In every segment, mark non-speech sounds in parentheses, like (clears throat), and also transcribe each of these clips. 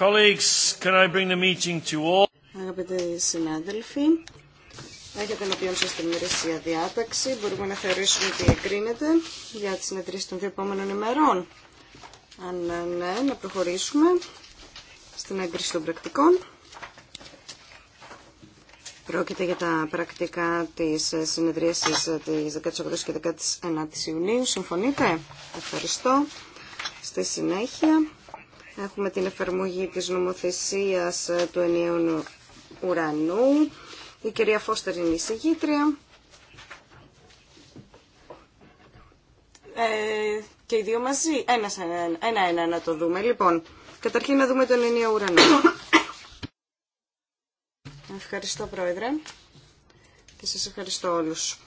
Colleagues, can I bring the meeting to all? Αγαπητοί συνάδελφοι, έχετε ποιον σας την ημερήσια διάταξη. Μπορούμε να θεωρήσουμε ότι εγκρίνεται για τις συνεδρίες των δύο επόμενων ημερών. Αν ναι, να προχωρήσουμε στην έγκριση των πρακτικών. Πρόκειται για τα πρακτικά της συνεδρίας της 18 και 19 Ιουνίου. Συμφωνείτε. Ευχαριστώ. Στη συνέχεια Έχουμε την εφαρμογή της νομοθεσίας ε, του ενιαίου ουρανού. Η κυρία Φώστερ είναι η συγγήτρια. Ε, και οι δύο μαζί. Ένα, ένα, ένα, να το δούμε. Λοιπόν, καταρχήν να δούμε τον ενιαίο ουρανό. Ευχαριστώ, Πρόεδρε. Και σας ευχαριστώ όλους.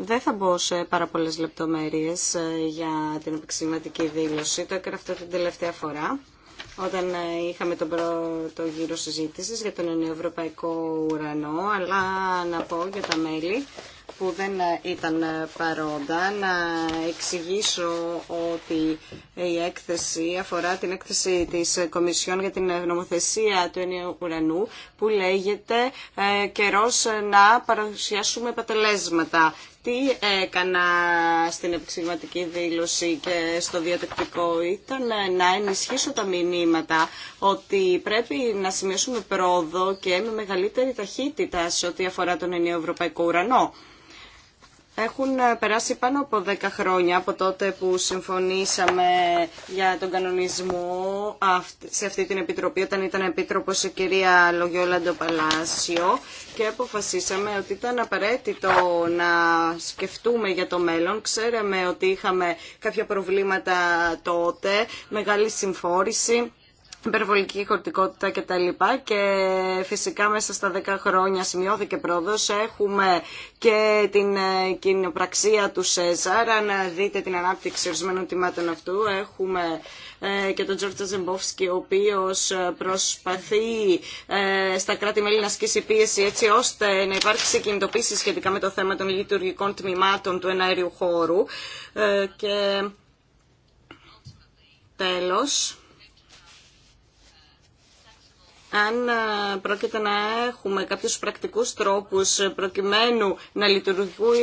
Δεν θα μπω σε πάρα πολλές λεπτομέρειες ε, για την επεξηγηματική δήλωση. Το έκανα αυτό την τελευταία φορά όταν ε, είχαμε τον πρώτο γύρο συζήτησης για τον ευρωπαϊκό ουρανό, αλλά να πω για τα μέλη που δεν ήταν παρόντα να εξηγήσω ότι η έκθεση αφορά την έκθεση της Κομισιόν για την νομοθεσία του ενιαίου ουρανού που λέγεται ε, «Καιρός να παρουσιάσουμε αποτελέσματα». Τι έκανα στην επεξηγηματική δήλωση και στο διατεκτικό ήταν να ενισχύσω τα μηνύματα ότι πρέπει να σημειώσουμε πρόοδο και με μεγαλύτερη ταχύτητα σε ό,τι αφορά τον ενιαίο ευρωπαϊκό ουρανό. Έχουν ε, περάσει πάνω από 10 χρόνια από τότε που συμφωνήσαμε για τον κανονισμό σε αυτή την επιτροπή, όταν ήταν επίτροπος η κυρία Λογιόλαντο Παλάσιο και αποφασίσαμε ότι ήταν απαραίτητο να σκεφτούμε για το μέλλον. Ξέραμε ότι είχαμε κάποια προβλήματα τότε, μεγάλη συμφόρηση υπερβολική χορτικότητα κτλ. Και φυσικά μέσα στα 10 χρόνια σημειώθηκε πρόοδος. Έχουμε και την ε, κοινοπραξία του Σέζαρ. να δείτε την ανάπτυξη ορισμένων τιμάτων αυτού, έχουμε ε, και τον Τζόρτζα Ζεμπόφσκι, ο οποίος προσπαθεί ε, στα κράτη-μέλη να ασκήσει πίεση έτσι ώστε να υπάρξει κινητοποίηση σχετικά με το θέμα των λειτουργικών τμήματων του εναέριου χώρου. Και τέλος, αν ε, πρόκειται να έχουμε κάποιους πρακτικούς τρόπους προκειμένου να λειτουργούν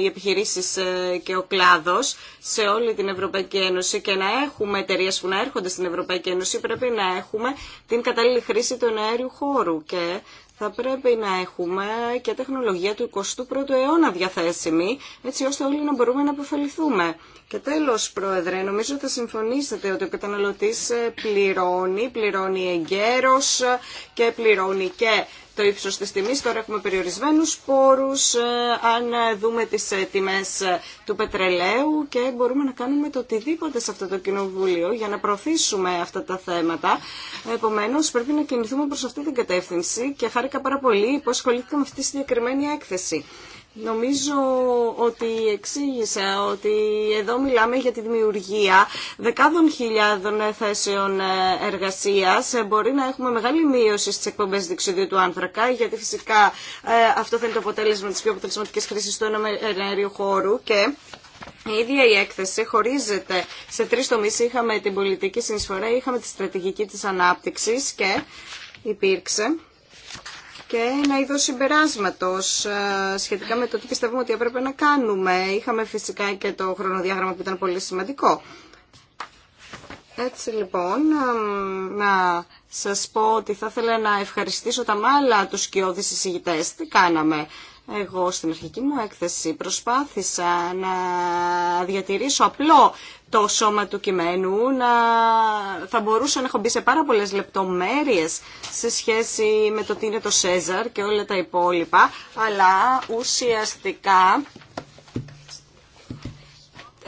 οι επιχειρήσεις ε, και ο κλάδος σε όλη την Ευρωπαϊκή Ένωση και να έχουμε εταιρείε που να έρχονται στην Ευρωπαϊκή Ένωση πρέπει να έχουμε την κατάλληλη χρήση του αέριου χώρου και θα πρέπει να έχουμε και τεχνολογία του 21ου αιώνα διαθέσιμη, έτσι ώστε όλοι να μπορούμε να αποφεληθούμε. Και τέλος, Πρόεδρε, νομίζω θα συμφωνήσετε ότι ο καταναλωτής ε, πληρώνει, πληρώνει εγκαίρος ε, και πληρώνει και το ύψος της τιμής. Τώρα έχουμε περιορισμένους πόρους, ε, αν δούμε τις ε, τιμές ε, του πετρελαίου και μπορούμε να κάνουμε το οτιδήποτε σε αυτό το κοινοβούλιο για να προωθήσουμε αυτά τα θέματα. Επομένως, πρέπει να κινηθούμε προς αυτή την κατεύθυνση και χάρηκα πάρα πολύ που ασχολήθηκα με αυτή τη συγκεκριμένη έκθεση. Νομίζω ότι εξήγησα ότι εδώ μιλάμε για τη δημιουργία δεκάδων χιλιάδων θέσεων ε, εργασίας. Ε, μπορεί να έχουμε μεγάλη μείωση στις εκπομπές διεξοδίου του άνθρακα, γιατί φυσικά ε, αυτό θα είναι το αποτέλεσμα της πιο αποτελεσματικής χρήσης του ενέργειου χώρου και η ίδια η έκθεση χωρίζεται σε τρεις τομείς. Είχαμε την πολιτική συνεισφορά, είχαμε τη στρατηγική της ανάπτυξης και υπήρξε και ένα είδο συμπεράσματο ε, σχετικά με το τι πιστεύουμε ότι έπρεπε να κάνουμε. Είχαμε φυσικά και το χρονοδιάγραμμα που ήταν πολύ σημαντικό. Έτσι λοιπόν, να σας πω ότι θα ήθελα να ευχαριστήσω τα μάλα τους σκιώδεις εισηγητές. Τι κάναμε. Εγώ στην αρχική μου έκθεση προσπάθησα να διατηρήσω απλό το σώμα του κειμένου, να θα μπορούσα να έχω μπει σε πάρα πολλές λεπτομέρειες σε σχέση με το τι είναι το Σέζαρ και όλα τα υπόλοιπα, αλλά ουσιαστικά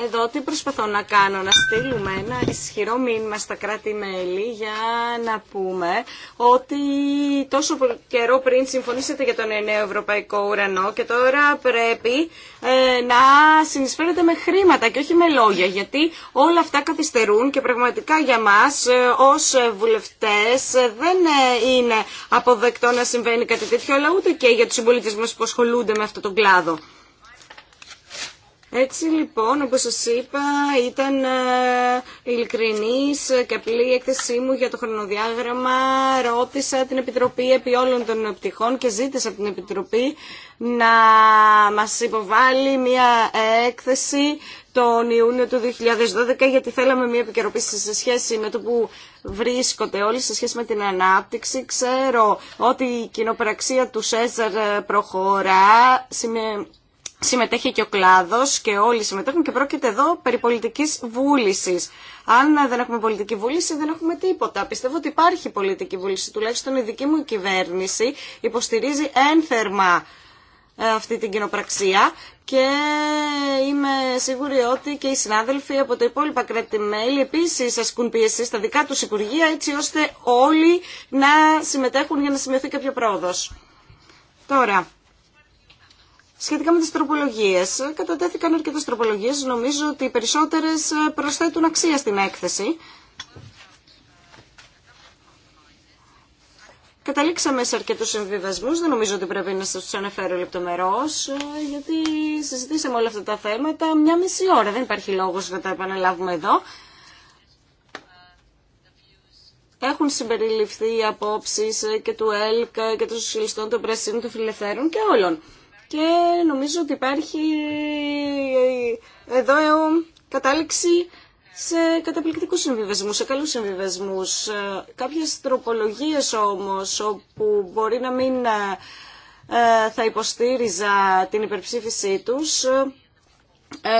εδώ τι προσπαθώ να κάνω, να στείλουμε ένα ισχυρό μήνυμα στα κράτη-μέλη για να πούμε ότι τόσο καιρό πριν συμφωνήσατε για τον νέο ευρωπαϊκό ουρανό και τώρα πρέπει ε, να συνεισφέρετε με χρήματα και όχι με λόγια γιατί όλα αυτά καθυστερούν και πραγματικά για μας ε, ως βουλευτές ε, δεν είναι αποδεκτό να συμβαίνει κάτι τέτοιο αλλά ούτε και για τους συμπολίτες που ασχολούνται με αυτόν τον κλάδο. Έτσι λοιπόν, όπως σας είπα, ήταν ε, ειλικρινής και απλή η έκθεσή μου για το χρονοδιάγραμμα. Ρώτησα την Επιτροπή επί όλων των πτυχών και ζήτησα από την Επιτροπή να μας υποβάλει μια έκθεση τον Ιούνιο του 2012 γιατί θέλαμε μια επικαιροποίηση σε σχέση με το που βρίσκονται όλοι σε σχέση με την ανάπτυξη. Ξέρω ότι η κοινοπραξία του ΣΕΖΑΡ προχωρά συμμετέχει και ο κλάδος και όλοι συμμετέχουν και πρόκειται εδώ περί πολιτικής βούλησης. Αν δεν έχουμε πολιτική βούληση δεν έχουμε τίποτα. Πιστεύω ότι υπάρχει πολιτική βούληση. Τουλάχιστον η δική μου κυβέρνηση υποστηρίζει ένθερμα ε, αυτή την κοινοπραξία και είμαι σίγουρη ότι και οι συνάδελφοι από τα υπόλοιπα κράτη-μέλη επίσης ασκούν πίεση στα δικά τους Υπουργεία έτσι ώστε όλοι να συμμετέχουν για να σημειωθεί κάποιο πρόοδος. Τώρα, Σχετικά με τις τροπολογίες, κατατέθηκαν αρκετές τροπολογίες. Νομίζω ότι οι περισσότερες ε, προσθέτουν αξία στην έκθεση. Καταλήξαμε σε αρκετού συμβιβασμού. Δεν νομίζω ότι πρέπει να σα του αναφέρω λεπτομερώ, ε, γιατί συζητήσαμε όλα αυτά τα θέματα μια μισή ώρα. Δεν υπάρχει λόγο να τα επαναλάβουμε εδώ. Έχουν συμπεριληφθεί οι απόψει ε, και του ΕΛΚΑ και των Σοσιαλιστών, των Πρασίνων, των Φιλελευθέρων και όλων και νομίζω ότι υπάρχει εδώ κατάληξη σε καταπληκτικούς συμβιβασμούς, σε καλούς συμβιβασμούς. Ε, κάποιες τροπολογίες όμως όπου μπορεί να μην ε, θα υποστήριζα την υπερψήφισή τους ε,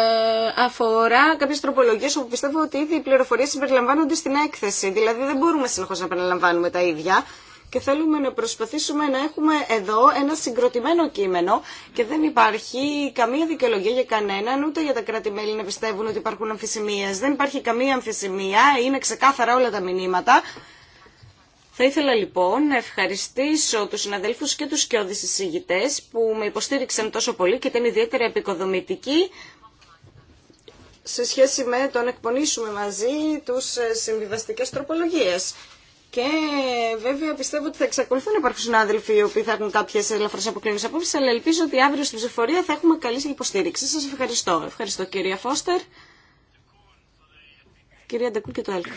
αφορά κάποιε τροπολογίε όπου πιστεύω ότι ήδη οι πληροφορίε συμπεριλαμβάνονται στην έκθεση. Δηλαδή δεν μπορούμε συνεχώ να επαναλαμβάνουμε τα ίδια και θέλουμε να προσπαθήσουμε να έχουμε εδώ ένα συγκροτημένο κείμενο και δεν υπάρχει καμία δικαιολογία για κανέναν, ούτε για τα κράτη-μέλη να πιστεύουν ότι υπάρχουν αμφισημίες. Δεν υπάρχει καμία αμφισημία, είναι ξεκάθαρα όλα τα μηνύματα. Θα ήθελα λοιπόν να ευχαριστήσω τους συναδέλφους και τους σκιώδης εισηγητές που με υποστήριξαν τόσο πολύ και ήταν ιδιαίτερα επικοδομητικοί σε σχέση με το να εκπονήσουμε μαζί τους συμβιβαστικές τροπολογίες. Και βέβαια πιστεύω ότι θα εξακολουθούν να υπάρχουν συνάδελφοι οι οποίοι θα έχουν κάποιε ελαφρέ αποκλίνε απόψει, αλλά ελπίζω ότι αύριο στην ψηφορία θα έχουμε καλή υποστήριξη. Σα ευχαριστώ. Ευχαριστώ κυρία Φώστερ. Κυρία Ντεκού και το ΕΛΚΑ.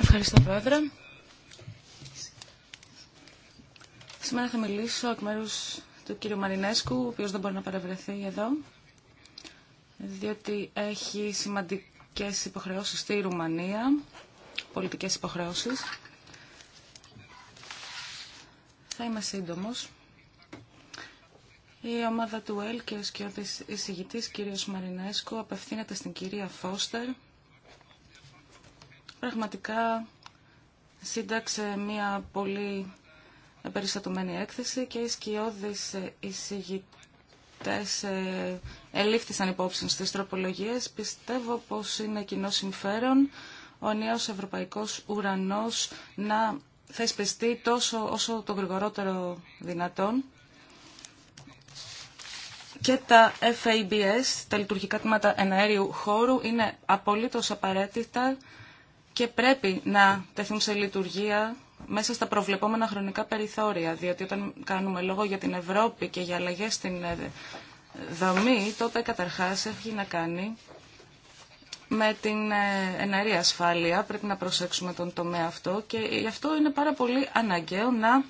Ευχαριστώ, Πρόεδρε. Σήμερα θα μιλήσω εκ μέρου του κύριου Μαρινέσκου, ο οποίο δεν μπορεί να παρευρεθεί εδώ διότι έχει σημαντικές υποχρεώσεις στη Ρουμανία, πολιτικές υποχρεώσεις. Θα είμαι σύντομος. Η ομάδα του ΕΛ και ο σκιώδης εισηγητής κύριος μαρινέσκου απευθύνεται στην κυρία Φώστερ. Πραγματικά σύνταξε μια πολύ περιστατωμένη έκθεση και η σκιώδης εισηγητής ε, ελήφθησαν υπόψη στις τροπολογίες. Πιστεύω πως είναι κοινό συμφέρον ο νέος ευρωπαϊκός ουρανός να θεσπιστεί τόσο όσο το γρηγορότερο δυνατόν και τα FABS, τα λειτουργικά τμήματα εναέριου χώρου, είναι απολύτως απαραίτητα και πρέπει να τεθούν σε λειτουργία μέσα στα προβλεπόμενα χρονικά περιθώρια, διότι όταν κάνουμε λόγο για την Ευρώπη και για αλλαγέ στην ε, δομή, τότε καταρχάς έχει να κάνει με την ε, εναρή ασφάλεια. Πρέπει να προσέξουμε τον τομέα αυτό και γι' αυτό είναι πάρα πολύ αναγκαίο να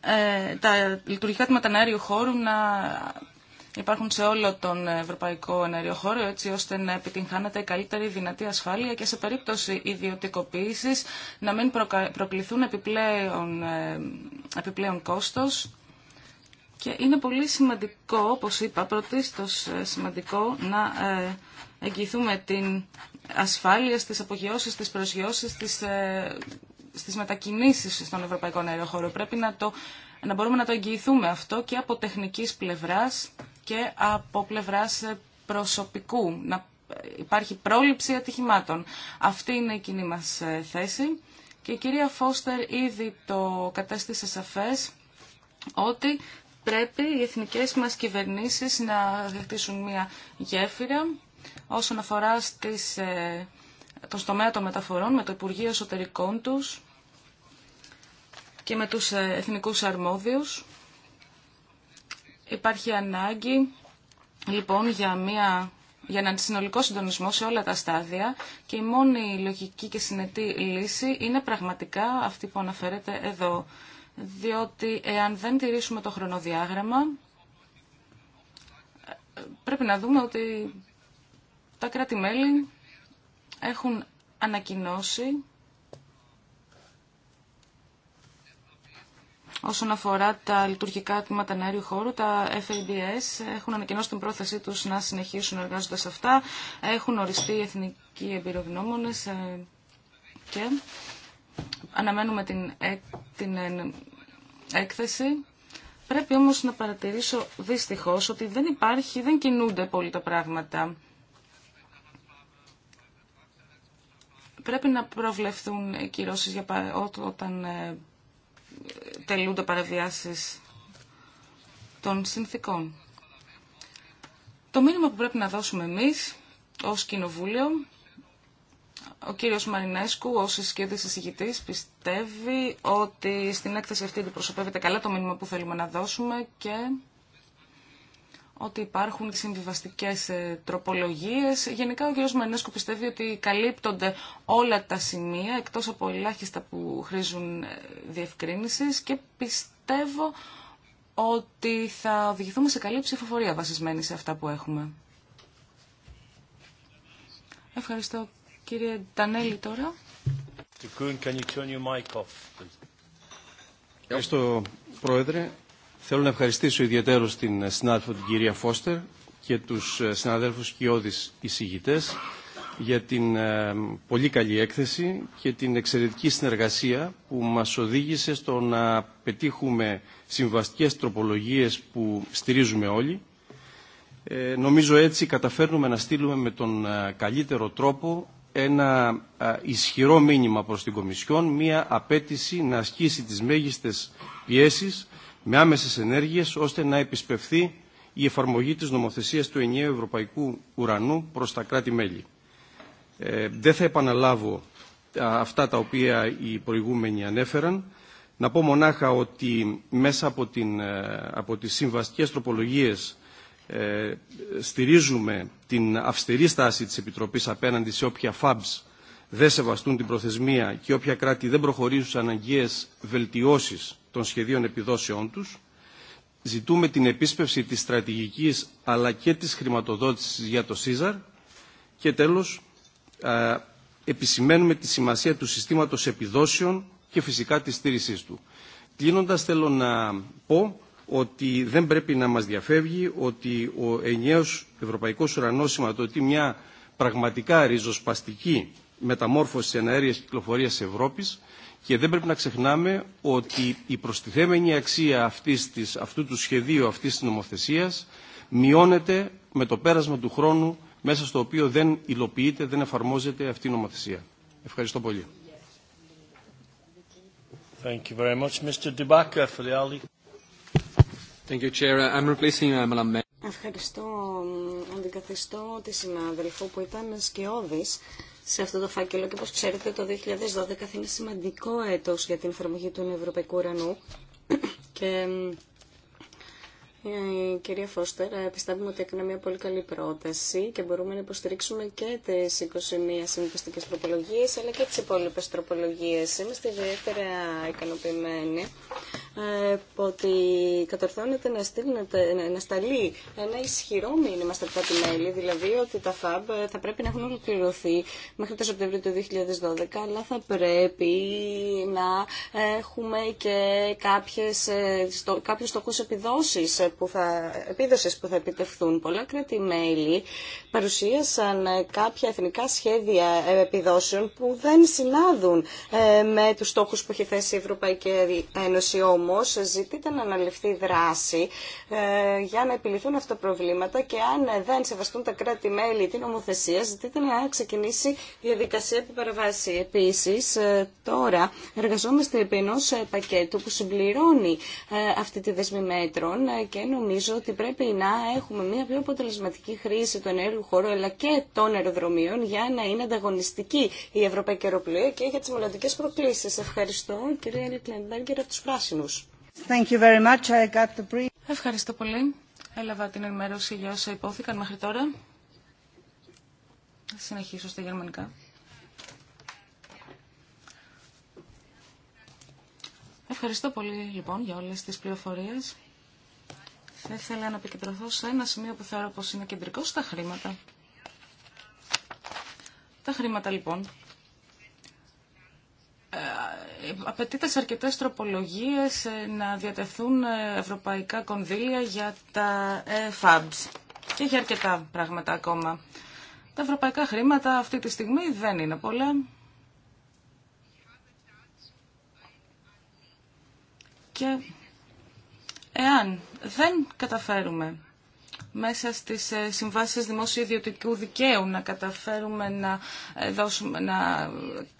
ε, τα λειτουργικά του μεταναέριου χώρου να υπάρχουν σε όλο τον ευρωπαϊκό ενέργειο χώρο, έτσι ώστε να επιτυγχάνεται η καλύτερη δυνατή ασφάλεια και σε περίπτωση ιδιωτικοποίηση να μην προκληθούν επιπλέον, ε, επιπλέον κόστος. Και είναι πολύ σημαντικό, όπως είπα, πρωτίστως ε, σημαντικό να ε, εγγυηθούμε την ασφάλεια στις απογειώσεις, στις προσγειώσεις, στις, στις μετακινήσεις στον ευρωπαϊκό Χώρο. Πρέπει να, το, να μπορούμε να το εγγυηθούμε αυτό και από τεχνικής πλευράς και από πλευράς προσωπικού, να υπάρχει πρόληψη ατυχημάτων. Αυτή είναι η κοινή μας ε, θέση και η κυρία Φώστερ ήδη το κατέστησε σαφές ότι πρέπει οι εθνικές μας κυβερνήσεις να χτίσουν μια γέφυρα όσον αφορά στις, ε, το στομέα των μεταφορών με το Υπουργείο Εσωτερικών τους και με τους ε, εθνικούς αρμόδιους Υπάρχει ανάγκη λοιπόν για, μια, για έναν συνολικό συντονισμό σε όλα τα στάδια και η μόνη λογική και συνετή λύση είναι πραγματικά αυτή που αναφέρεται εδώ. Διότι εάν δεν τηρήσουμε το χρονοδιάγραμμα πρέπει να δούμε ότι τα κράτη-μέλη έχουν ανακοινώσει Όσον αφορά τα λειτουργικά τμήματα αέριου χώρου, τα FABS έχουν ανακοινώσει την πρόθεσή τους να συνεχίσουν εργάζοντας αυτά. Έχουν οριστεί εθνικοί εμπειρογνώμονες ε, και αναμένουμε την, την ε, έκθεση. Πρέπει όμως να παρατηρήσω δυστυχώς ότι δεν υπάρχει, δεν κινούνται πολύ τα πράγματα. Πρέπει να προβλεφθούν κυρώσεις για, όταν ε, τελούνται παραβιάσεις των συνθήκων. Το μήνυμα που πρέπει να δώσουμε εμείς ως Κοινοβούλιο, ο κύριος Μαρινέσκου ως ισχύοντας εισηγητής πιστεύει ότι στην έκθεση αυτή αντιπροσωπεύεται καλά το μήνυμα που θέλουμε να δώσουμε και ότι υπάρχουν συμβιβαστικέ ε, τροπολογίες. Γενικά ο κ. Μανέσκου πιστεύει ότι καλύπτονται όλα τα σημεία, εκτός από ελάχιστα που χρήζουν ε, διευκρίνηση και πιστεύω ότι θα οδηγηθούμε σε καλή ψηφοφορία βασισμένη σε αυτά που έχουμε. Ευχαριστώ. Κύριε Ντανέλη τώρα. Ευχαριστώ, Πρόεδρε. Θέλω να ευχαριστήσω ιδιαίτερως την συνάδελφο την κυρία Φώστερ και τους ε, συναδέλφους όδης εισηγητές για την ε, πολύ καλή έκθεση και την εξαιρετική συνεργασία που μας οδήγησε στο να πετύχουμε συμβαστικές τροπολογίες που στηρίζουμε όλοι. Ε, νομίζω έτσι καταφέρνουμε να στείλουμε με τον ε, καλύτερο τρόπο ένα ισχυρό μήνυμα προς την Κομισιόν, μία απέτηση να ασκήσει τις μέγιστες πιέσεις με άμεσες ενέργειες ώστε να επισπευθεί η εφαρμογή της νομοθεσίας του ενιαίου ευρωπαϊκού ουρανού προς τα κράτη-μέλη. Ε, δεν θα επαναλάβω αυτά τα οποία οι προηγούμενοι ανέφεραν. Να πω μονάχα ότι μέσα από, την, ε, από τις συμβαστικές τροπολογίες ε, στηρίζουμε την αυστηρή στάση της Επιτροπής απέναντι σε όποια FABs δεν σεβαστούν την προθεσμία και όποια κράτη δεν προχωρήσουν σε αναγκαίες βελτιώσεις των σχεδίων επιδόσεών τους, ζητούμε την επίσπευση της στρατηγικής αλλά και της χρηματοδότησης για το ΣΥΖΑΡ και τέλος επισημαίνουμε τη σημασία του συστήματος επιδόσεων και φυσικά της στήριξής του. Κλείνοντας θέλω να πω ότι δεν πρέπει να μας διαφεύγει ότι ο ενιαίος ευρωπαϊκός ουρανός σηματοδοτεί μια πραγματικά ριζοσπαστική μεταμόρφωση αέριας κυκλοφορίας Ευρώπης και δεν πρέπει να ξεχνάμε ότι η προστιθέμενη αξία αυτής της, αυτού του σχεδίου, αυτής της νομοθεσίας μειώνεται με το πέρασμα του χρόνου μέσα στο οποίο δεν υλοποιείται, δεν εφαρμόζεται αυτή η νομοθεσία. Ευχαριστώ πολύ. Thank you very much. Mr. Thank you, I'm uh, Ευχαριστώ. Αντικαθιστώ τη συνάδελφο που ήταν σκιώδης σε αυτό το φάκελο και όπως ξέρετε το 2012 θα είναι σημαντικό έτος για την εφαρμογή του Ευρωπαϊκού Ουρανού (clears throat) και ε, η κυρία Φώστερ, ε, πιστεύουμε ότι έκανε μια πολύ καλή πρόταση και μπορούμε να υποστηρίξουμε και τις 21 συμβιβαστικέ τροπολογίες, αλλά και τις υπόλοιπες τροπολογίε. Είμαστε ιδιαίτερα ικανοποιημένοι ε, ότι κατορθώνεται να, στείλνετε, να σταλεί ένα ισχυρό μήνυμα στα κράτη-μέλη, δηλαδή ότι τα ΦΑΜΠ ε, θα πρέπει να έχουν ολοκληρωθεί μέχρι το Σεπτέμβριο του 2012, αλλά θα πρέπει να έχουμε και κάποιες, ε, στο, κάποιους στόχους επιδόσεις που θα, επίδοσης που θα επιτευχθούν. Πολλά κράτη-μέλη παρουσίασαν κάποια εθνικά σχέδια επιδόσεων που δεν συνάδουν με τους στόχους που έχει θέσει η Ευρωπαϊκή Ένωση όμως όμως ζητείται να αναλυφθεί δράση ε, για να επιληθούν αυτά τα προβλήματα και αν δεν σεβαστούν τα κράτη-μέλη την νομοθεσία ζητείται να ξεκινήσει η διαδικασία που παραβάσει. Επίσης ε, τώρα εργαζόμαστε επί ενός ε, πακέτου που συμπληρώνει αυτή τη δεσμή μέτρων και νομίζω ότι πρέπει να έχουμε μια πιο αποτελεσματική χρήση του ενέργου χώρου αλλά και των αεροδρομίων για να είναι ανταγωνιστική η Ευρωπαϊκή Αεροπλοία και για τις μολαντικές προκλήσεις. Ευχαριστώ κυρία και από τους Πράσινους. Ευχαριστώ πολύ. Έλαβα την ενημέρωση για όσα υπόθηκαν μέχρι τώρα. Θα συνεχίσω στα γερμανικά. Ευχαριστώ πολύ λοιπόν για όλες τις πληροφορίες. Θα ήθελα να επικεντρωθώ σε ένα σημείο που θεωρώ πως είναι κεντρικό στα χρήματα. Τα χρήματα λοιπόν ε, απαιτείται σε αρκετές τροπολογίες ε, να διατεθούν ε, ευρωπαϊκά κονδύλια για τα FABs και για αρκετά πράγματα ακόμα. Τα ευρωπαϊκά χρήματα αυτή τη στιγμή δεν είναι πολλά. Και εάν δεν καταφέρουμε μέσα στις ε, συμβάσεις δημόσιου ιδιωτικού δικαίου να καταφέρουμε να, ε, δώσουμε, να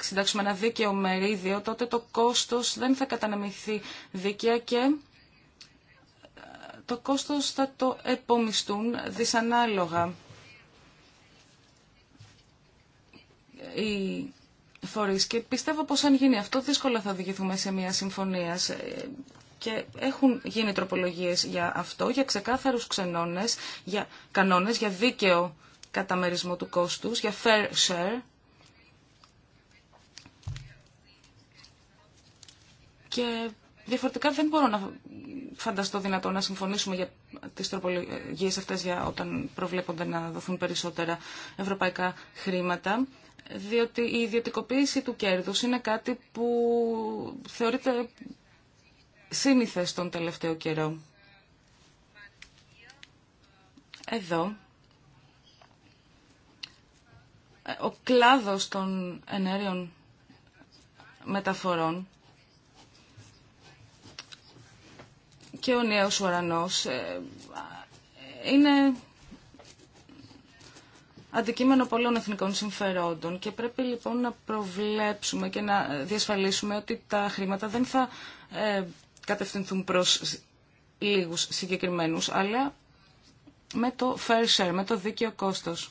συντάξουμε ένα δίκαιο μερίδιο, τότε το κόστος δεν θα καταναμηθεί δίκαια και ε, το κόστος θα το επομιστούν δυσανάλογα. Οι φορείς. Και πιστεύω πως αν γίνει αυτό δύσκολα θα οδηγηθούμε σε μια συμφωνία και έχουν γίνει τροπολογίες για αυτό, για ξεκάθαρους ξενώνες, για κανόνες, για δίκαιο καταμερισμό του κόστους, για fair share. Και διαφορετικά δεν μπορώ να φανταστώ δυνατόν να συμφωνήσουμε για τις τροπολογίες αυτές για όταν προβλέπονται να δοθούν περισσότερα ευρωπαϊκά χρήματα διότι η ιδιωτικοποίηση του κέρδους είναι κάτι που θεωρείται σύνηθες τον τελευταίο καιρό. Εδώ, ε, ο κλάδος των ενέργειων μεταφορών και ο νέος ουρανός ε, είναι αντικείμενο πολλών εθνικών συμφερόντων και πρέπει λοιπόν να προβλέψουμε και να διασφαλίσουμε ότι τα χρήματα δεν θα ε, κατευθυνθούν προς λίγους συγκεκριμένους, αλλά με το fair share, με το δίκαιο κόστος.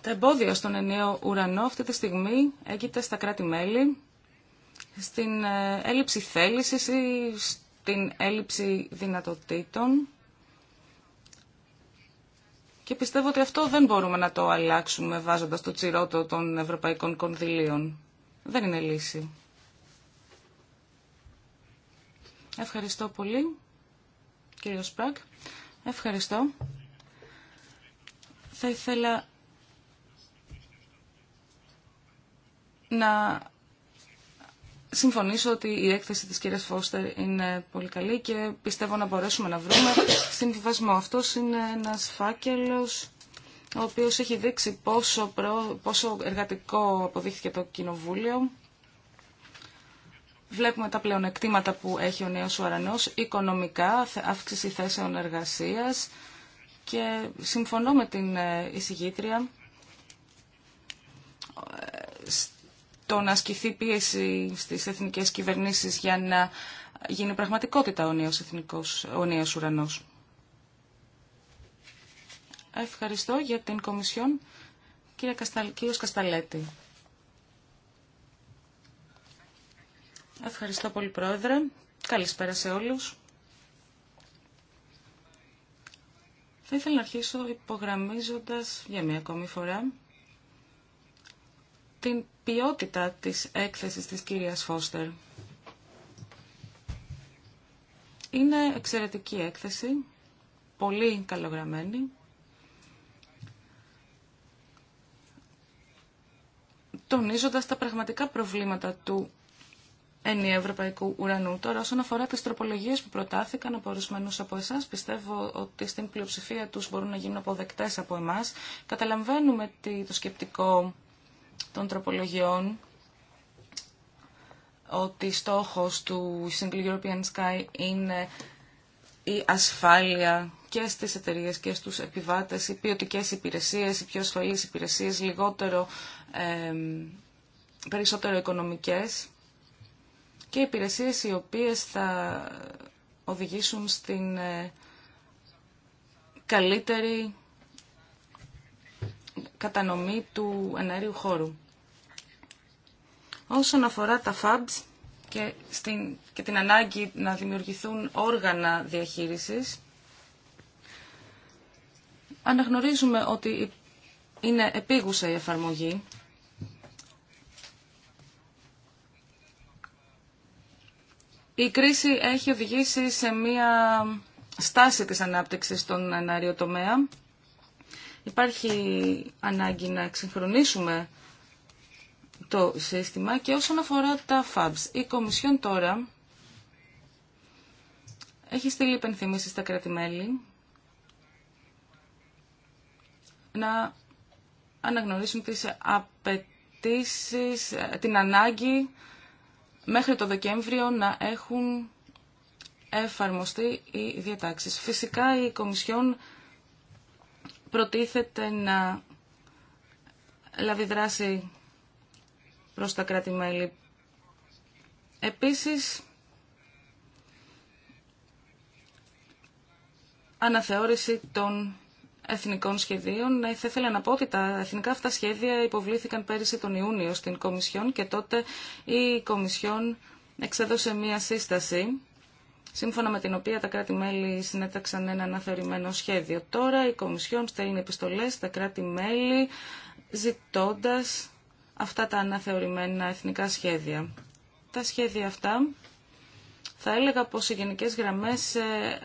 Τα εμπόδια στον ενιαίο ουρανό αυτή τη στιγμή έγινε στα κράτη-μέλη, στην ε, έλλειψη θέλησης ή στην έλλειψη δυνατοτήτων. Και πιστεύω ότι αυτό δεν μπορούμε να το αλλάξουμε βάζοντας το τσιρότο των ευρωπαϊκών κονδυλίων. Δεν είναι λύση. Ευχαριστώ πολύ, κύριο Σπρακ. Ευχαριστώ. Θα ήθελα να συμφωνήσω ότι η έκθεση της κυρίας Φώστερ είναι πολύ καλή και πιστεύω να μπορέσουμε να βρούμε συμβιβασμό. Αυτός είναι ένας φάκελος ο οποίος έχει δείξει πόσο, πόσο εργατικό αποδείχθηκε το Κοινοβούλιο Βλέπουμε τα πλεονεκτήματα που έχει ο νέος ουρανός οικονομικά, αύξηση θέσεων εργασίας και συμφωνώ με την ε, εισηγήτρια ε, το να ασκηθεί πίεση στις εθνικές κυβερνήσεις για να γίνει πραγματικότητα ο νέος, εθνικός, ο νέος ουρανός. Ευχαριστώ για την Κομισιόν, κύριε Κασταλ, Κασταλέτη. Ευχαριστώ πολύ, Πρόεδρε. Καλησπέρα σε όλους. Θα ήθελα να αρχίσω υπογραμμίζοντας για μία ακόμη φορά την ποιότητα της έκθεσης της κυρίας Φώστερ. Είναι εξαιρετική έκθεση, πολύ καλογραμμένη. τονίζοντας τα πραγματικά προβλήματα του Ενία ευρωπαϊκού ουρανού. Τώρα, όσον αφορά τι τροπολογίε που προτάθηκαν από ορισμένου από εσά, πιστεύω ότι στην πλειοψηφία του μπορούν να γίνουν αποδεκτέ από εμά. Καταλαβαίνουμε το σκεπτικό των τροπολογιών ότι στόχος του Single European Sky είναι η ασφάλεια και στις εταιρείε και στους επιβάτες, οι ποιοτικέ υπηρεσίες, οι πιο ασφαλείς υπηρεσίες, λιγότερο, ε, περισσότερο οικονομικές και υπηρεσίες οι οποίες θα οδηγήσουν στην ε, καλύτερη κατανομή του ενέργειου χώρου. Όσον αφορά τα FABs και, στην, και την ανάγκη να δημιουργηθούν όργανα διαχείρισης, αναγνωρίζουμε ότι είναι επίγουσα η εφαρμογή Η κρίση έχει οδηγήσει σε μία στάση της ανάπτυξης στον τομέα. Υπάρχει ανάγκη να εξυγχρονίσουμε το σύστημα και όσον αφορά τα FABs. Η Κομισιόν τώρα έχει στείλει υπενθυμίσεις στα κράτη-μέλη να αναγνωρίσουν τις απαιτήσεις, την ανάγκη μέχρι το Δεκέμβριο να έχουν εφαρμοστεί οι διατάξεις. Φυσικά η Κομισιόν προτίθεται να λάβει δράση προς τα κράτη-μέλη. Επίσης, αναθεώρηση των εθνικών σχεδίων. Ε, θα ήθελα να πω ότι τα εθνικά αυτά σχέδια υποβλήθηκαν πέρυσι τον Ιούνιο στην Κομισιόν και τότε η Κομισιόν εξέδωσε μία σύσταση σύμφωνα με την οποία τα κράτη-μέλη συνέταξαν ένα αναθεωρημένο σχέδιο. Τώρα η Κομισιόν στέλνει επιστολές στα κράτη-μέλη ζητώντας αυτά τα αναθεωρημένα εθνικά σχέδια. Τα σχέδια αυτά θα έλεγα πως οι γενικές γραμμές ε,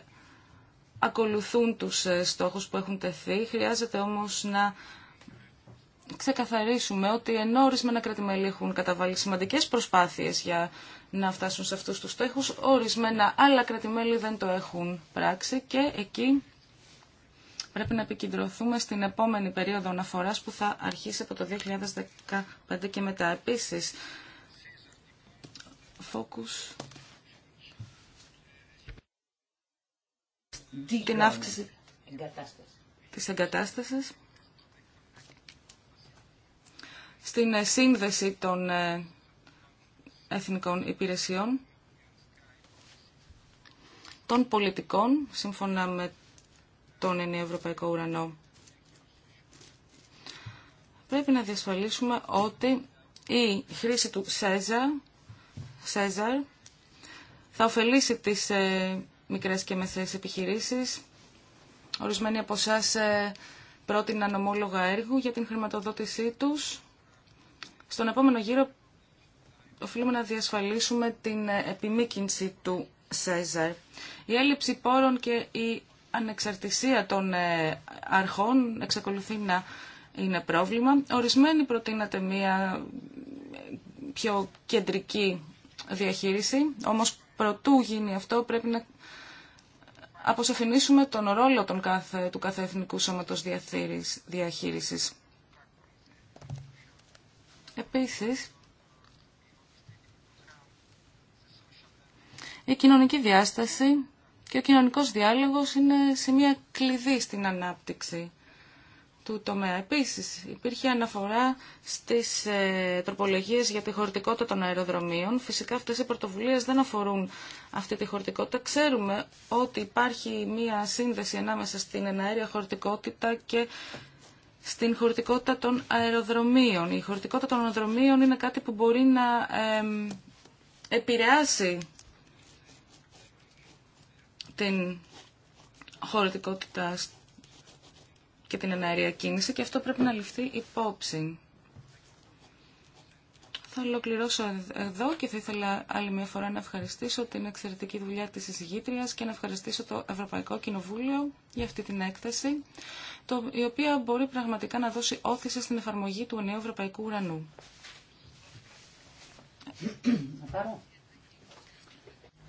ακολουθούν τους ε, στόχους που έχουν τεθεί. Χρειάζεται όμως να ξεκαθαρίσουμε ότι ενώ ορισμένα κρατημέλη έχουν καταβάλει σημαντικές προσπάθειες για να φτάσουν σε αυτούς τους στόχους, ορισμένα άλλα κρατημέλη δεν το έχουν πράξει και εκεί πρέπει να επικεντρωθούμε στην επόμενη περίοδο αναφοράς που θα αρχίσει από το 2015 και μετά. Επίσης, focus την αύξηση της εγκατάστασης, στην ε, σύνδεση των ε, εθνικών υπηρεσιών, των πολιτικών, σύμφωνα με τον ενιαίο ευρωπαϊκό ουρανό. Πρέπει να διασφαλίσουμε ότι η χρήση του ΣΕΖΑ, ΣΕΖΑΡ θα ωφελήσει τις ε, μικρές και μεσαίες επιχειρήσεις. Ορισμένοι από εσά ε, πρότειναν ομόλογα έργου για την χρηματοδότησή τους. Στον επόμενο γύρο οφείλουμε να διασφαλίσουμε την ε, επιμήκυνση του ΣΕΖΑΡ. Η έλλειψη πόρων και η ανεξαρτησία των ε, αρχών εξακολουθεί να είναι πρόβλημα. Ορισμένοι προτείνατε μία πιο κεντρική διαχείριση, όμως προτού γίνει αυτό πρέπει να αποσαφηνίσουμε τον ρόλο των κάθε, του κάθε Εθνικού Σώματος Διαχείρισης. Επίσης, η κοινωνική διάσταση και ο κοινωνικός διάλογος είναι σημεία κλειδί στην ανάπτυξη του τομέα. Επίσης, υπήρχε αναφορά στις ε, τροπολογίες για τη χωρητικότητα των αεροδρομίων. Φυσικά αυτές οι πρωτοβουλίες δεν αφορούν αυτή τη χωρητικότητα. Ξέρουμε ότι υπάρχει μία σύνδεση ανάμεσα στην εναέρια χωρητικότητα και στην χωρητικότητα των αεροδρομίων. Η χωρητικότητα των αεροδρομίων είναι κάτι που μπορεί να επηρεάσει την χωρητικότητα και την εναέρια κίνηση και αυτό πρέπει να ληφθεί υπόψη. Θα ολοκληρώσω εδώ και θα ήθελα άλλη μια φορά να ευχαριστήσω την εξαιρετική δουλειά της εισηγήτριας και να ευχαριστήσω το Ευρωπαϊκό Κοινοβούλιο για αυτή την έκθεση, το, η οποία μπορεί πραγματικά να δώσει όθηση στην εφαρμογή του νέου Ευρωπαϊκού Ουρανού.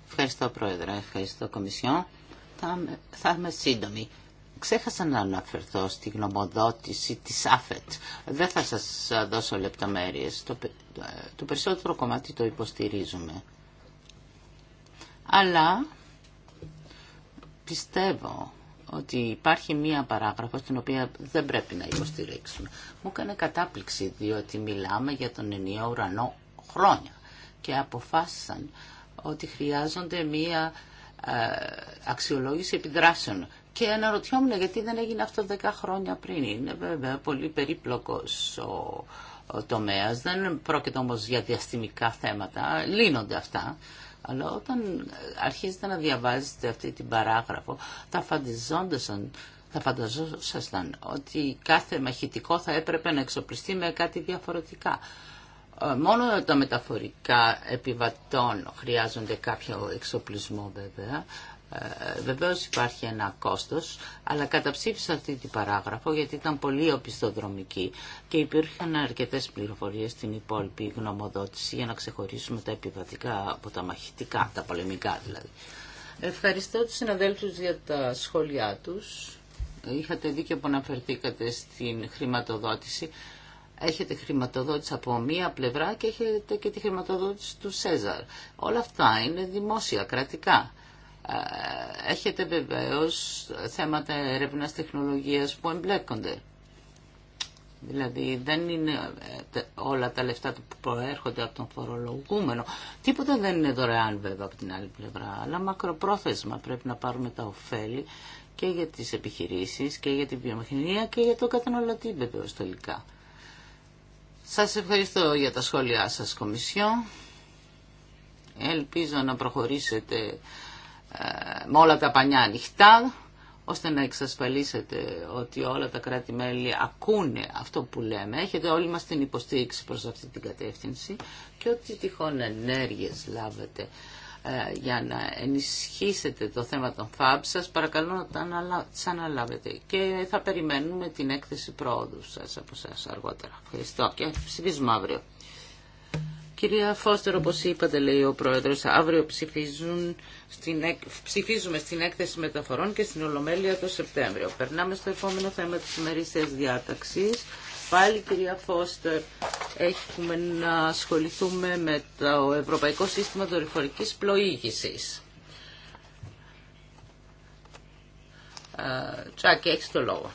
Ευχαριστώ Πρόεδρε, ευχαριστώ Κομισιόν. θα είμαι σύντομη. Ξέχασα να αναφερθώ στη γνωμοδότηση της ΑΦΕΤ. Δεν θα σας δώσω λεπτομέρειες. Το, το περισσότερο κομμάτι το υποστηρίζουμε. Αλλά πιστεύω ότι υπάρχει μία παράγραφο την οποία δεν πρέπει να υποστηρίξουμε. Μου έκανε κατάπληξη διότι μιλάμε για τον ενιαίο ουρανό χρόνια και αποφάσισαν ότι χρειάζονται μία ε, αξιολόγηση επιδράσεων και αναρωτιόμουν γιατί δεν έγινε αυτό δέκα χρόνια πριν. Είναι βέβαια πολύ περίπλοκος ο, τομέας. Δεν πρόκειται όμως για διαστημικά θέματα. Λύνονται αυτά. Αλλά όταν αρχίζετε να διαβάζετε αυτή την παράγραφο, θα θα φανταζόσασταν ότι κάθε μαχητικό θα έπρεπε να εξοπλιστεί με κάτι διαφορετικά. Ε, μόνο τα μεταφορικά επιβατών χρειάζονται κάποιο εξοπλισμό βέβαια, ε, βεβαίως υπάρχει ένα κόστος, αλλά καταψήφισα αυτή την παράγραφο γιατί ήταν πολύ οπισθοδρομική και υπήρχαν αρκετές πληροφορίες στην υπόλοιπη γνωμοδότηση για να ξεχωρίσουμε τα επιβατικά από τα μαχητικά, τα πολεμικά δηλαδή. Ευχαριστώ τους συναδέλφους για τα σχόλιά τους. Είχατε δίκιο που αναφερθήκατε στην χρηματοδότηση. Έχετε χρηματοδότηση από μία πλευρά και έχετε και τη χρηματοδότηση του Σέζαρ. Όλα αυτά είναι δημόσια, κρατικά έχετε βεβαίως θέματα έρευνας τεχνολογίας που εμπλέκονται. Δηλαδή δεν είναι ε, όλα τα λεφτά που προέρχονται από τον φορολογούμενο. Τίποτα δεν είναι δωρεάν βέβαια από την άλλη πλευρά, αλλά μακροπρόθεσμα πρέπει να πάρουμε τα ωφέλη και για τις επιχειρήσεις και για την βιομηχανία και για το καταναλωτή βεβαίως τελικά. Σας ευχαριστώ για τα σχόλιά σας Κομισιό. Ελπίζω να προχωρήσετε ε, με όλα τα πανιά ανοιχτά, ώστε να εξασφαλίσετε ότι όλα τα κράτη-μέλη ακούνε αυτό που λέμε. Έχετε όλοι μας την υποστήριξη προς αυτή την κατεύθυνση και ότι τυχόν ενέργειες λάβετε ε, για να ενισχύσετε το θέμα των FAB σας, παρακαλώ να τα αναλάβετε. Και θα περιμένουμε την έκθεση πρόοδου σας από σας αργότερα. Ευχαριστώ και ψηφίζουμε αύριο. Κυρία Φώστερ, όπως είπατε, λέει ο Πρόεδρος, αύριο ψηφίζουν στην, ψηφίζουμε στην έκθεση μεταφορών και στην Ολομέλεια το Σεπτέμβριο. Περνάμε στο επόμενο θέμα της ημερήσιας διάταξης. Πάλι κυρία Φώστερ, έχουμε να ασχοληθούμε με το Ευρωπαϊκό Σύστημα Δορυφορικής Πλοήγησης. Ε, Τσάκη, έχεις το λόγο.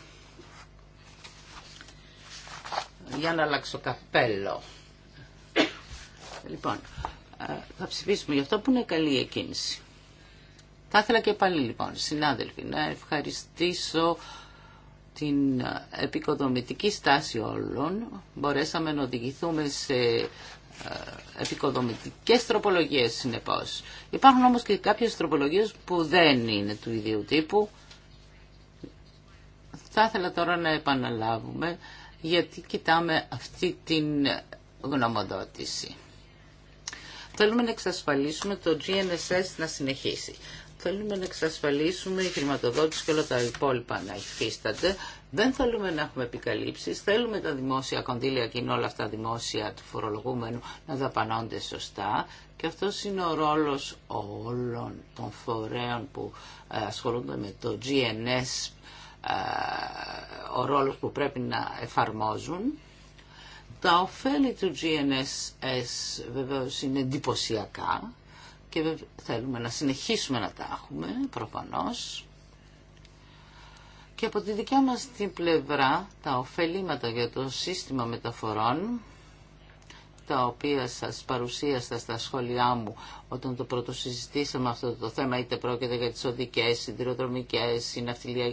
Για να αλλάξω καπέλο. Λοιπόν, ε, θα ψηφίσουμε γι' αυτό που είναι καλή εκκίνηση. Θα ήθελα και πάλι λοιπόν, συνάδελφοι, να ευχαριστήσω την επικοδομητική στάση όλων. Μπορέσαμε να οδηγηθούμε σε ε, επικοδομητικές τροπολογίες συνεπώς. Υπάρχουν όμως και κάποιες τροπολογίες που δεν είναι του ίδιου τύπου. Θα ήθελα τώρα να επαναλάβουμε γιατί κοιτάμε αυτή την γνωμοδότηση. Θέλουμε να εξασφαλίσουμε το GNSS να συνεχίσει. Θέλουμε να εξασφαλίσουμε η χρηματοδότηση και όλα τα υπόλοιπα να υφίστανται. Δεν θέλουμε να έχουμε επικαλύψει. Θέλουμε τα δημόσια κονδύλια και είναι όλα αυτά δημόσια του φορολογούμενου να δαπανώνται σωστά. Και αυτό είναι ο ρόλο όλων των φορέων που ε, ασχολούνται με το GNS, ε, ο ρόλος που πρέπει να εφαρμόζουν. Τα ωφέλη του GNSS ε, βεβαίω είναι εντυπωσιακά και θέλουμε να συνεχίσουμε να τα έχουμε προφανώς και από τη δικιά μας την πλευρά τα ωφελήματα για το σύστημα μεταφορών τα οποία σας παρουσίασα στα σχόλιά μου όταν το πρώτο συζητήσαμε αυτό το θέμα, είτε πρόκειται για τις οδικές, συντηροδρομικές, συναυτιλια...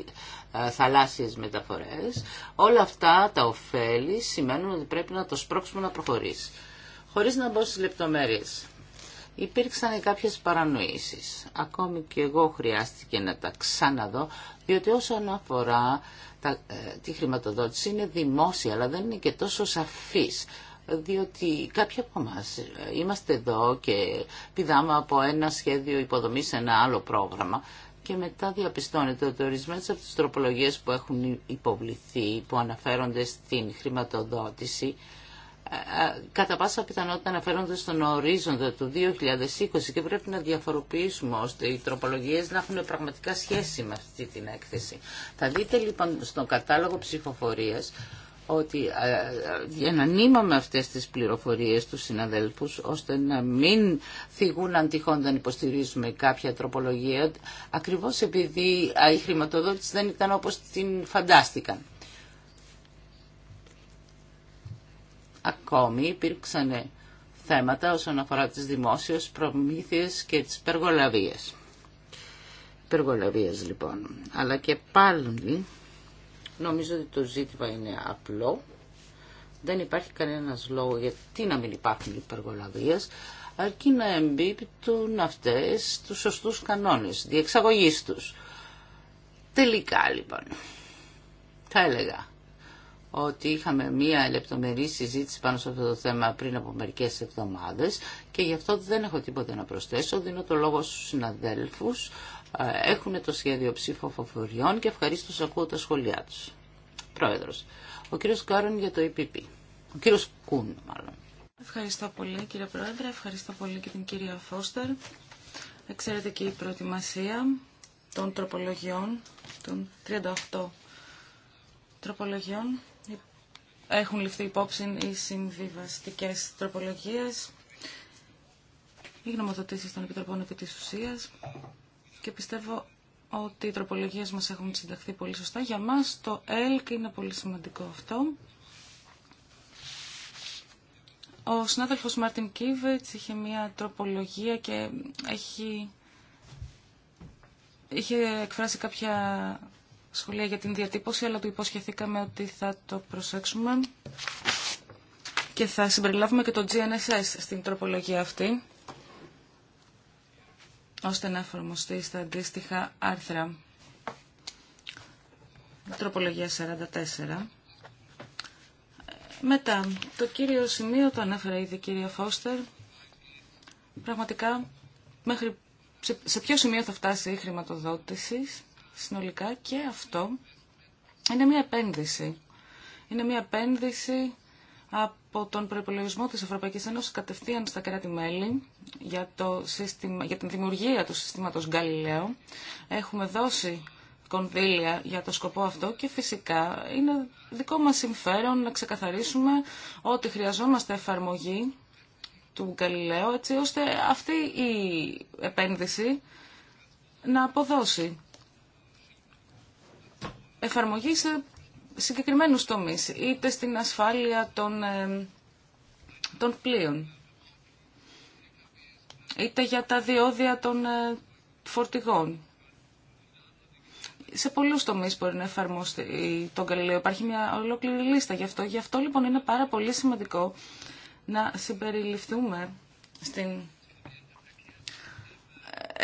Ε, θαλάσσιες μεταφορές. Όλα αυτά τα ωφέλη σημαίνουν ότι πρέπει να το σπρώξουμε να προχωρήσει. Χωρίς να μπω στις λεπτομέρειες υπήρξαν κάποιες παρανοήσεις. Ακόμη και εγώ χρειάστηκε να τα ξαναδώ, διότι όσον αφορά τα, ε, τη χρηματοδότηση είναι δημόσια, αλλά δεν είναι και τόσο σαφής διότι κάποιοι από εμά είμαστε εδώ και πηδάμε από ένα σχέδιο υποδομής σε ένα άλλο πρόγραμμα και μετά διαπιστώνεται ότι ορισμένε από τι τροπολογίες που έχουν υποβληθεί, που αναφέρονται στην χρηματοδότηση, κατά πάσα πιθανότητα αναφέρονται στον ορίζοντα του 2020 και πρέπει να διαφοροποιήσουμε ώστε οι τροπολογίες να έχουν πραγματικά σχέση με αυτή την έκθεση. Θα δείτε λοιπόν στον κατάλογο ψηφοφορίας ότι ενανύμαμε ε, αυτές τις πληροφορίες του συναδέλφους ώστε να μην θυγούν αν τυχόν δεν υποστηρίζουμε κάποια τροπολογία ακριβώς επειδή ε, η χρηματοδότηση δεν ήταν όπως την φαντάστηκαν. Ακόμη υπήρξαν θέματα όσον αφορά τις δημόσιες προμήθειες και τις περγολαβίες. Περγολαβίες λοιπόν. Αλλά και πάλι νομίζω ότι το ζήτημα είναι απλό. Δεν υπάρχει κανένας λόγο γιατί να μην υπάρχουν υπεργολαβίες αρκεί να εμπίπτουν αυτές τους σωστούς κανόνες, διεξαγωγής τους. Τελικά λοιπόν, θα έλεγα, ότι είχαμε μία λεπτομερή συζήτηση πάνω σε αυτό το θέμα πριν από μερικές εβδομάδες και γι' αυτό δεν έχω τίποτα να προσθέσω. Δίνω το λόγο στους συναδέλφους. Ε, έχουν το σχέδιο ψηφοφοριών και ευχαρίστω ακούω τα σχόλιά τους. Πρόεδρος, ο κύριος Κάρον για το EPP. Ο κύριος Κούν, μάλλον. Ευχαριστώ πολύ κύριε Πρόεδρε, ευχαριστώ πολύ και την κυρία Φώστερ. Εξαιρετική η προετοιμασία των τροπολογιών, των 38 τροπολογιών έχουν ληφθεί υπόψη οι συμβιβαστικέ τροπολογίε οι γνωμοδοτήσει των Επιτροπών επί τη ουσία και πιστεύω ότι οι τροπολογίε μα έχουν συνταχθεί πολύ σωστά. Για μας το ΕΛΚ είναι πολύ σημαντικό αυτό. Ο συνάδελφο Μάρτιν Κίβετ είχε μια τροπολογία και έχει είχε εκφράσει κάποια σχολεία για την διατύπωση, αλλά του υποσχεθήκαμε ότι θα το προσέξουμε και θα συμπεριλάβουμε και το GNSS στην τροπολογία αυτή, ώστε να εφαρμοστεί στα αντίστοιχα άρθρα. Τροπολογία 44. Μετά, το κύριο σημείο το ανέφερε ήδη η κυρία Φώστερ. Πραγματικά, μέχρι σε, ποιο σημείο θα φτάσει η χρηματοδότηση συνολικά και αυτό είναι μια επένδυση. Είναι μια επένδυση από τον προπολογισμό της Ευρωπαϊκής Ένωσης κατευθείαν στα κράτη-μέλη για, το σύστημα, για την δημιουργία του συστήματος Galileo. Έχουμε δώσει κονδύλια για το σκοπό αυτό και φυσικά είναι δικό μας συμφέρον να ξεκαθαρίσουμε ότι χρειαζόμαστε εφαρμογή του Γκαλιλαίου έτσι ώστε αυτή η επένδυση να αποδώσει εφαρμογή σε συγκεκριμένους τομείς, είτε στην ασφάλεια των, ε, των πλοίων, είτε για τα διόδια των ε, φορτηγών. Σε πολλούς τομείς μπορεί να εφαρμοστεί τον καλλιλέο. Υπάρχει μια ολόκληρη λίστα γι' αυτό. Γι' αυτό λοιπόν είναι πάρα πολύ σημαντικό να συμπεριληφθούμε στην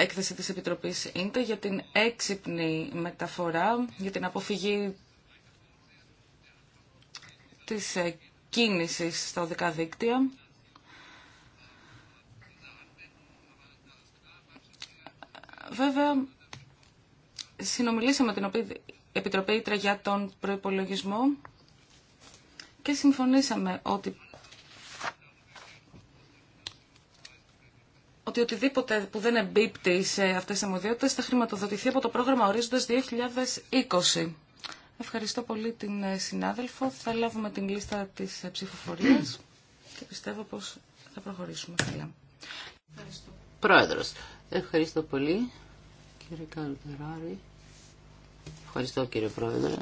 έκθεση της Επιτροπής ΙΝΤΕ για την έξυπνη μεταφορά, για την αποφυγή της ε, κίνησης στα οδικά δίκτυα. Βέβαια, συνομιλήσαμε την Επιτροπή Ίτρα για τον προϋπολογισμό και συμφωνήσαμε ότι ότι οτιδήποτε που δεν εμπίπτει σε αυτές τις αμμοδιότητες θα χρηματοδοτηθεί από το πρόγραμμα Ορίζοντας 2020. Ευχαριστώ πολύ την ε, συνάδελφο. Θα λάβουμε την λίστα της ε, ψηφοφορίας και πιστεύω πως θα προχωρήσουμε καλά. Ευχαριστώ. Πρόεδρος, ευχαριστώ πολύ κύριε Καλπεράρη. Ευχαριστώ κύριε Πρόεδρε.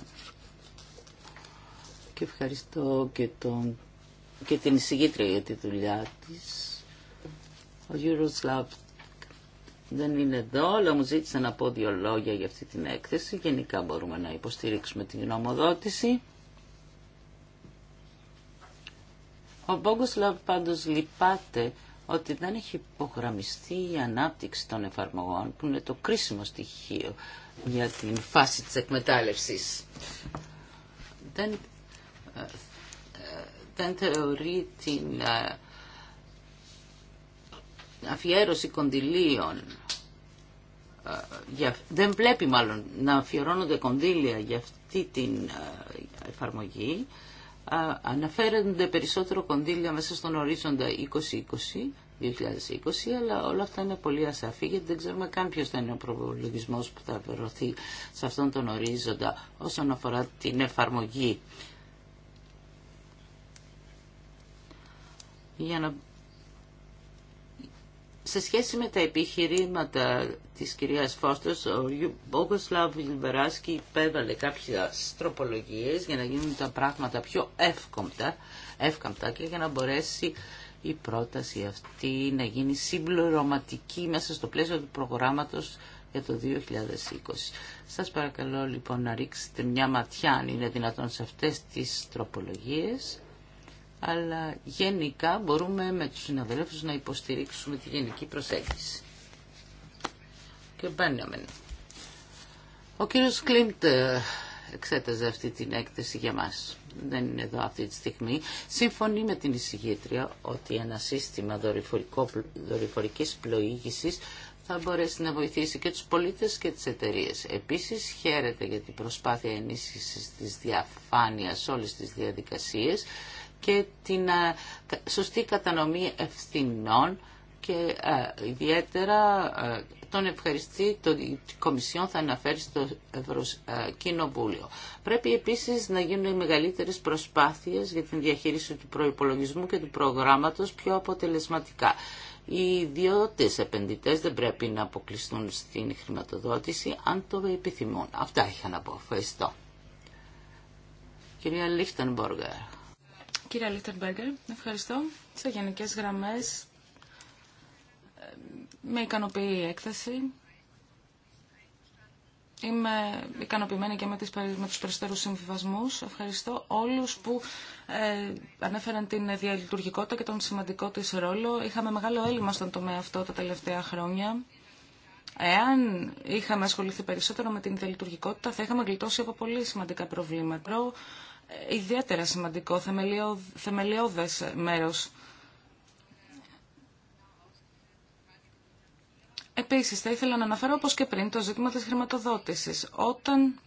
Και ευχαριστώ και, τον, και την εισηγήτρια για τη δουλειά της ο Γιουροσλάβ δεν είναι εδώ, αλλά μου ζήτησε να πω δύο λόγια για αυτή την έκθεση. Γενικά μπορούμε να υποστηρίξουμε την νομοδότηση. Ο Μπόγκοσλαβ πάντως λυπάται ότι δεν έχει υπογραμμιστεί η ανάπτυξη των εφαρμογών που είναι το κρίσιμο στοιχείο για την φάση της εκμετάλλευσης. Δεν, ε, ε, δεν θεωρεί την ε, αφιέρωση κονδυλίων ε, δεν βλέπει μάλλον να αφιερώνονται κονδύλια για αυτή την ε, εφαρμογή ε, αναφέρονται περισσότερο κονδύλια μέσα στον ορίζοντα 2020 2020, αλλά όλα αυτά είναι πολύ ασαφή γιατί δεν ξέρουμε καν ποιο θα είναι ο προβολογισμός που θα αφαιρωθεί σε αυτόν τον ορίζοντα όσον αφορά την εφαρμογή. Για να σε σχέση με τα επιχειρήματα της κυρίας Φώστος, ο Μπογκοσλάβ Λιμπεράσκη υπέβαλε κάποιες τροπολογίες για να γίνουν τα πράγματα πιο εύκομπτα και για να μπορέσει η πρόταση αυτή να γίνει συμπληρωματική μέσα στο πλαίσιο του προγράμματος για το 2020. Σας παρακαλώ λοιπόν να ρίξετε μια ματιά αν είναι δυνατόν σε αυτές τις τροπολογίες αλλά γενικά μπορούμε με τους συναδέλφους να υποστηρίξουμε τη γενική προσέγγιση. Και ο Ο κύριος Κλίντ ε, εξέταζε αυτή την έκθεση για μας. Δεν είναι εδώ αυτή τη στιγμή. Συμφωνεί με την εισηγήτρια ότι ένα σύστημα δορυφορικής πλοήγησης θα μπορέσει να βοηθήσει και τους πολίτες και τις εταιρείες. Επίσης χαίρεται για την προσπάθεια ενίσχυσης της διαφάνειας όλες τις διαδικασίες και την ε, σωστή κατανομή ευθυνών και ε, ιδιαίτερα ε, τον ευχαριστεί το Κομισιόν θα αναφέρει στο Ευρωκοινοβούλιο. Πρέπει επίσης να γίνουν οι μεγαλύτερες προσπάθειες για την διαχείριση του προϋπολογισμού και του προγράμματος πιο αποτελεσματικά. Οι ιδιώτες επενδυτές δεν πρέπει να αποκλειστούν στην χρηματοδότηση αν το επιθυμούν. Αυτά είχα να πω. Ευχαριστώ. Κυρία Κύριε Λίχτερμπεργκερ, ευχαριστώ. Σε γενικέ γραμμέ ε, με ικανοποιεί η έκθεση. Είμαι ικανοποιημένη και με, τις, με τους περισσότερους συμβιβασμούς. Ευχαριστώ όλους που ε, ανέφεραν την διαλειτουργικότητα και τον σημαντικό της ρόλο. Είχαμε μεγάλο έλλειμμα στον τομέα αυτό τα τελευταία χρόνια. Εάν είχαμε ασχοληθεί περισσότερο με την διαλειτουργικότητα, θα είχαμε γλιτώσει από πολύ σημαντικά προβλήματα ιδιαίτερα σημαντικό, θεμελιώδες μέρος. Επίσης, θα ήθελα να αναφέρω, όπως και πριν, το ζήτημα της χρηματοδότησης. Όταν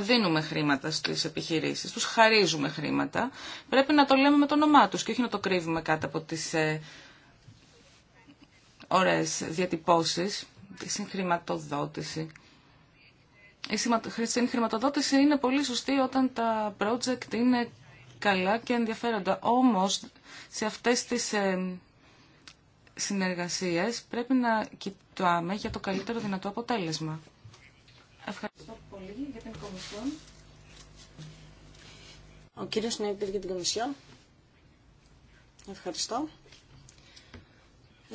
δίνουμε χρήματα στις επιχειρήσεις, τους χαρίζουμε χρήματα, πρέπει να το λέμε με το όνομά τους και όχι να το κρύβουμε κάτω από τις ε, ωραίες διατυπώσεις, τη συγχρηματοδότηση η χρηματοδότηση είναι πολύ σωστή όταν τα project είναι καλά και ενδιαφέροντα. Όμως, σε αυτές τις ε, συνεργασίες πρέπει να κοιτάμε για το καλύτερο δυνατό αποτέλεσμα. Ευχαριστώ πολύ για την Κομισιόν. Ο κύριος Νέιπηρ για την Κομισιόν. Ευχαριστώ.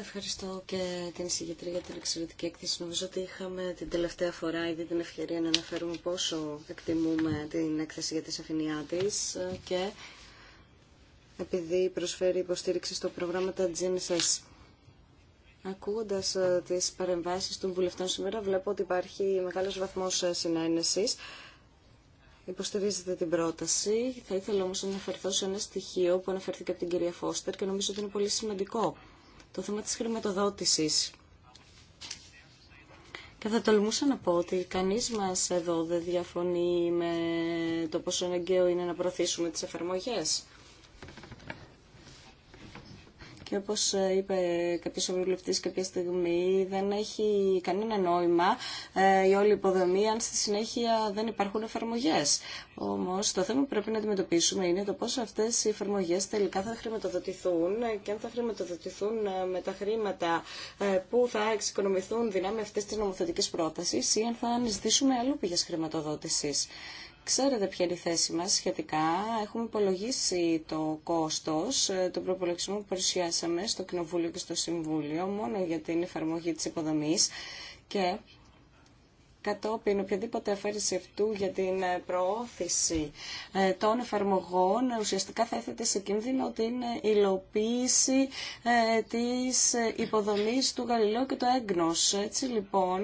Ευχαριστώ και την συγκεκριά για την εξαιρετική έκθεση. Νομίζω ότι είχαμε την τελευταία φορά ήδη την ευκαιρία να αναφέρουμε πόσο εκτιμούμε την έκθεση για τη σαφηνιά τη και επειδή προσφέρει υποστήριξη στο πρόγραμμα τα GNSS. Ακούγοντα ε, τι παρεμβάσει των βουλευτών σήμερα, βλέπω ότι υπάρχει μεγάλο βαθμό ε, συνένεση. Υποστηρίζετε την πρόταση. Θα ήθελα όμω να αναφερθώ σε ένα στοιχείο που αναφέρθηκε από την κυρία Φώστερ και νομίζω ότι είναι πολύ σημαντικό το θέμα της χρηματοδότησης. Και θα τολμούσα να πω ότι κανείς μας εδώ δεν διαφωνεί με το πόσο αναγκαίο είναι να προωθήσουμε τις εφαρμογές. Και όπως ε, είπε κάποιος ευρωβουλευτής κάποια στιγμή, δεν έχει κανένα νόημα ε, η όλη υποδομή αν στη συνέχεια δεν υπάρχουν εφαρμογές. Όμως το θέμα που πρέπει να αντιμετωπίσουμε είναι το πώς αυτές οι εφαρμογές τελικά θα χρηματοδοτηθούν και αν θα χρηματοδοτηθούν ε, με τα χρήματα που θα εξοικονομηθούν δυνάμει αυτές τη νομοθετική πρόταση, ή αν θα αναζητήσουμε αλλού πηγές χρηματοδότησης. Ξέρετε ποια είναι η θέση μας σχετικά. Έχουμε υπολογίσει το κόστος, ε, τον προπολογισμό που παρουσιάσαμε στο Κοινοβούλιο και στο Συμβούλιο, μόνο για την εφαρμογή της υποδομής και κατόπιν οποιαδήποτε αφαίρεση αυτού για την ε, προώθηση ε, των εφαρμογών ουσιαστικά θα έθετε σε κίνδυνο την υλοποίηση ε, της υποδομής του Γαλιλαίου και του Έγκνος. Έτσι λοιπόν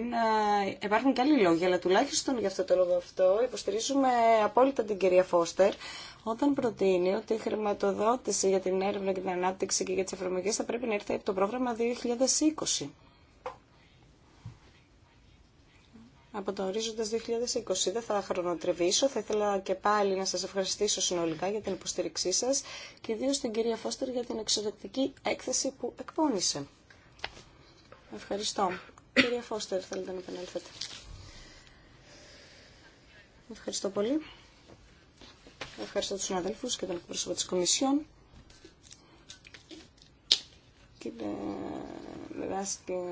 υπάρχουν και άλλοι λόγοι, αλλά τουλάχιστον για αυτό το λόγο αυτό υποστηρίζουμε απόλυτα την κυρία Φώστερ όταν προτείνει ότι η χρηματοδότηση για την έρευνα και την ανάπτυξη και για τις εφαρμογές θα πρέπει να έρθει από το πρόγραμμα 2020. από το ορίζοντα 2020. Δεν θα χρονοτριβήσω. Θα ήθελα και πάλι να σας ευχαριστήσω συνολικά για την υποστήριξή σας και ιδίω την κυρία Φώστερ για την εξωτερική έκθεση που εκπώνησε. Ευχαριστώ. Κυρία Φώστερ, θέλετε να επανέλθετε. Ευχαριστώ πολύ. Ευχαριστώ τους συναδέλφους και τον εκπρόσωπο της Κομισιόν κύριε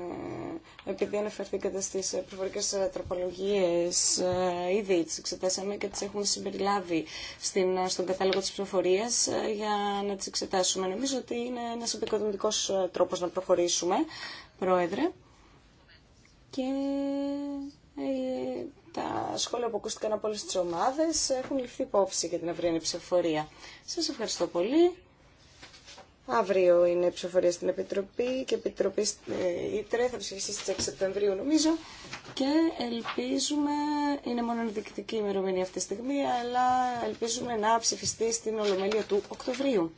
επειδή αναφερθήκατε στις προφορικές τροπολογίες, ε, ήδη τις εξετάσαμε και τις έχουμε συμπεριλάβει στην, ε, στον κατάλογο της ψηφοφορίας ε, για να τις εξετάσουμε. Νομίζω ότι είναι ένας επικοδομητικός τρόπος να προχωρήσουμε, Πρόεδρε. Και τα σχόλια που ακούστηκαν από όλες τις ομάδες έχουν ληφθεί υπόψη για την αυριανή ψηφοφορία. Σας ευχαριστώ πολύ. Αύριο είναι ψηφοφορία στην Επιτροπή και η Επιτροπή ΙΤΡΕ ε, θα ψηφίσει στις 6 Σεπτεμβρίου νομίζω και ελπίζουμε, είναι μόνο ενδεικτική ημερομηνία αυτή τη στιγμή, αλλά ελπίζουμε να ψηφιστεί στην Ολομέλεια του Οκτωβρίου.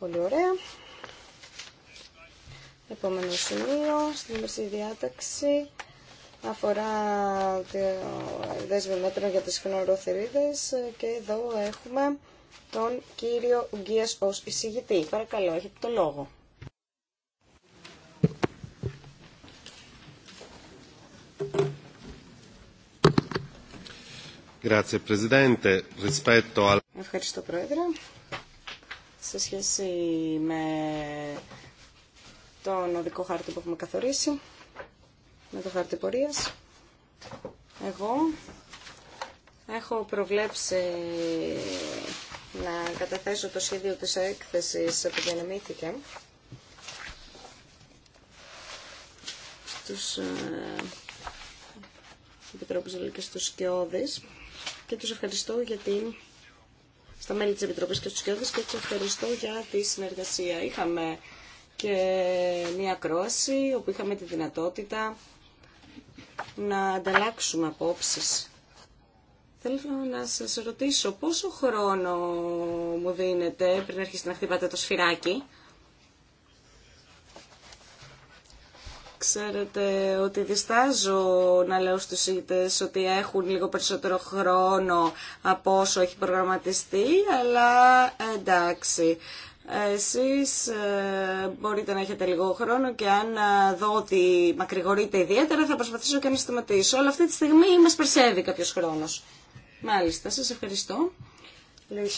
Πολύ ωραία. Επόμενο σημείο στην Μερσή διάταξη αφορά το δέσμευμα μέτρων για τις χνοροθερίδες και εδώ έχουμε τον κύριο Ουγγίας ως εισηγητή. Παρακαλώ, έχετε το λόγο. Ευχαριστώ, Πρόεδρε. Σε σχέση με τον οδικό χάρτη που έχουμε καθορίσει, με το χάρτη πορείας, εγώ έχω προβλέψει να καταθέσω το σχέδιο της έκθεσης που διανεμήθηκε στους ε, Επιτρόπους και στους Σκιώδης και τους ευχαριστώ γιατί στα μέλη της Επιτροπής και στους Σκιώδης και τους ευχαριστώ για τη συνεργασία. Είχαμε και μια κρόαση όπου είχαμε τη δυνατότητα να ανταλλάξουμε απόψεις Θέλω να σας ρωτήσω πόσο χρόνο μου δίνετε πριν αρχίσετε να χτυπάτε το σφυράκι. Ξέρετε ότι διστάζω να λέω στους ηγητές ότι έχουν λίγο περισσότερο χρόνο από όσο έχει προγραμματιστεί, αλλά εντάξει. Εσείς ε, μπορείτε να έχετε λίγο χρόνο και αν ε, δω ότι μακρηγορείτε ιδιαίτερα θα προσπαθήσω και να σταματήσω. Αλλά αυτή τη στιγμή μας περσεύει κάποιος χρόνος. Μάλιστα, σας ευχαριστώ. Λέει ο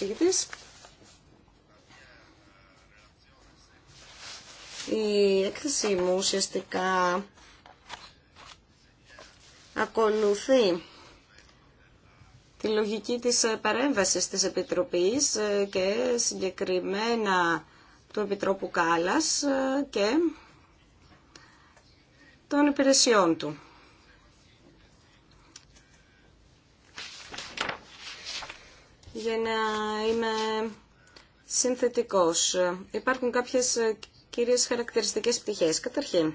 Η έκθεση μου ουσιαστικά ακολουθεί τη λογική της παρέμβασης της Επιτροπής και συγκεκριμένα του Επιτρόπου Κάλλας και των υπηρεσιών του. για να είμαι συνθετικός. Υπάρχουν κάποιες κυρίες χαρακτηριστικές πτυχές. Καταρχήν,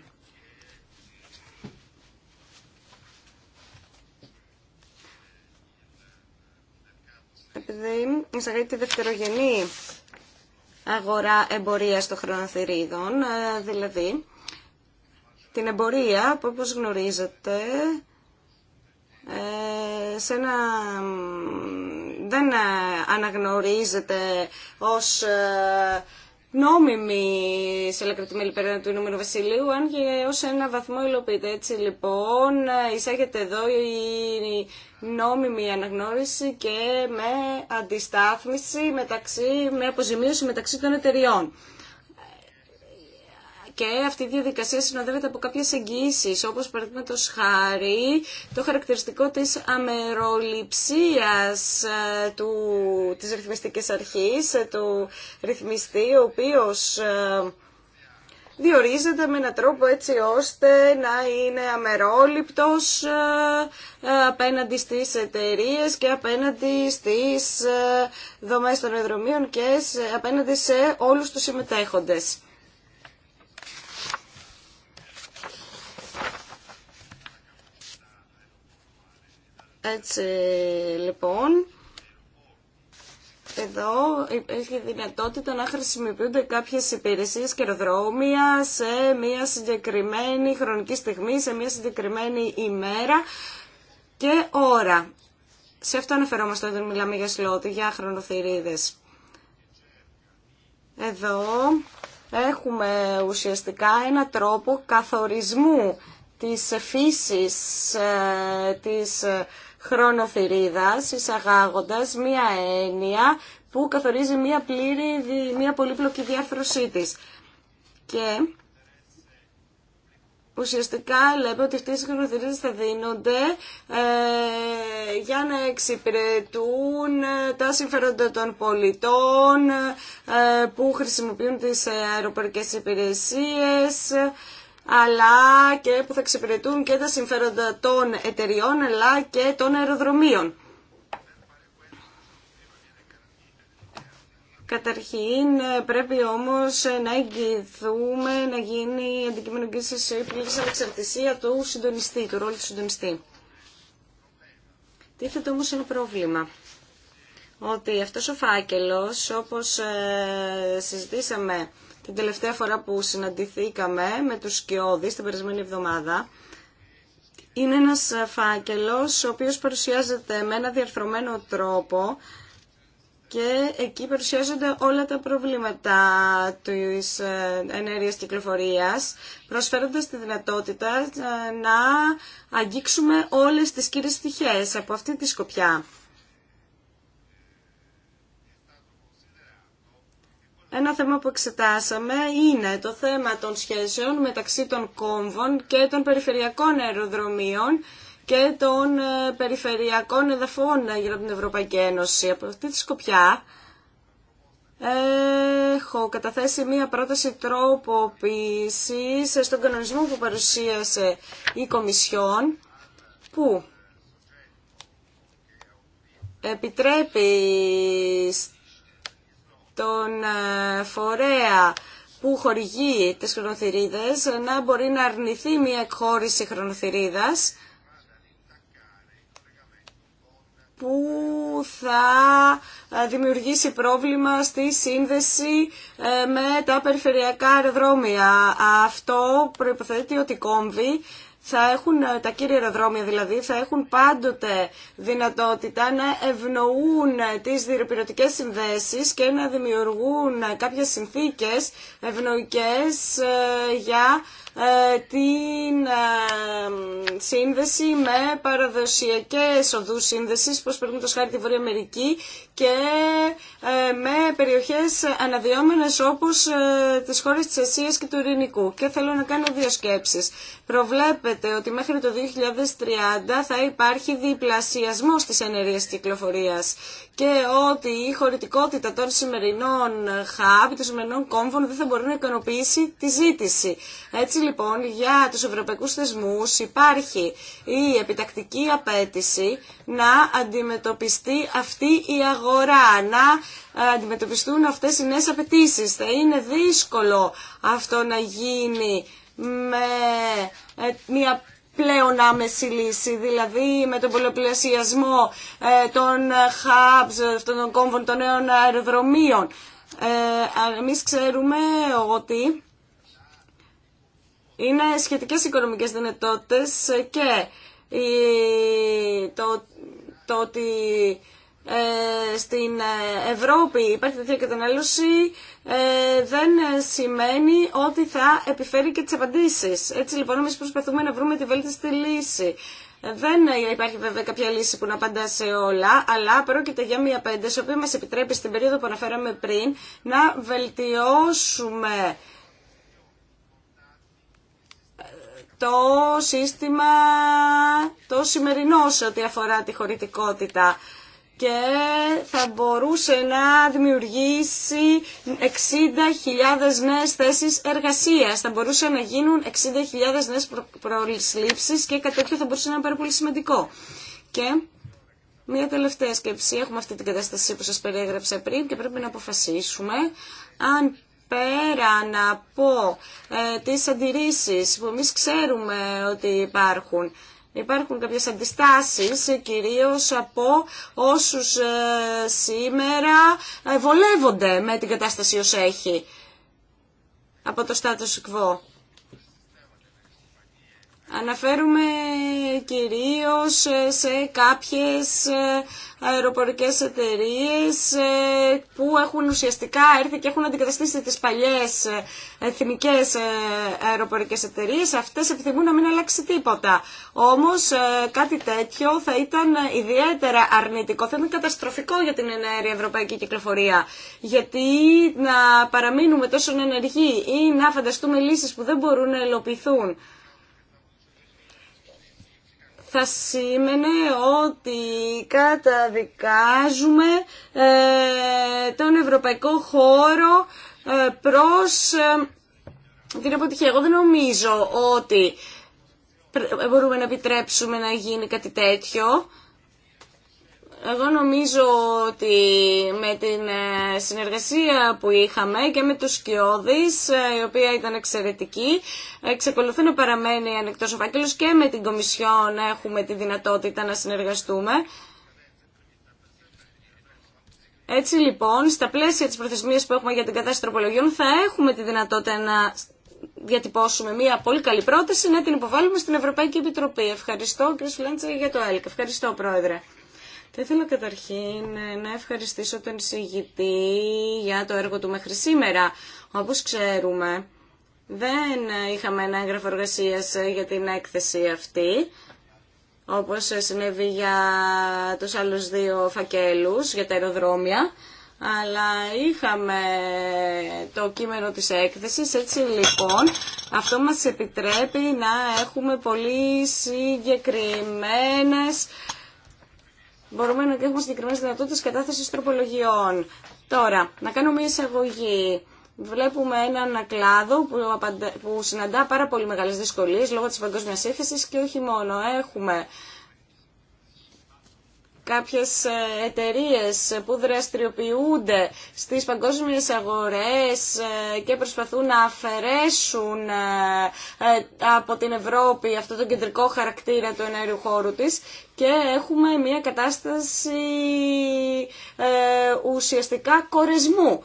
επειδή εισαγάγει τη δευτερογενή αγορά εμπορία των χρονοθυρίδων, ε, δηλαδή την εμπορία που όπως γνωρίζετε ε, σε ένα δεν ε, αναγνωρίζεται ως ε, νόμιμη σε όλα του Ηνωμένου Βασιλείου, αν και ως ένα βαθμό υλοποιείται. Έτσι λοιπόν ε, εισάγεται εδώ η νόμιμη αναγνώριση και με αντιστάθμιση μεταξύ, με αποζημίωση μεταξύ των εταιριών και αυτή η διαδικασία συνοδεύεται από κάποιες εγγύησεις, όπως παραδείγματο χάρη το χαρακτηριστικό της αμεροληψίας ε, του, της ρυθμιστικής αρχής, ε, του ρυθμιστή, ο οποίος ε, διορίζεται με έναν τρόπο έτσι ώστε να είναι αμερόληπτος απέναντι στις εταιρείε και απέναντι στις δομές των εδρομείων και απέναντι σε όλους τους συμμετέχοντες. Έτσι λοιπόν, εδώ έχει δυνατότητα να χρησιμοποιούνται κάποιες υπηρεσίες δρόμια σε μια συγκεκριμένη χρονική στιγμή, σε μια συγκεκριμένη ημέρα και ώρα. Σε αυτό αναφερόμαστε όταν μιλάμε για σλότη, για χρονοθυρίδες. Εδώ έχουμε ουσιαστικά ένα τρόπο καθορισμού της φύσης ε, της χρονοθυρίδας, εισαγάγοντας μία έννοια που καθορίζει μία πλήρη, μία πολύπλοκη διάρθρωσή της. Και ουσιαστικά λέμε ότι αυτές οι χρονοθυρίδες θα δίνονται ε, για να εξυπηρετούν ε, τα συμφέροντα των πολιτών ε, που χρησιμοποιούν τις ε, αεροπορικές υπηρεσίες αλλά και που θα εξυπηρετούν και τα συμφέροντα των εταιριών αλλά και των αεροδρομίων. Καταρχήν πρέπει όμως να εγγυηθούμε να γίνει αντικείμενο σα πλήρης ανεξαρτησία του συντονιστή, του ρόλου του συντονιστή. Τι Τίθεται όμως ένα πρόβλημα ότι αυτός ο φάκελος όπως ε, συζητήσαμε την τελευταία φορά που συναντηθήκαμε με τους Σκιώδης την περασμένη εβδομάδα, είναι ένας φάκελος ο οποίος παρουσιάζεται με ένα διαρθρωμένο τρόπο και εκεί παρουσιάζονται όλα τα προβλήματα της ε, ενέργειας κυκλοφορίας, προσφέροντας τη δυνατότητα ε, να αγγίξουμε όλες τις κύριες στοιχές από αυτή τη σκοπιά. Ένα θέμα που εξετάσαμε είναι το θέμα των σχέσεων μεταξύ των κόμβων και των περιφερειακών αεροδρομίων και των ε, περιφερειακών εδαφών γύρω από την Ευρωπαϊκή Ένωση. Από αυτή τη σκοπιά ε, έχω καταθέσει μία πρόταση τροποποίησης στον κανονισμό που παρουσίασε η Κομισιόν που επιτρέπει τον ε, φορέα που χορηγεί τις χρονοθυρίδες να μπορεί να αρνηθεί μια εκχώρηση χρονοθυρίδας που θα ε, δημιουργήσει πρόβλημα στη σύνδεση ε, με τα περιφερειακά αεροδρόμια. Αυτό προϋποθέτει ότι κόμβει θα έχουν ε, τα κύρια αεροδρόμια δηλαδή, θα έχουν πάντοτε δυνατότητα να ευνοούν ε, τις διεροπηρωτικές συνδέσεις και να δημιουργούν ε, κάποιες συνθήκες ευνοϊκές για ε, την ε, σύνδεση με παραδοσιακές οδούς σύνδεσης, όπως το χάρη τη Βόρεια Αμερική και ε, με περιοχές αναδυόμενες όπως τις χώρες της Ασίας και του Ειρηνικού. Και θέλω να κάνω δύο σκέψεις. Προβλέπετε ότι μέχρι το 2030 θα υπάρχει διπλασιασμός της ενεργείας κυκλοφορίας και ότι η χωρητικότητα των σημερινών χάπ, των σημερινών κόμβων δεν θα μπορεί να ικανοποιήσει τη ζήτηση. Έτσι λοιπόν για τους ευρωπαϊκούς θεσμούς υπάρχει η επιτακτική απέτηση να αντιμετωπιστεί αυτή η αγορά, να ε, αντιμετωπιστούν αυτές οι νέες απαιτήσει. Θα είναι δύσκολο αυτό να γίνει με ε, μια πλέον άμεση λύση, δηλαδή με τον πολλαπλασιασμό ε, των hubs, των κόμβων, των νέων αεροδρομίων. Ε, εμείς ξέρουμε ότι είναι σχετικές οικονομικές δυνατότητες και το, το ότι ε, στην ε, Ευρώπη υπάρχει τέτοια κατανάλωση ε, δεν σημαίνει ότι θα επιφέρει και τις απαντήσεις. Έτσι λοιπόν εμείς προσπαθούμε να βρούμε τη βέλτιστη λύση. Δεν υπάρχει βέβαια κάποια λύση που να απαντά σε όλα, αλλά πρόκειται για μία πέντε, η οποία μας επιτρέπει στην περίοδο που αναφέραμε πριν να βελτιώσουμε το σύστημα το σημερινό σε ό,τι αφορά τη χωρητικότητα και θα μπορούσε να δημιουργήσει 60.000 νέες θέσεις εργασίας. Θα μπορούσε να γίνουν 60.000 νέες προ προσλήψεις και κάτι τέτοιο θα μπορούσε να είναι πάρα πολύ σημαντικό. Και μία τελευταία σκέψη. Έχουμε αυτή την κατάσταση που σας περιέγραψα πριν και πρέπει να αποφασίσουμε αν πέραν από ε, τις αντιρρήσεις που εμείς ξέρουμε ότι υπάρχουν Υπάρχουν κάποιες αντιστάσεις, κυρίως από όσους ε, σήμερα ε, βολεύονται με την κατάσταση ως έχει από το status quo. Αναφέρουμε κυρίως σε κάποιες ε, αεροπορικές εταιρείες ε, που έχουν ουσιαστικά έρθει και έχουν αντικαταστήσει τις παλιές ε, εθνικές αεροπορικές εταιρείες. Αυτές επιθυμούν να μην αλλάξει τίποτα. Όμως κάτι τέτοιο θα ήταν ιδιαίτερα αρνητικό, θα ήταν καταστροφικό για την ενέργεια ευρωπαϊκή κυκλοφορία. Γιατί να παραμείνουμε τόσο ενεργοί ή να φανταστούμε λύσεις που δεν μπορούν να ελοπιθούν θα σήμαινε ότι καταδικάζουμε ε, τον ευρωπαϊκό χώρο ε, προς ε, την αποτυχία. Εγώ δεν νομίζω ότι μπορούμε να επιτρέψουμε να γίνει κάτι τέτοιο. Εγώ νομίζω ότι με την ε, συνεργασία που είχαμε και με τους Σκιώδης, ε, η οποία ήταν εξαιρετική, εξακολουθεί να παραμένει ανεκτός ο φάκελος και με την Κομισιόν έχουμε τη δυνατότητα να συνεργαστούμε. Έτσι λοιπόν, στα πλαίσια της προθεσμίας που έχουμε για την κατάσταση τροπολογιών, θα έχουμε τη δυνατότητα να διατυπώσουμε μια πολύ καλή πρόταση, να την υποβάλουμε στην Ευρωπαϊκή Επιτροπή. Ευχαριστώ, κ. Φλάντσα, για το ΕΛΚ. Ευχαριστώ, Πρόεδρε. Θα ήθελα καταρχήν ε, να ευχαριστήσω τον συγητή για το έργο του μέχρι σήμερα. Όπως ξέρουμε, δεν είχαμε ένα έγγραφο εργασία για την έκθεση αυτή, όπως συνέβη για τους άλλους δύο φακέλους, για τα αεροδρόμια, αλλά είχαμε το κείμενο της έκθεσης, έτσι λοιπόν αυτό μας επιτρέπει να έχουμε πολύ συγκεκριμένες μπορούμε να έχουμε συγκεκριμένε δυνατότητε κατάθεση τροπολογιών. Τώρα, να κάνω μια εισαγωγή. Βλέπουμε έναν κλάδο που, που συναντά πάρα πολύ μεγάλε δυσκολίε λόγω τη παγκόσμια ύφεση και όχι μόνο. Έχουμε κάποιες ε, εταιρείες που δραστηριοποιούνται στις παγκόσμιες αγορές ε, και προσπαθούν να αφαιρέσουν ε, από την Ευρώπη αυτό το κεντρικό χαρακτήρα του ενέργειου χώρου της και έχουμε μια κατάσταση ουσιαστικά κορεσμού.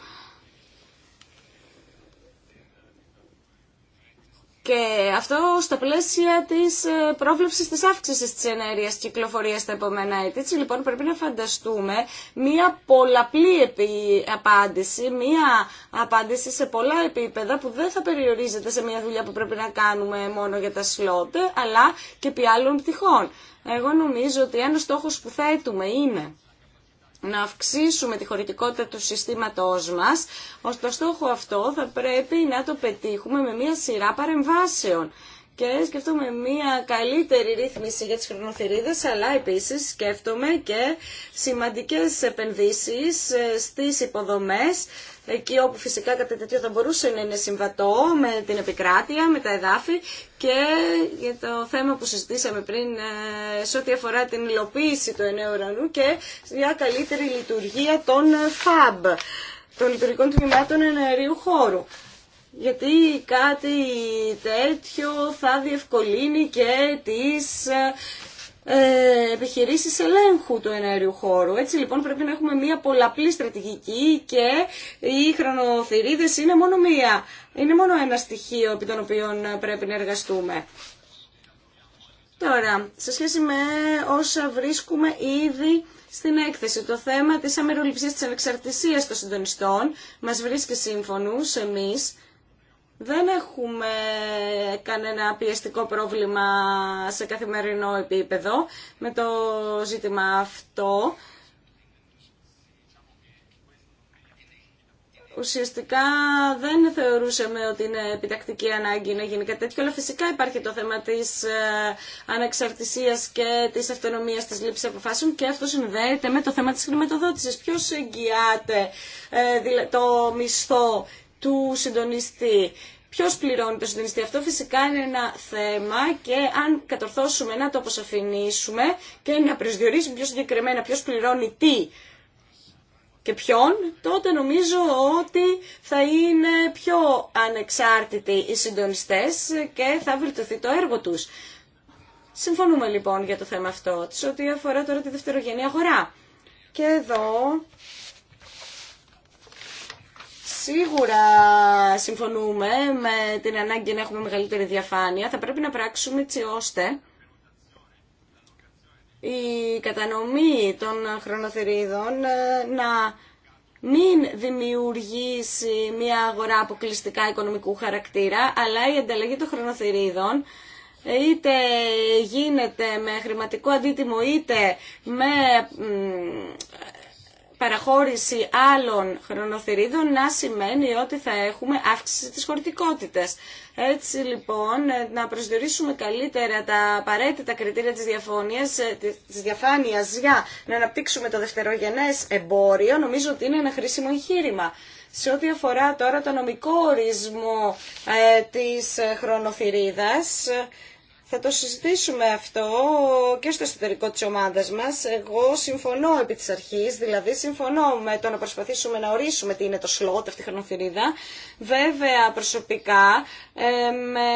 Και αυτό στα πλαίσια της ε, πρόβλεψης της αύξησης της ενέργειας κυκλοφορία τα επόμενα έτη. Έτσι λοιπόν πρέπει να φανταστούμε μία πολλαπλή απάντηση, μία απάντηση σε πολλά επίπεδα που δεν θα περιορίζεται σε μία δουλειά που πρέπει να κάνουμε μόνο για τα σλότ, αλλά και επί άλλων πτυχών. Εγώ νομίζω ότι ένα στόχο που θέτουμε είναι να αυξήσουμε τη χωρητικότητα του συστήματός μας, ώστε το στόχο αυτό θα πρέπει να το πετύχουμε με μια σειρά παρεμβάσεων και σκεφτούμε μία καλύτερη ρύθμιση για τις χρονοθυρίδες, αλλά επίσης σκέφτομαι και σημαντικές επενδύσεις ε, στις υποδομές, εκεί όπου φυσικά κάτι τέτοιο θα μπορούσε να είναι συμβατό με την επικράτεια, με τα εδάφη και για το θέμα που συζητήσαμε πριν ε, σε ό,τι αφορά την υλοποίηση του ενέου ουρανού και μια καλύτερη λειτουργία των FAB, των λειτουργικών τμήματων εναερίου χώρου γιατί κάτι τέτοιο θα διευκολύνει και τις ε, επιχειρήσεις ελέγχου του ενέργειου χώρου. Έτσι λοιπόν πρέπει να έχουμε μια πολλαπλή στρατηγική και οι χρονοθυρίδες είναι μόνο μία. Είναι μόνο ένα στοιχείο επί των οποίων πρέπει να εργαστούμε. Τώρα, σε σχέση με όσα βρίσκουμε ήδη στην έκθεση, το θέμα της αμεροληψίας της ανεξαρτησίας των συντονιστών μας βρίσκει σύμφωνους εμείς δεν έχουμε κανένα πιεστικό πρόβλημα σε καθημερινό επίπεδο με το ζήτημα αυτό. Ουσιαστικά δεν θεωρούσαμε ότι είναι επιτακτική ανάγκη να γίνει κάτι τέτοιο, αλλά φυσικά υπάρχει το θέμα της ε, ανεξαρτησίας και της αυτονομίας της λήψης αποφάσεων και αυτό συνδέεται με το θέμα της χρηματοδότησης. Ποιος εγγυάται ε, το μισθό του συντονιστή. Ποιο πληρώνει το συντονιστή αυτό φυσικά είναι ένα θέμα και αν κατορθώσουμε να το αποσαφηνίσουμε και να προσδιορίσουμε πιο συγκεκριμένα ποιο πληρώνει τι και ποιον, τότε νομίζω ότι θα είναι πιο ανεξάρτητοι οι συντονιστές και θα βελτιωθεί το έργο τους. Συμφωνούμε λοιπόν για το θέμα αυτό, ό,τι αφορά τώρα τη δευτερογενή αγορά. Και εδώ Σίγουρα συμφωνούμε με την ανάγκη να έχουμε μεγαλύτερη διαφάνεια. Θα πρέπει να πράξουμε έτσι ώστε η κατανομή των χρονοθερίδων ε, να μην δημιουργήσει μια αγορά αποκλειστικά οικονομικού χαρακτήρα, αλλά η ανταλλαγή των χρονοθερίδων είτε γίνεται με χρηματικό αντίτιμο είτε με παραχώρηση άλλων χρονοθερίδων να σημαίνει ότι θα έχουμε αύξηση της χωρητικότητας. Έτσι λοιπόν ε, να προσδιορίσουμε καλύτερα τα απαραίτητα κριτήρια της, διαφωνίας, ε, της διαφάνειας για να αναπτύξουμε το δευτερογενές εμπόριο νομίζω ότι είναι ένα χρήσιμο εγχείρημα. Σε ό,τι αφορά τώρα το νομικό ορισμό ε, της ε, χρονοθυρίδας, θα το συζητήσουμε αυτό και στο εσωτερικό της ομάδας μας. Εγώ συμφωνώ επί της αρχής, δηλαδή συμφωνώ με το να προσπαθήσουμε να ορίσουμε τι είναι το σλότ, αυτή η χρονοθυρίδα. Βέβαια προσωπικά ε, με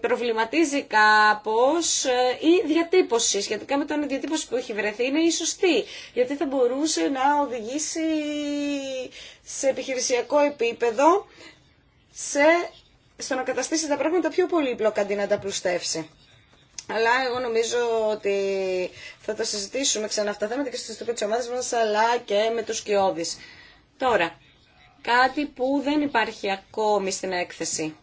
προβληματίζει κάπως ε, η διατύπωση σχετικά με τον διατύπωση που έχει βρεθεί είναι η σωστή, γιατί θα μπορούσε να οδηγήσει σε επιχειρησιακό επίπεδο σε στο να καταστήσει τα πράγματα πιο πολύπλοκα αντί να τα πλουστεύσει. Αλλά εγώ νομίζω ότι θα τα συζητήσουμε ξανά αυτά τα θέματα και στο ιστορικό της ομάδας μας, αλλά και με τους κοιόδης. Τώρα, κάτι που δεν υπάρχει ακόμη στην έκθεση.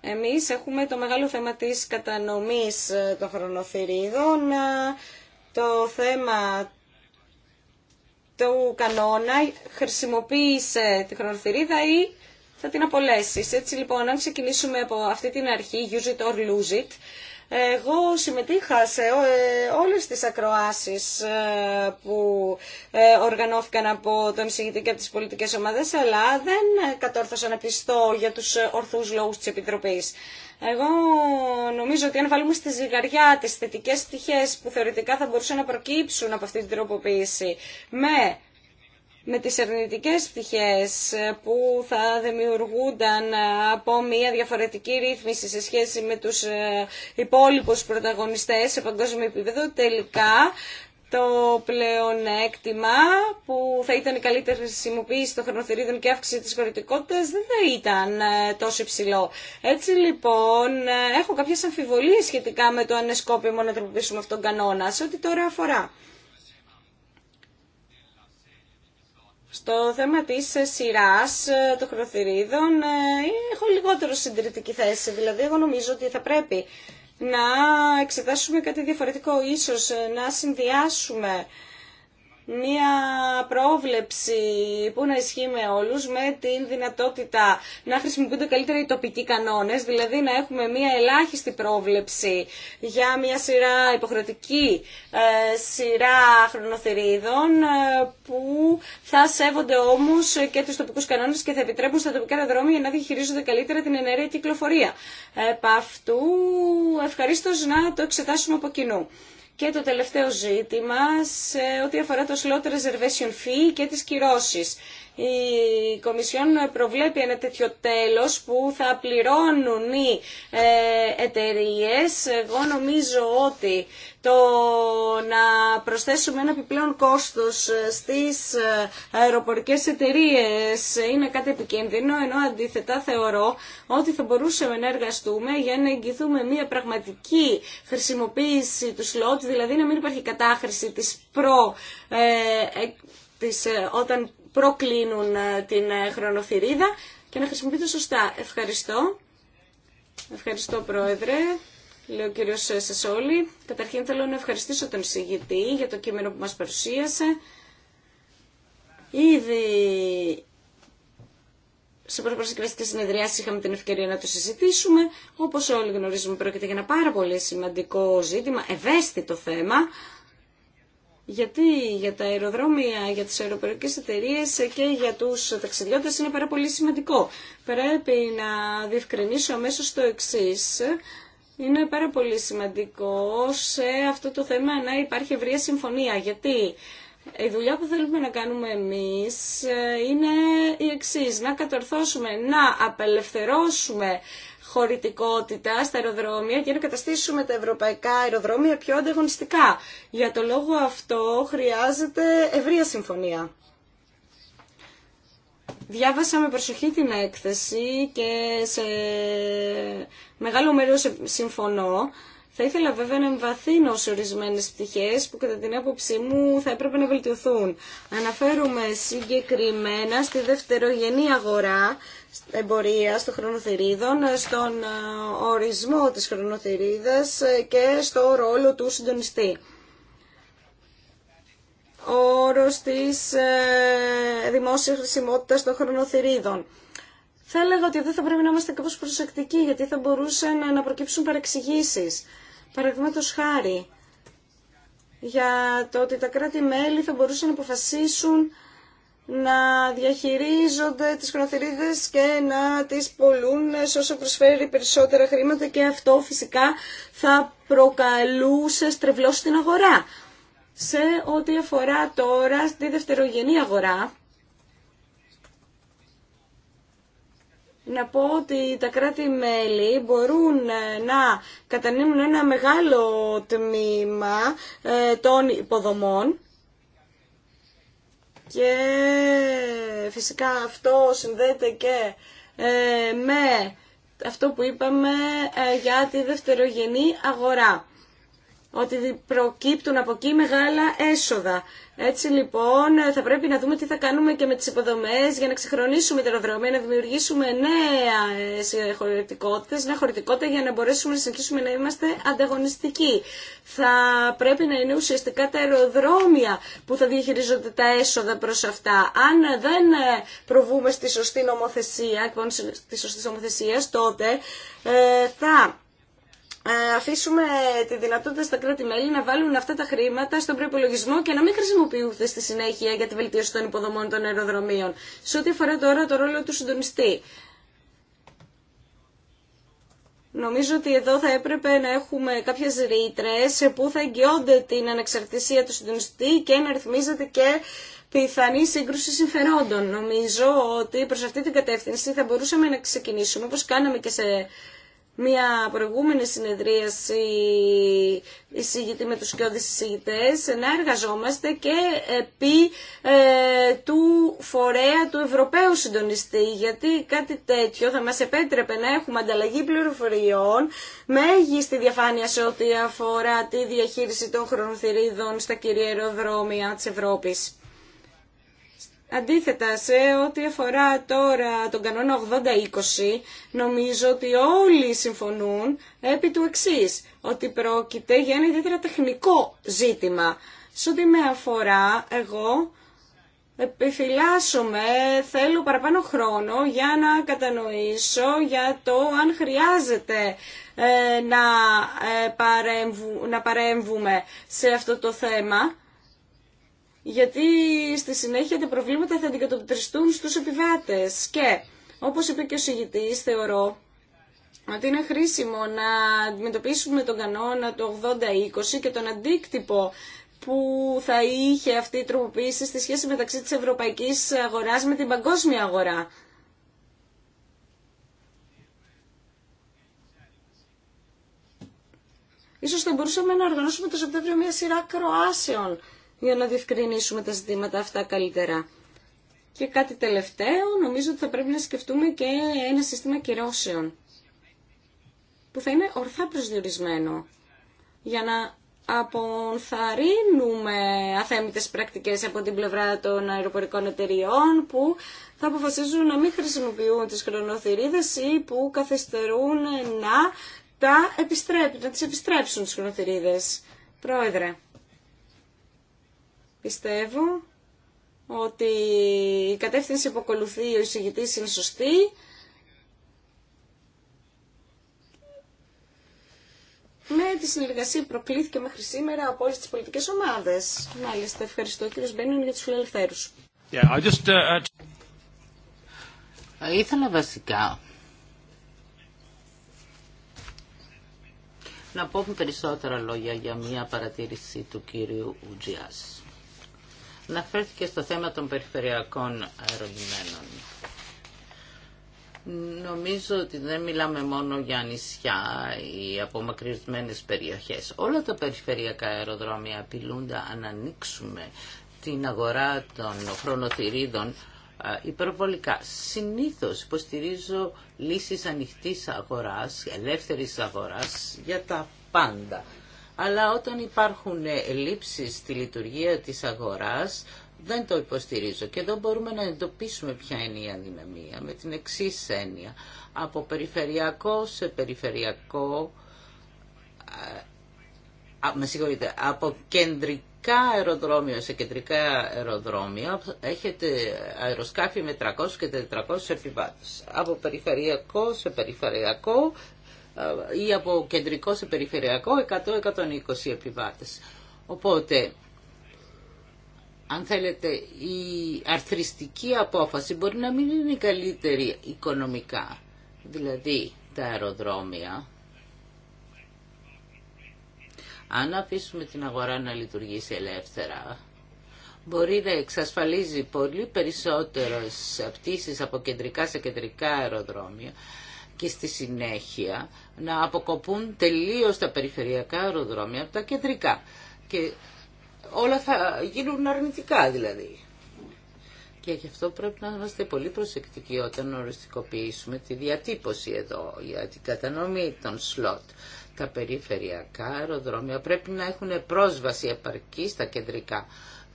Εμείς έχουμε το μεγάλο θέμα της κατανομής ε, των χρονοθυρίδων, ε, το θέμα του κανόνα, χρησιμοποίησε τη χρονοθυρίδα ή θα την απολέσεις. Έτσι λοιπόν, αν ξεκινήσουμε από αυτή την αρχή, use it or lose it, εγώ συμμετείχα σε ε, όλες τις ακροάσεις ε, που ε, οργανώθηκαν από τον εισηγητή και από τις πολιτικές ομάδες, αλλά δεν κατόρθωσα να πιστώ για τους ορθούς λόγους της Επιτροπής. Εγώ νομίζω ότι αν βάλουμε στη ζυγαριά τις θετικές στοιχές που θεωρητικά θα μπορούσαν να προκύψουν από αυτή την τροποποίηση με με τις αρνητικές πτυχές που θα δημιουργούνταν από μια διαφορετική ρύθμιση σε σχέση με τους ε, υπόλοιπους πρωταγωνιστές σε παγκόσμιο επίπεδο, τελικά το πλεονέκτημα που θα ήταν η καλύτερη χρησιμοποίηση των χρονοθερίδων και αύξηση της χωρητικότητας δεν θα ήταν ε, τόσο υψηλό. Έτσι λοιπόν ε, έχω κάποιες αμφιβολίες σχετικά με το αν να τροποποιήσουμε αυτόν τον κανόνα σε ό,τι τώρα αφορά στο θέμα της ε, σειράς ε, των χρονοθυρίδων ε, έχω λιγότερο συντηρητική θέση. Δηλαδή, εγώ νομίζω ότι θα πρέπει να εξετάσουμε κάτι διαφορετικό, ίσως να συνδυάσουμε μία πρόβλεψη που να ισχύει με όλους με την δυνατότητα να χρησιμοποιούνται καλύτερα οι τοπικοί κανόνες, δηλαδή να έχουμε μία ελάχιστη πρόβλεψη για μία σειρά υποχρεωτική ε, σειρά χρονοθερίδων ε, που θα σέβονται όμως και τους τοπικούς κανόνες και θα επιτρέπουν στα τοπικά αεροδρόμια να διαχειρίζονται καλύτερα την ενέργεια κυκλοφορία. Επ' αυτού ευχαρίστως να το εξετάσουμε από κοινού. Και το τελευταίο ζήτημα σε ό,τι αφορά το slot reservation fee και τις κυρώσεις η Κομισιόν προβλέπει ένα τέτοιο τέλος που θα πληρώνουν οι ε, εταιρείε. Εγώ νομίζω ότι το να προσθέσουμε ένα επιπλέον κόστος ε, στις ε, αεροπορικές εταιρείες είναι κάτι επικίνδυνο, ενώ αντίθετα θεωρώ ότι θα μπορούσαμε να εργαστούμε για να εγγυθούμε μια πραγματική χρησιμοποίηση του σλότ, δηλαδή να μην υπάρχει κατάχρηση της προ, ε, όταν προκλίνουν ε, την ε, χρονοθυρίδα και να χρησιμοποιείται σωστά. Ευχαριστώ. Ευχαριστώ Πρόεδρε. Λέω κύριο ε, Σασόλη. Καταρχήν θέλω να ευχαριστήσω τον συγγητή για το κείμενο που μας παρουσίασε. Ήδη σε προπροσκευαστικές συνεδριάσεις είχαμε την ευκαιρία να το συζητήσουμε. Όπως όλοι γνωρίζουμε πρόκειται για ένα πάρα πολύ σημαντικό ζήτημα, ευαίσθητο θέμα γιατί για τα αεροδρόμια, για τις αεροπορικές εταιρείε και για τους ταξιδιώτες είναι πάρα πολύ σημαντικό. Πρέπει να διευκρινίσω αμέσω το εξή. Είναι πάρα πολύ σημαντικό σε αυτό το θέμα να υπάρχει ευρεία συμφωνία. Γιατί η δουλειά που θέλουμε να κάνουμε εμείς ε, είναι η εξής. Να κατορθώσουμε, να απελευθερώσουμε χωρητικότητα στα αεροδρόμια και να καταστήσουμε τα ευρωπαϊκά αεροδρόμια πιο ανταγωνιστικά. Για το λόγο αυτό χρειάζεται ευρεία συμφωνία. Διάβασα με προσοχή την έκθεση και σε μεγάλο μέρος συμφωνώ. Θα ήθελα βέβαια να εμβαθύνω σε ορισμένε πτυχέ που κατά την άποψή μου θα έπρεπε να βελτιωθούν. Αναφέρομαι συγκεκριμένα στη δευτερογενή αγορά εμπορία των χρονοθυρίδων, στον ε, ορισμό της χρονοθυρίδας ε, και στο ρόλο του συντονιστή. Ο όρος της ε, δημόσιας χρησιμότητας των χρονοθυρίδων. Θα έλεγα ότι εδώ θα πρέπει να είμαστε κάπως προσεκτικοί, γιατί θα μπορούσαν να προκύψουν παρεξηγήσεις. Παραδείγματο χάρη, για το ότι τα κράτη-μέλη θα μπορούσαν να αποφασίσουν να διαχειρίζονται τις χρονοθυρίδες και να τις πολλούν όσο προσφέρει περισσότερα χρήματα και αυτό φυσικά θα προκαλούσε στρεβλώσει στην αγορά. Σε ό,τι αφορά τώρα στη δευτερογενή αγορά, να πω ότι τα κράτη-μέλη μπορούν να κατανείμουν ένα μεγάλο τμήμα ε, των υποδομών και φυσικά αυτό συνδέεται και ε, με αυτό που είπαμε ε, για τη δευτερογενή αγορά ότι προκύπτουν από εκεί μεγάλα έσοδα. Έτσι λοιπόν θα πρέπει να δούμε τι θα κάνουμε και με τις υποδομές για να ξεχρονίσουμε τα αεροδρομία, να δημιουργήσουμε νέα ε, χωρητικότητες, νέα χωρητικότητα για να μπορέσουμε να συνεχίσουμε να είμαστε ανταγωνιστικοί. Θα πρέπει να είναι ουσιαστικά τα αεροδρόμια που θα διαχειρίζονται τα έσοδα προς αυτά. Αν δεν ε, προβούμε στη σωστή νομοθεσία, λοιπόν, στη σωστή νομοθεσία τότε ε, θα ε, αφήσουμε τη δυνατότητα στα κράτη-μέλη να βάλουν αυτά τα χρήματα στον προπολογισμό και να μην χρησιμοποιούνται στη συνέχεια για τη βελτίωση των υποδομών των αεροδρομίων. Σε ό,τι αφορά τώρα το ρόλο του συντονιστή. Νομίζω ότι εδώ θα έπρεπε να έχουμε κάποιε ρήτρε που θα εγγυώνται την ανεξαρτησία του συντονιστή και να ρυθμίζεται και πιθανή σύγκρουση συμφερόντων. Νομίζω ότι προ αυτή την κατεύθυνση θα μπορούσαμε να ξεκινήσουμε, όπω κάναμε και σε μια προηγούμενη συνεδρίαση εισηγητή με τους κοιόδης εισηγητές να εργαζόμαστε και επί ε, του φορέα του Ευρωπαίου συντονιστή γιατί κάτι τέτοιο θα μας επέτρεπε να έχουμε ανταλλαγή πληροφοριών μέγιστη διαφάνεια σε ό,τι αφορά τη διαχείριση των χρονοθυρίδων στα κυρία αεροδρόμια της Ευρώπης. Αντίθετα, σε ό,τι αφορά τώρα τον κανόνα 80-20, νομίζω ότι όλοι συμφωνούν επί του εξή ότι πρόκειται για ένα ιδιαίτερα τεχνικό ζήτημα. Σε ό,τι με αφορά, εγώ επιφυλάσσομαι, θέλω παραπάνω χρόνο για να κατανοήσω για το αν χρειάζεται ε, να, ε, να παρέμβουμε σε αυτό το θέμα γιατί στη συνέχεια τα προβλήματα θα αντικατοπτριστούν στους επιβάτες. Και, όπως είπε και ο συγητής, θεωρώ ότι είναι χρήσιμο να αντιμετωπίσουμε τον κανόνα του 80-20 και τον αντίκτυπο που θα είχε αυτή η τροποποίηση στη σχέση μεταξύ της ευρωπαϊκής αγοράς με την παγκόσμια αγορά. Ίσως θα μπορούσαμε να οργανώσουμε το Σεπτέμβριο μια σειρά κροάσεων για να διευκρινίσουμε τα ζητήματα αυτά καλύτερα. Και κάτι τελευταίο, νομίζω ότι θα πρέπει να σκεφτούμε και ένα σύστημα κυρώσεων που θα είναι ορθά προσδιορισμένο για να αποθαρρύνουμε αθέμητες πρακτικές από την πλευρά των αεροπορικών εταιριών που θα αποφασίζουν να μην χρησιμοποιούν τις χρονοθυρίδες ή που καθυστερούν να τα επιστρέψουν, να τις επιστρέψουν τις χρονοθυρίδες. Πρόεδρε, Πιστεύω ότι η κατεύθυνση που ακολουθεί ο εισηγητής είναι σωστή. Με τη συνεργασία που προκλήθηκε μέχρι σήμερα από όλες τις πολιτικές ομάδες. Μάλιστα, ευχαριστώ κύριο Μπένιν για τους φιλελευθέρους. Yeah, I just, uh... uh ε, ήθελα βασικά να πω περισσότερα λόγια για μία παρατήρηση του κύριου Ουτζιάς. Να αναφέρθηκε στο θέμα των περιφερειακών αερολιμένων. Νομίζω ότι δεν μιλάμε μόνο για νησιά ή απομακρυσμένες περιοχές. Όλα τα περιφερειακά αεροδρόμια απειλούνται αν ανοίξουμε την αγορά των χρονοτηρίδων υπερβολικά. Συνήθως υποστηρίζω λύσεις ανοιχτής αγοράς, ελεύθερης αγοράς για τα πάντα αλλά όταν υπάρχουν ελλείψεις στη λειτουργία της αγοράς, δεν το υποστηρίζω και εδώ μπορούμε να εντοπίσουμε ποια είναι η αδυναμία με την εξή έννοια. Από περιφερειακό σε περιφερειακό, με από κεντρικά αεροδρόμια σε κεντρικά αεροδρόμια έχετε αεροσκάφη με 300 και 400 επιβάτες. Από περιφερειακό σε περιφερειακό ε, ή από κεντρικό σε περιφερειακό 100-120 επιβάτες. Οπότε, αν θέλετε, η αρθριστική απόφαση μπορεί να μην είναι καλύτερη οικονομικά. Δηλαδή, τα αεροδρόμια, αν αφήσουμε την αγορά να λειτουργήσει ελεύθερα, μπορεί να εξασφαλίζει πολύ περισσότερες απτήσεις από κεντρικά σε κεντρικά αεροδρόμια και στη συνέχεια να αποκοπούν τελείως τα περιφερειακά αεροδρόμια από τα κεντρικά. Και όλα θα γίνουν αρνητικά δηλαδή. Και γι' αυτό πρέπει να είμαστε πολύ προσεκτικοί όταν οριστικοποιήσουμε τη διατύπωση εδώ για την κατανομή των σλότ. Τα περιφερειακά αεροδρόμια πρέπει να έχουν πρόσβαση επαρκή στα κεντρικά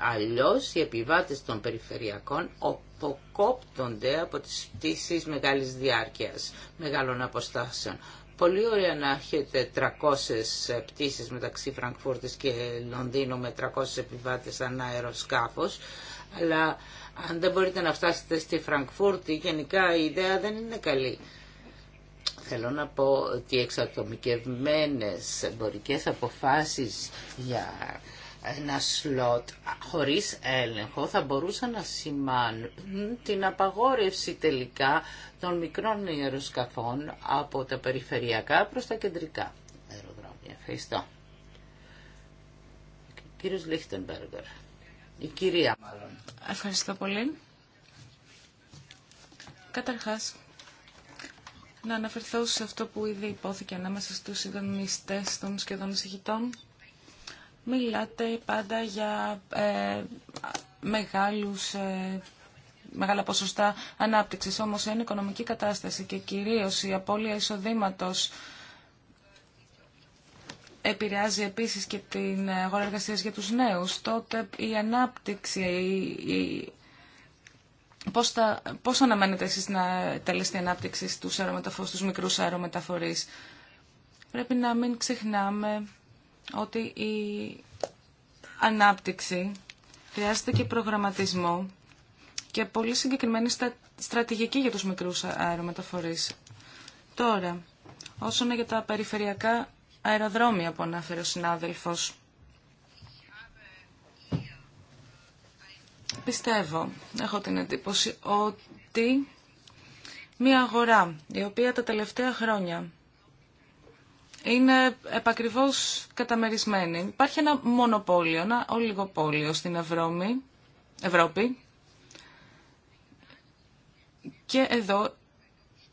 Αλλιώς οι επιβάτες των περιφερειακών αποκόπτονται από τις πτήσεις μεγάλης διάρκειας, μεγάλων αποστάσεων. Πολύ ωραία να έχετε 300 πτήσεις μεταξύ Φραγκφούρτης και Λονδίνου με 300 επιβάτες ανά αεροσκάφος, αλλά αν δεν μπορείτε να φτάσετε στη Φραγκφούρτη, γενικά η ιδέα δεν είναι καλή. Θέλω να πω ότι εξατομικευμένες εμπορικές αποφάσεις για ένα σλότ χωρίς έλεγχο θα μπορούσε να σημάνουν την απαγόρευση τελικά των μικρών αεροσκαφών από τα περιφερειακά προς τα κεντρικά αεροδρόμια. Ευχαριστώ. Κύριος Λίχτενμπεργκερ. Η κυρία μάλλον. Ευχαριστώ πολύ. Καταρχάς, να αναφερθώ σε αυτό που ήδη υπόθηκε ανάμεσα στους συντονιστές των σχεδόν εισηγητών μιλάτε πάντα για ε, μεγάλους, ε, μεγάλα ποσοστά ανάπτυξης. Όμως η οικονομική κατάσταση και κυρίως η απώλεια εισοδήματος επηρεάζει επίσης και την αγορά εργασία για τους νέους. Τότε η ανάπτυξη, η, η, πώς, θα, πώς αναμένετε εσείς να τελεστεί η ανάπτυξη στους στους μικρούς αερομεταφορείς. Πρέπει να μην ξεχνάμε ότι η ανάπτυξη χρειάζεται και προγραμματισμό και πολύ συγκεκριμένη στρατηγική για τους μικρούς αερομεταφορείς. Τώρα, όσον για τα περιφερειακά αεροδρόμια που ανάφερε ο συνάδελφος, πιστεύω, έχω την εντύπωση ότι μια αγορά η οποία τα τελευταία χρόνια είναι επακριβώς καταμερισμένη. Υπάρχει ένα μονοπόλιο, ένα ολιγοπόλιο στην Ευρώμη, Ευρώπη και εδώ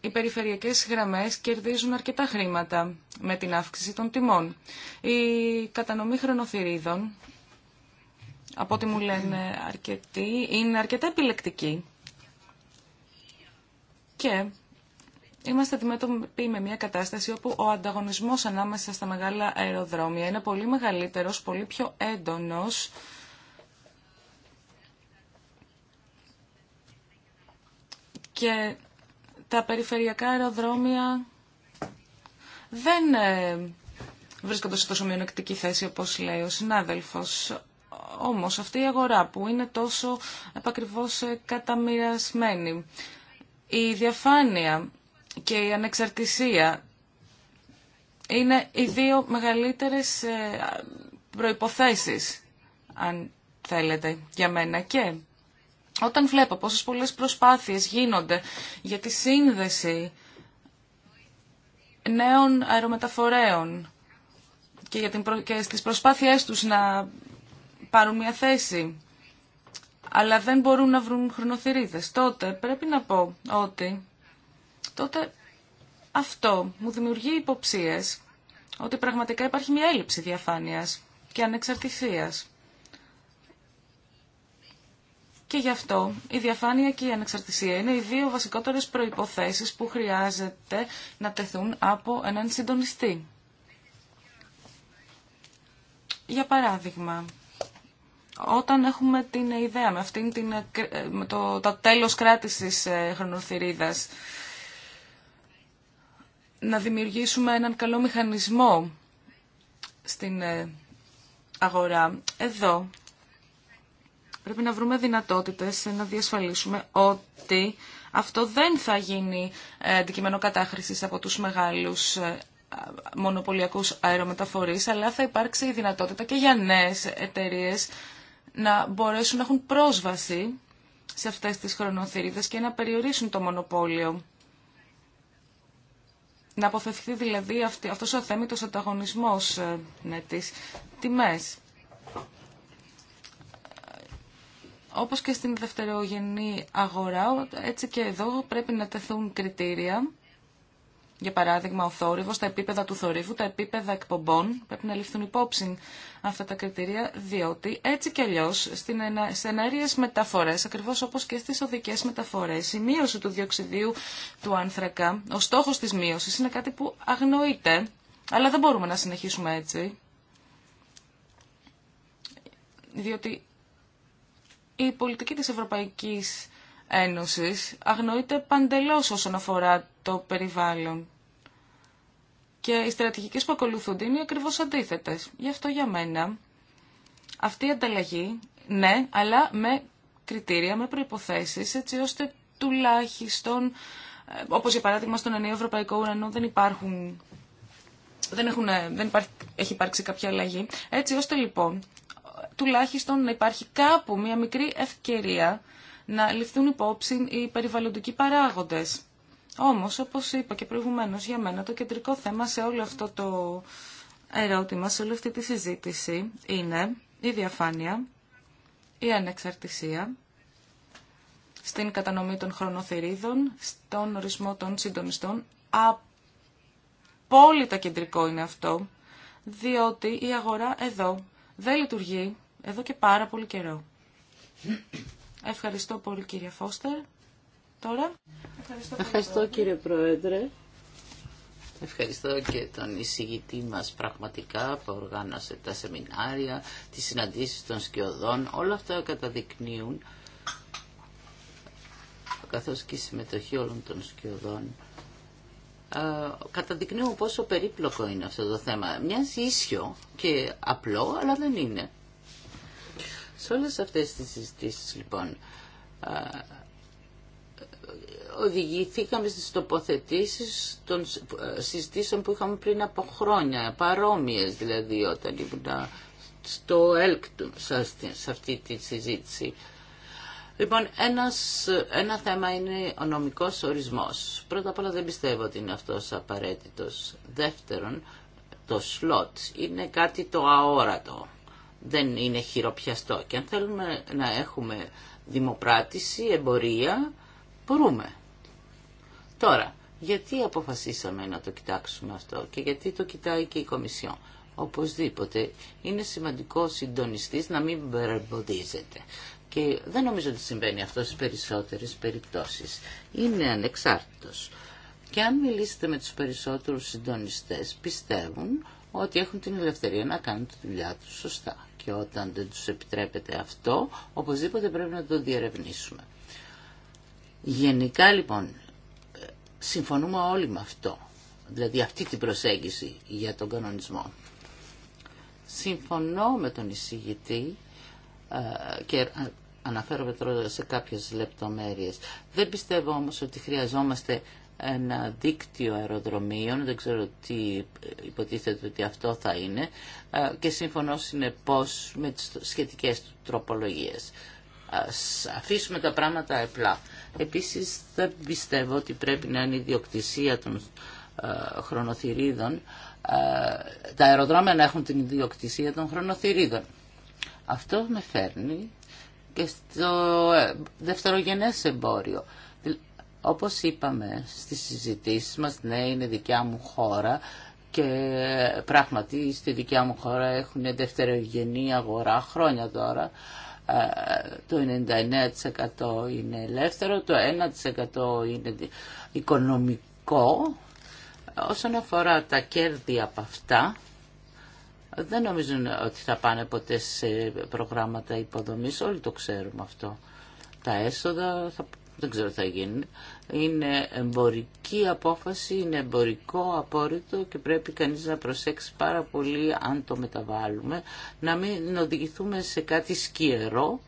οι περιφερειακές γραμμές κερδίζουν αρκετά χρήματα με την αύξηση των τιμών. Η κατανομή χρονοθυρίδων, από ό,τι μου λένε αρκετοί, είναι αρκετά επιλεκτική και είμαστε αντιμέτωποι με μια κατάσταση όπου ο ανταγωνισμός ανάμεσα στα μεγάλα αεροδρόμια είναι πολύ μεγαλύτερος, πολύ πιο έντονος και τα περιφερειακά αεροδρόμια δεν ε, βρίσκονται σε τόσο μειονεκτική θέση όπως λέει ο συνάδελφος. Όμως αυτή η αγορά που είναι τόσο επακριβώς ε, καταμοιρασμένη, η διαφάνεια και η ανεξαρτησία είναι οι δύο μεγαλύτερες ε, προϋποθέσεις, αν θέλετε, για μένα. Και όταν βλέπω πόσες πολλές προσπάθειες γίνονται για τη σύνδεση νέων αερομεταφορέων και, για την προ... και στις προσπάθειές τους να πάρουν μια θέση, αλλά δεν μπορούν να βρουν χρονοθυρίδες, τότε πρέπει να πω ότι τότε αυτό μου δημιουργεί υποψίες ότι πραγματικά υπάρχει μια έλλειψη διαφάνειας και ανεξαρτησίας. Και γι' αυτό η διαφάνεια και η ανεξαρτησία είναι οι δύο βασικότερες προϋποθέσεις που χρειάζεται να τεθούν από έναν συντονιστή. Για παράδειγμα, όταν έχουμε την ιδέα με, αυτήν την, το, το τέλος κράτησης ε, χρονοθυρίδας να δημιουργήσουμε έναν καλό μηχανισμό στην ε, αγορά. Εδώ πρέπει να βρούμε δυνατότητες να διασφαλίσουμε ότι αυτό δεν θα γίνει ε, αντικείμενο κατάχρησης από τους μεγάλους ε, μονοπωλιακούς αερομεταφορείς, αλλά θα υπάρξει η δυνατότητα και για νέες εταιρείες να μπορέσουν να έχουν πρόσβαση σε αυτές τις χρονοθυρίδες και να περιορίσουν το μονοπόλιο να αποφευχθεί δηλαδή αυτή, αυτός ο θέμητος ανταγωνισμός ε, με τις τιμές. Όπως και στην δευτερογενή αγορά, έτσι και εδώ πρέπει να τεθούν κριτήρια για παράδειγμα, ο θόρυβο, τα επίπεδα του θορύβου, τα επίπεδα εκπομπών. Πρέπει να ληφθούν υπόψη αυτά τα κριτήρια, διότι έτσι κι αλλιώ στι ενέργειε μεταφορέ, ακριβώ όπω και στι οδικέ μεταφορέ, η μείωση του διοξιδίου του άνθρακα, ο στόχο τη μείωση είναι κάτι που αγνοείται, αλλά δεν μπορούμε να συνεχίσουμε έτσι. Διότι η πολιτική της Ευρωπαϊκής Ένωσης αγνοείται παντελώς όσον αφορά το περιβάλλον. Και οι στρατηγικές που ακολουθούνται είναι ακριβώς αντίθετες. Γι' αυτό για μένα αυτή η ανταλλαγή, ναι, αλλά με κριτήρια, με προϋποθέσεις, έτσι ώστε τουλάχιστον, ε, όπως για παράδειγμα στον ενίο ευρωπαϊκό δεν υπάρχουν... Δεν, έχουν, δεν υπάρχει, έχει υπάρξει κάποια αλλαγή. Έτσι ώστε λοιπόν τουλάχιστον να υπάρχει κάπου μια μικρή ευκαιρία να ληφθούν υπόψη οι περιβαλλοντικοί παράγοντες. Όμως, όπως είπα και προηγουμένως, για μένα το κεντρικό θέμα σε όλο αυτό το ερώτημα, σε όλη αυτή τη συζήτηση, είναι η διαφάνεια, η ανεξαρτησία, στην κατανομή των χρονοθερίδων, στον ορισμό των συντονιστών. Απόλυτα κεντρικό είναι αυτό, διότι η αγορά εδώ δεν λειτουργεί εδώ και πάρα πολύ καιρό. Ευχαριστώ πολύ κύριε Φώστερ. Τώρα. Ευχαριστώ, πολύ, Ευχαριστώ κύριε Πρόεδρε. Ευχαριστώ και τον εισηγητή μας πραγματικά που οργάνωσε τα σεμινάρια, τις συναντήσεις των σκιωδών. Όλα αυτά καταδεικνύουν, καθώς και η συμμετοχή όλων των σκιωδών, καταδεικνύουν πόσο περίπλοκο είναι αυτό το θέμα. Μοιάζει ίσιο και απλό, αλλά δεν είναι. Σε όλες αυτές τις συζητήσεις λοιπόν οδηγηθήκαμε στις τοποθετήσεις των συζητήσεων που είχαμε πριν από χρόνια, παρόμοιες δηλαδή όταν ήμουν στο ΕΛΚ σε αυτή τη συζήτηση. Λοιπόν, ένας, ένα θέμα είναι ο νομικός ορισμός. Πρώτα απ' όλα δεν πιστεύω ότι είναι αυτός απαραίτητος. Δεύτερον, το σλότ είναι κάτι το αόρατο δεν είναι χειροπιαστό. Και αν θέλουμε να έχουμε δημοπράτηση, εμπορία, μπορούμε. Τώρα, γιατί αποφασίσαμε να το κοιτάξουμε αυτό και γιατί το κοιτάει και η Κομισιόν. Οπωσδήποτε είναι σημαντικό ο συντονιστής να μην μπερμποδίζεται. Και δεν νομίζω ότι συμβαίνει αυτό στις περισσότερες περιπτώσεις. Είναι ανεξάρτητος. Και αν μιλήσετε με τους περισσότερους συντονιστές, πιστεύουν ότι έχουν την ελευθερία να κάνουν τη δουλειά τους σωστά. Και όταν δεν τους επιτρέπεται αυτό, οπωσδήποτε πρέπει να το διερευνήσουμε. Γενικά λοιπόν, συμφωνούμε όλοι με αυτό, δηλαδή αυτή την προσέγγιση για τον κανονισμό. Συμφωνώ με τον εισηγητή ε, και αναφέρομαι τώρα σε κάποιες λεπτομέρειες. Δεν πιστεύω όμως ότι χρειαζόμαστε ένα δίκτυο αεροδρομίων, δεν ξέρω τι υποτίθεται ότι αυτό θα είναι και συμφωνώ συνεπώς με τις σχετικές τροπολογίες. αφήσουμε τα πράγματα απλά. Επίσης δεν πιστεύω ότι πρέπει να είναι η διοκτησία των χρονοθυρίδων τα αεροδρόμια να έχουν την ιδιοκτησία των χρονοθυρίδων. Αυτό με φέρνει και στο ε, δευτερογενές εμπόριο. Όπως είπαμε στις συζητήσεις μας, ναι είναι δικιά μου χώρα και πράγματι στη δικιά μου χώρα έχουν δευτερογενή αγορά χρόνια τώρα. Ε, το 99% είναι ελεύθερο, το 1% είναι οικονομικό. Όσον αφορά τα κέρδη από αυτά, δεν νομίζω ότι θα πάνε ποτέ σε προγράμματα υποδομής, όλοι το ξέρουμε αυτό. Τα έσοδα θα... δεν ξέρω τι θα γίνει είναι εμπορική απόφαση, είναι εμπορικό απόρριτο και πρέπει κανείς να προσέξει πάρα πολύ αν το μεταβάλουμε, να μην οδηγηθούμε σε κάτι σκιερό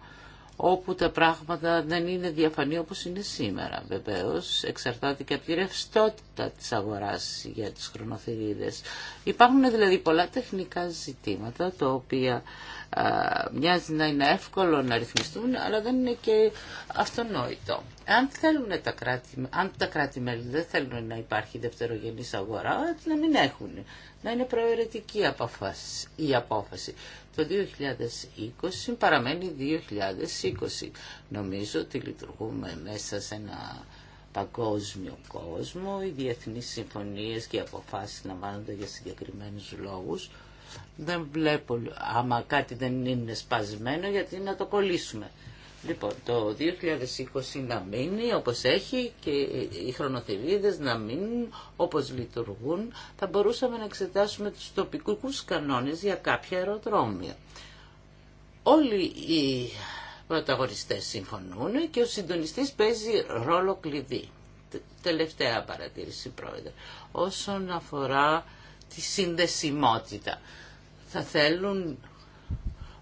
όπου τα πράγματα δεν είναι διαφανή όπως είναι σήμερα. Βεβαίως εξαρτάται και από τη ρευστότητα της αγοράς για τις χρονοθυρίδες. Υπάρχουν δηλαδή πολλά τεχνικά ζητήματα τα οποία α, μοιάζει να είναι εύκολο να ρυθμιστούν αλλά δεν είναι και αυτονόητο. Αν, θέλουν τα κράτη, αν τα κράτη-μέλη δεν θέλουν να υπάρχει δευτερογενής αγορά, να μην έχουν. Να είναι προαιρετική η απόφαση το 2020 παραμένει 2020. Νομίζω ότι λειτουργούμε μέσα σε ένα παγκόσμιο κόσμο, οι διεθνείς συμφωνίες και οι αποφάσεις λαμβάνονται για συγκεκριμένους λόγους. Δεν βλέπω, άμα κάτι δεν είναι σπασμένο, γιατί να το κολλήσουμε. Λοιπόν, το 2020 να μείνει όπως έχει και οι χρονοθυρίδες να μείνουν όπως λειτουργούν, θα μπορούσαμε να εξετάσουμε τους τοπικούς κανόνες για κάποια αεροδρόμια. Όλοι οι πρωταγωνιστές συμφωνούν και ο συντονιστής παίζει ρόλο κλειδί. Τελευταία παρατήρηση, πρόεδρε. Όσον αφορά τη συνδεσιμότητα, θα θέλουν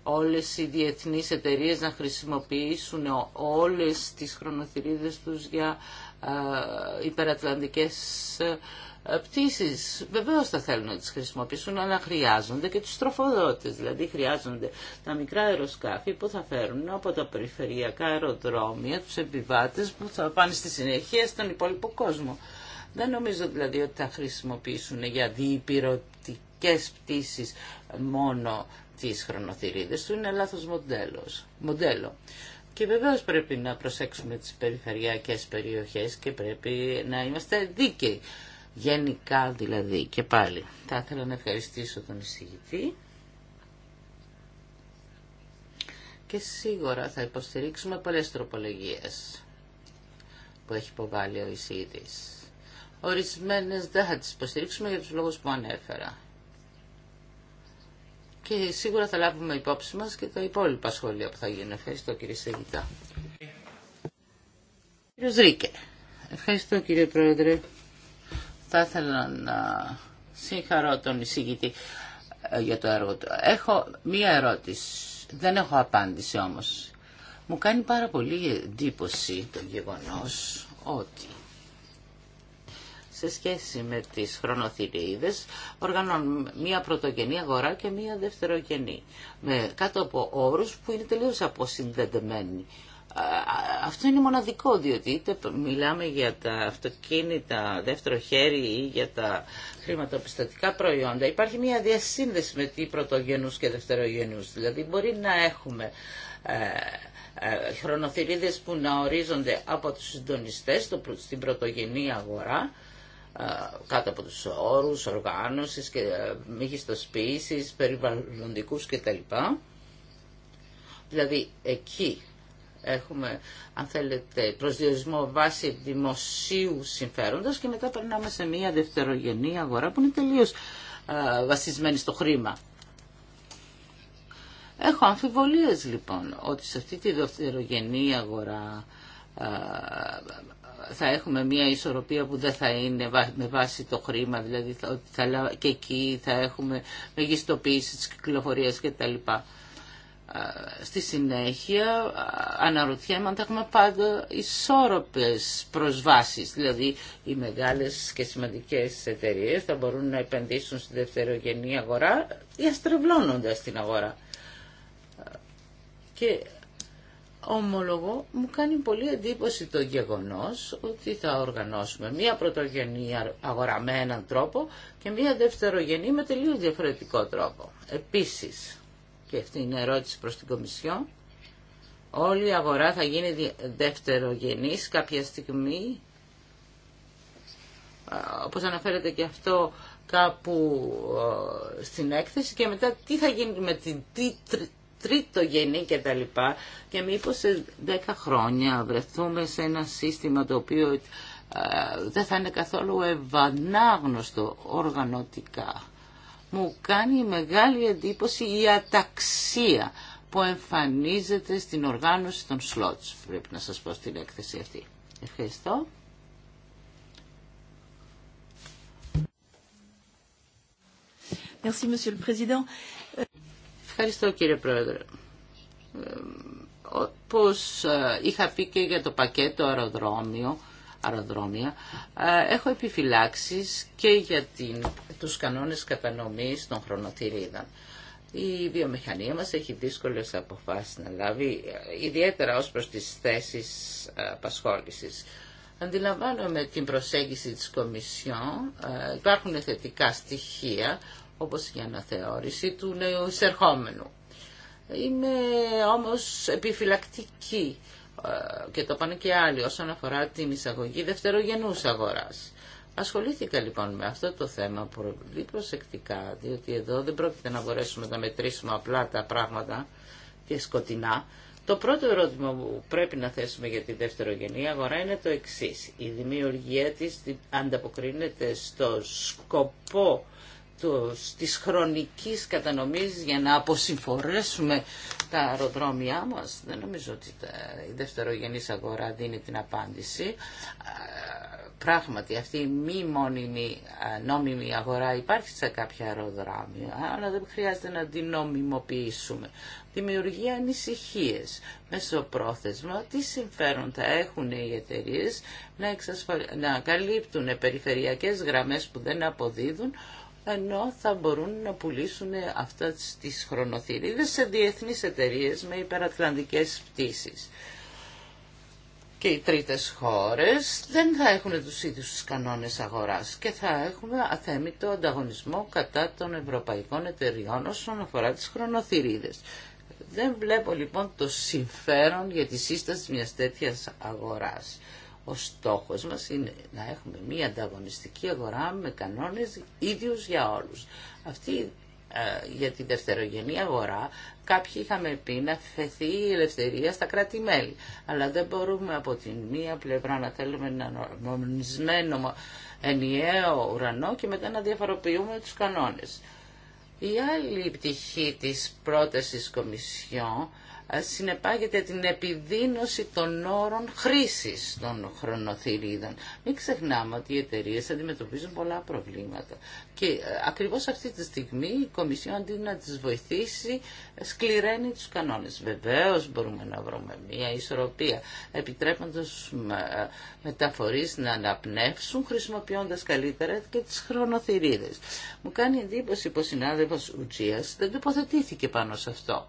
όλες οι διεθνείς εταιρείες να χρησιμοποιήσουν όλες τις χρονοθυρίδες τους για ε, υπερατλαντικές ε, πτήσεις. Βεβαίως θα θέλουν να τις χρησιμοποιήσουν, αλλά χρειάζονται και τους τροφοδότες. Δηλαδή χρειάζονται τα μικρά αεροσκάφη που θα φέρουν από τα περιφερειακά αεροδρόμια τους επιβάτες που θα πάνε στη συνέχεια στον υπόλοιπο κόσμο. Δεν νομίζω δηλαδή ότι θα χρησιμοποιήσουν για διυπηρωτικές πτήσεις μόνο τις χρονοθυρίδες του, είναι λάθος μοντέλος, μοντέλο. Και βεβαίως πρέπει να προσέξουμε τις περιφερειακές περιοχές και πρέπει να είμαστε δίκαιοι. Γενικά δηλαδή και πάλι. Θα ήθελα να ευχαριστήσω τον εισηγητή. Και σίγουρα θα υποστηρίξουμε πολλές τροπολογίες που έχει υποβάλει ο εισηγητής. Ορισμένες δεν θα τις υποστηρίξουμε για τους λόγους που ανέφερα και σίγουρα θα λάβουμε υπόψη μας και τα υπόλοιπα σχόλια που θα γίνουν. Ευχαριστώ κύριε Σεγητά. Κύριο Ρίκε. Ευχαριστώ κύριε Πρόεδρε. Θα ήθελα να συγχαρώ τον εισηγητή ε, για το έργο του. Έχω μία ερώτηση. Δεν έχω απάντηση όμως. Μου κάνει πάρα πολύ εντύπωση το γεγονός ότι σε σχέση με τις χρονοθυρίδες οργανώνουν μία πρωτογενή αγορά και μία δευτερογενή με κάτω από όρους που είναι τελείως αποσυνδεδεμένοι. Αυτό είναι μοναδικό διότι είτε μιλάμε για τα αυτοκίνητα δεύτερο χέρι ή για τα χρηματοπιστωτικά προϊόντα υπάρχει μια διασύνδεση με τι πρωτογενούς και δευτερογενούς. Δηλαδή μπορεί να έχουμε ε, ε που να ορίζονται από τους συντονιστές στην πρωτογενή αγορά ε, κάτω από τους όρους οργάνωσης και ε, μύχιστοσποίησης, περιβαλλοντικούς κτλ. Δηλαδή εκεί έχουμε, αν θέλετε, προσδιορισμό βάση δημοσίου συμφέροντος και μετά περνάμε σε μια δευτερογενή αγορά που είναι τελείως ε, βασισμένη στο χρήμα. Έχω αμφιβολίες λοιπόν ότι σε αυτή τη δευτερογενή αγορά θα έχουμε μια ισορροπία που δεν θα είναι με βάση το χρήμα, δηλαδή θα, και εκεί θα έχουμε μεγιστοποίηση της κυκλοφορίας κτλ. Στη συνέχεια αναρωτιέμαι αν θα έχουμε πάντα ισόρροπες προσβάσεις, δηλαδή οι μεγάλες και σημαντικές εταιρείες θα μπορούν να επενδύσουν στη δευτερογενή αγορά διαστρεβλώνοντας την αγορά. Και ομολογώ, μου κάνει πολύ εντύπωση το γεγονός ότι θα οργανώσουμε μία πρωτογενή αγορά με έναν τρόπο και μία δευτερογενή με τελείως διαφορετικό τρόπο. Επίσης, και αυτή είναι ερώτηση προς την Κομισιό, όλη η αγορά θα γίνει δευτερογενής κάποια στιγμή, όπως αναφέρεται και αυτό κάπου στην έκθεση και μετά τι θα γίνει με την τρίτο γενή και τα λοιπά και μήπως σε δέκα χρόνια βρεθούμε σε ένα σύστημα το οποίο ε, δεν θα είναι καθόλου ευανάγνωστο οργανωτικά. Μου κάνει μεγάλη εντύπωση η αταξία που εμφανίζεται στην οργάνωση των σλότς, πρέπει να σας πω στην έκθεση αυτή. Ευχαριστώ. Merci, Monsieur le Président. Ευχαριστώ κύριε Πρόεδρε. Ε, όπως ε, είχα πει και για το πακέτο αεροδρόμιο, αεροδρόμια, ε, έχω επιφυλάξεις και για την, τους κανόνες κατανομής των χρονοτηρίδων. Η βιομηχανία μας έχει δύσκολες αποφάσεις να λάβει, ιδιαίτερα ως προς τις θέσεις απασχόλησης. Αντιλαμβάνομαι την προσέγγιση της Κομισιόν, υπάρχουν θετικά στοιχεία, όπως η αναθεώρηση του νέου εισερχόμενου. Είμαι όμως επιφυλακτική ε, και το πάνε και άλλοι όσον αφορά την εισαγωγή δευτερογενούς αγοράς. Ασχολήθηκα λοιπόν με αυτό το θέμα πολύ προσεκτικά, διότι εδώ δεν πρόκειται να μπορέσουμε να μετρήσουμε απλά τα πράγματα και σκοτεινά. Το πρώτο ερώτημα που πρέπει να θέσουμε για τη δευτερογενή αγορά είναι το εξής. Η δημιουργία της ανταποκρίνεται στο σκοπό τους, της χρονικής κατανομής για να αποσυμφορέσουμε τα αεροδρόμια μας. Δεν νομίζω ότι τα, η δευτερογενής αγορά δίνει την απάντηση. Πράγματι αυτή η μη μόνιμη νόμιμη αγορά υπάρχει σε κάποια αεροδράμια, αλλά δεν χρειάζεται να την νομιμοποιήσουμε. Δημιουργεί ανησυχίε. Μέσω πρόθεσμα, τι συμφέροντα έχουν οι εταιρείε να, να καλύπτουν περιφερειακές γραμμές που δεν αποδίδουν, ενώ θα μπορούν να πουλήσουν αυτά τις χρονοθυρίδες σε διεθνείς εταιρείες με υπερατλαντικές πτήσεις. Και οι τρίτες χώρες δεν θα έχουν τους ίδιους τους κανόνες αγοράς και θα έχουμε αθέμητο ανταγωνισμό κατά των ευρωπαϊκών εταιριών όσον αφορά τις χρονοθυρίδες. Δεν βλέπω λοιπόν το συμφέρον για τη σύσταση μιας τέτοιας αγοράς. Ο στόχος μας είναι να έχουμε μία ανταγωνιστική αγορά με κανόνες ίδιους για όλους. Αυτή ε, για τη δευτερογενή αγορά κάποιοι είχαμε πει να φεθεί η ελευθερία στα κράτη-μέλη. Αλλά δεν μπορούμε από τη μία πλευρά να θέλουμε έναν νομισμένο ενιαίο ουρανό και μετά να διαφοροποιούμε τους κανόνες. Η άλλη πτυχή της πρότασης Κομισιόν συνεπάγεται την επιδείνωση των όρων χρήσης των χρονοθυρίδων. Μην ξεχνάμε ότι οι εταιρείε αντιμετωπίζουν πολλά προβλήματα. Και ε, ακριβώς αυτή τη στιγμή η Κομισιόν αντί να τις βοηθήσει ε, σκληραίνει τους κανόνες. Βεβαίως μπορούμε να βρούμε μια ισορροπία επιτρέποντας ε, μεταφορείς να αναπνεύσουν χρησιμοποιώντας καλύτερα και τις χρονοθυρίδες. Μου κάνει εντύπωση πως ο συνάδελφος Ουτζίας δεν τοποθετήθηκε πάνω σε αυτό.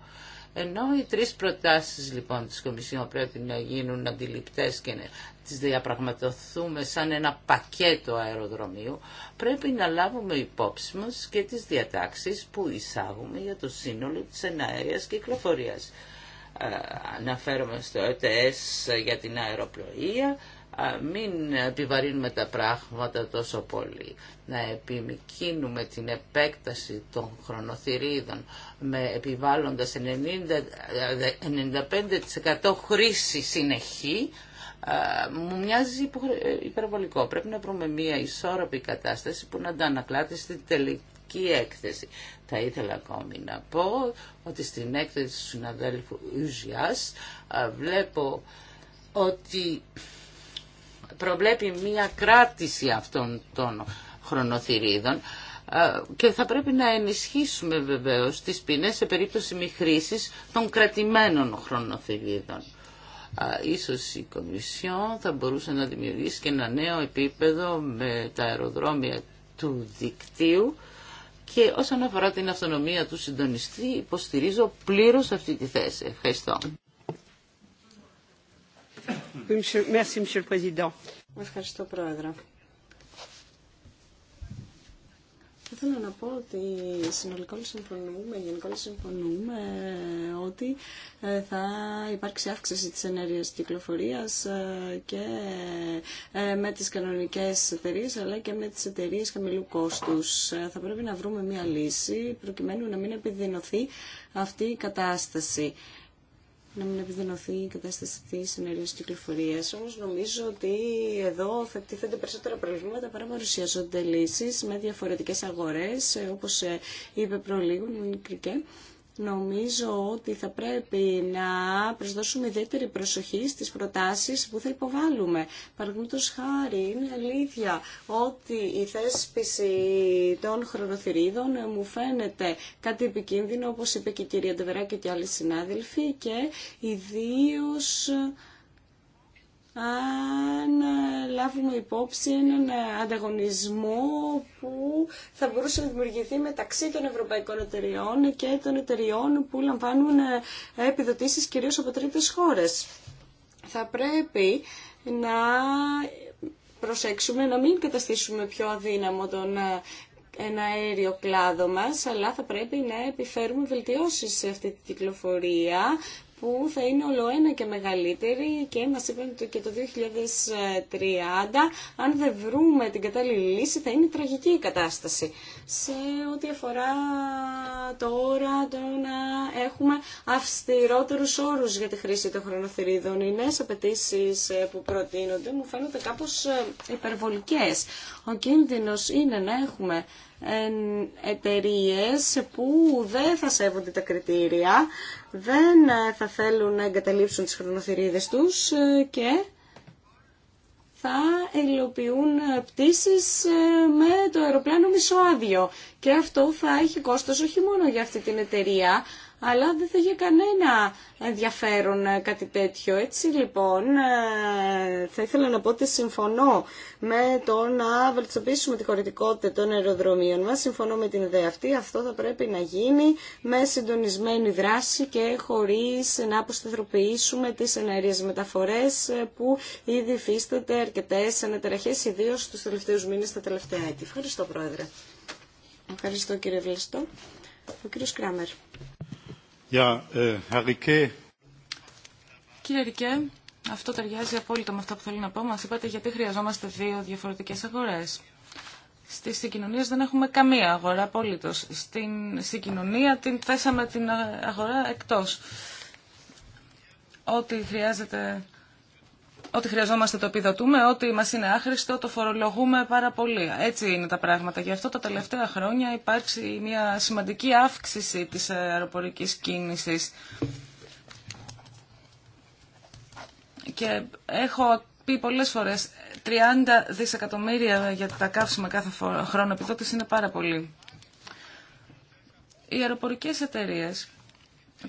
Ενώ οι τρεις προτάσεις λοιπόν της Κομισιόν πρέπει να γίνουν αντιληπτές και να τις διαπραγματοθούμε σαν ένα πακέτο αεροδρομίου, πρέπει να λάβουμε υπόψη μας και τις διατάξεις που εισάγουμε για το σύνολο της εναέριας κυκλοφορίας. Ε, αναφέρομαι στο ΕΤΕΣ για την αεροπλοεία, ε, μην επιβαρύνουμε τα πράγματα τόσο πολύ, να επιμικίνουμε την επέκταση των χρονοθυρίδων με επιβάλλοντας 95% χρήση συνεχή μου μοιάζει υπερβολικό. Πρέπει να βρούμε μια ισόρροπη κατάσταση που να αντανακλάται στην τελική έκθεση. Θα ήθελα ακόμη να πω ότι στην έκθεση του συναδέλφου Ιουζιάς βλέπω ότι προβλέπει μια κράτηση αυτών των χρονοθυρίδων ε, και θα πρέπει να ενισχύσουμε βεβαίως τις ποινές σε περίπτωση μη χρήση των κρατημένων χρονοθελίδων. Ε, ίσως η Κομισιόν θα μπορούσε να δημιουργήσει και ένα νέο επίπεδο με τα αεροδρόμια του δικτύου και όσον αφορά την αυτονομία του συντονιστή υποστηρίζω πλήρως αυτή τη θέση. Ευχαριστώ. Ευχαριστώ Πρόεδρε. Θέλω να πω ότι συνολικά όλοι συμφωνούμε, γενικά όλοι συμφωνούμε ε, ότι ε, θα υπάρξει αύξηση της ενέργειας κυκλοφορίας ε, και με τις κανονικές εταιρείε, αλλά και με τις εταιρείε χαμηλού κόστους. Θα πρέπει να βρούμε μια λύση προκειμένου να μην επιδεινωθεί αυτή η κατάσταση να μην επιδεινωθεί η κατάσταση τη ενεργειακής κυκλοφορία. Όμως νομίζω ότι εδώ θα τίθενται περισσότερα προβλήματα παρά παρουσιάζονται λύσει με διαφορετικέ αγορέ, όπω ε, είπε προλίγου, Κρικέ. Νομίζω ότι θα πρέπει να προσδώσουμε ιδιαίτερη προσοχή στις προτάσεις που θα υποβάλουμε. Παραδείγματο χάρη, είναι αλήθεια ότι η θέσπιση των χρονοθυρίδων μου φαίνεται κάτι επικίνδυνο, όπως είπε και η κυρία Ντεβεράκη και άλλοι συνάδελφοι, και ιδίως αν λάβουμε υπόψη έναν ανταγωνισμό που θα μπορούσε να δημιουργηθεί μεταξύ των ευρωπαϊκών εταιριών και των εταιριών που λαμβάνουν ε, επιδοτήσεις κυρίως από τρίτες χώρες. Θα πρέπει να προσέξουμε να μην καταστήσουμε πιο αδύναμο τον ε, ένα αέριο κλάδο μας, αλλά θα πρέπει να επιφέρουμε βελτιώσεις σε αυτή τη κυκλοφορία που θα είναι ένα και μεγαλύτερη και μας είπαν ότι και το 2030 αν δεν βρούμε την κατάλληλη λύση θα είναι τραγική η κατάσταση. Σε ό,τι αφορά τώρα το να έχουμε αυστηρότερους όρους για τη χρήση των χρονοθυρίδων, οι νέες απαιτήσει ε, που προτείνονται μου φαίνονται κάπως ε, υπερβολικές. Ο κίνδυνος είναι να έχουμε εταιρείε που δεν θα σέβονται τα κριτήρια, δεν ε, θα θέλουν να εγκαταλείψουν τις χρονοθυρίδες τους ε, και θα υλοποιούν ε, πτήσεις με το αεροπλάνο άδειο Και αυτό θα έχει κόστος όχι μόνο για αυτή την εταιρεία, αλλά δεν θα είχε κανένα ενδιαφέρον ε, κάτι τέτοιο. Έτσι λοιπόν ε, θα ήθελα να πω ότι συμφωνώ με το να βελτιστοποιήσουμε τη χωρητικότητα των αεροδρομίων μας. Συμφωνώ με την ιδέα αυτή. Αυτό θα πρέπει να γίνει με συντονισμένη δράση και χωρίς να αποσταθροποιήσουμε τις εναερίες μεταφορές ε, που ήδη υφίσταται αρκετές ανατεραχές, ιδίως στους τελευταίους μήνες, τα τελευταία έτη. Ευχαριστώ Πρόεδρε. Ευχαριστώ κύριε Βλεστό. Ο κύριο Κράμερ. Για ε, Κύριε Ρικέ, αυτό ταιριάζει απόλυτα με αυτά που θέλω να πω. Μας είπατε γιατί χρειαζόμαστε δύο διαφορετικές αγορές. Στι συγκοινωνίε δεν έχουμε καμία αγορά απολύτω. Στην συγκοινωνία την θέσαμε την αγορά εκτό. Ό,τι χρειάζεται Ό,τι χρειαζόμαστε το επιδοτούμε, ό,τι μας είναι άχρηστο το φορολογούμε πάρα πολύ. Έτσι είναι τα πράγματα. Γι' αυτό τα τελευταία χρόνια υπάρξει μια σημαντική αύξηση τη αεροπορική κίνηση. Και έχω πει πολλέ φορές 30 δισεκατομμύρια για τα καύσιμα κάθε χρόνο επιδότηση είναι πάρα πολύ. Οι αεροπορικές εταιρείε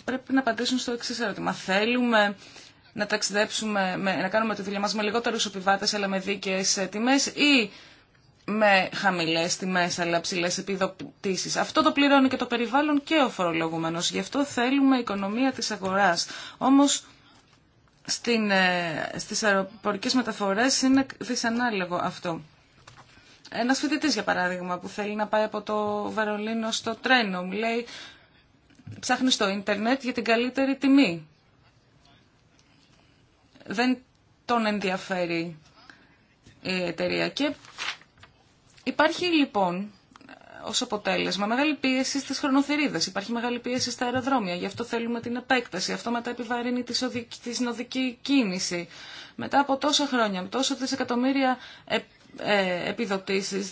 πρέπει να απαντήσουν στο εξή ερώτημα. Θέλουμε να ταξιδέψουμε, να κάνουμε τη δουλειά μας με λιγότερους επιβάτες αλλά με δίκαιες ε, τιμές ή με χαμηλές τιμές αλλά ψηλές επιδοτήσεις. Αυτό το πληρώνει και το περιβάλλον και ο φορολογούμενος. Γι' αυτό θέλουμε οικονομία της αγοράς. Όμως στην, ε, στις αεροπορικές μεταφορές είναι δυσανάλογο αυτό. Ένα φοιτητή, για παράδειγμα, που θέλει να πάει από το Βερολίνο στο τρένο, μου λέει ψάχνει στο ίντερνετ για την καλύτερη τιμή δεν τον ενδιαφέρει η εταιρεία. Και υπάρχει λοιπόν ω αποτέλεσμα μεγάλη πίεση στι χρονοθερίδε, υπάρχει μεγάλη πίεση στα αεροδρόμια, γι' αυτό θέλουμε την επέκταση. Αυτό μετά επιβαρύνει τη συνοδική κίνηση. Μετά από τόσα χρόνια, με τόσα δισεκατομμύρια ε, ε, επιδοτήσει,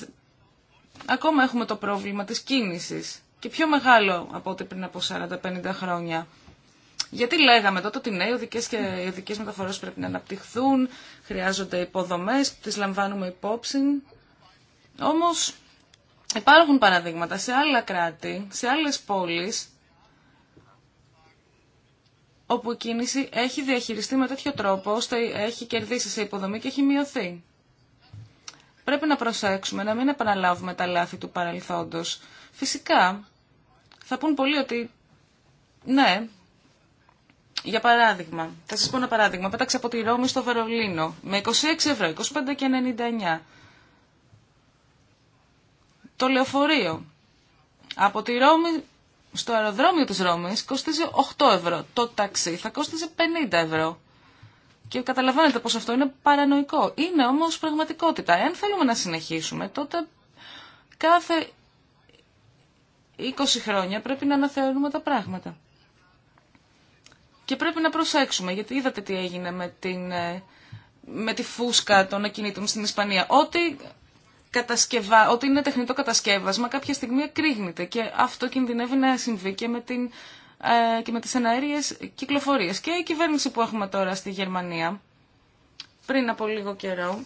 ακόμα έχουμε το πρόβλημα τη κίνηση. Και πιο μεγάλο από ό,τι πριν από 40-50 χρόνια. Γιατί λέγαμε τότε ότι ναι, οι οδικέ και οι οδικέ μεταφορέ πρέπει να αναπτυχθούν, χρειάζονται υποδομέ, τι λαμβάνουμε υπόψη. Όμω υπάρχουν παραδείγματα σε άλλα κράτη, σε άλλε πόλει, όπου η κίνηση έχει διαχειριστεί με τέτοιο τρόπο ώστε έχει κερδίσει σε υποδομή και έχει μειωθεί. Πρέπει να προσέξουμε να μην επαναλάβουμε τα λάθη του παρελθόντος. Φυσικά, θα πούν πολλοί ότι ναι, για παράδειγμα, θα σας πω ένα παράδειγμα. Πέταξα από τη Ρώμη στο Βερολίνο με 26 ευρώ, 25 και 99. Το λεωφορείο από τη Ρώμη στο αεροδρόμιο της Ρώμης κοστίζει 8 ευρώ. Το ταξί θα κόστιζε 50 ευρώ. Και καταλαβαίνετε πως αυτό είναι παρανοϊκό. Είναι όμως πραγματικότητα. Εάν θέλουμε να συνεχίσουμε, τότε κάθε 20 χρόνια πρέπει να αναθεωρούμε τα πράγματα. Και πρέπει να προσέξουμε, γιατί είδατε τι έγινε με, την, ε, με τη φούσκα των ακινήτων στην Ισπανία. Ό,τι, κατασκευα... Ό,τι είναι τεχνητό κατασκεύασμα κάποια στιγμή εκρήγνεται και αυτό κινδυνεύει να συμβεί και με, την, ε, και με τις εναέριες κυκλοφορίες. Και η κυβέρνηση που έχουμε τώρα στη Γερμανία, πριν από λίγο καιρό,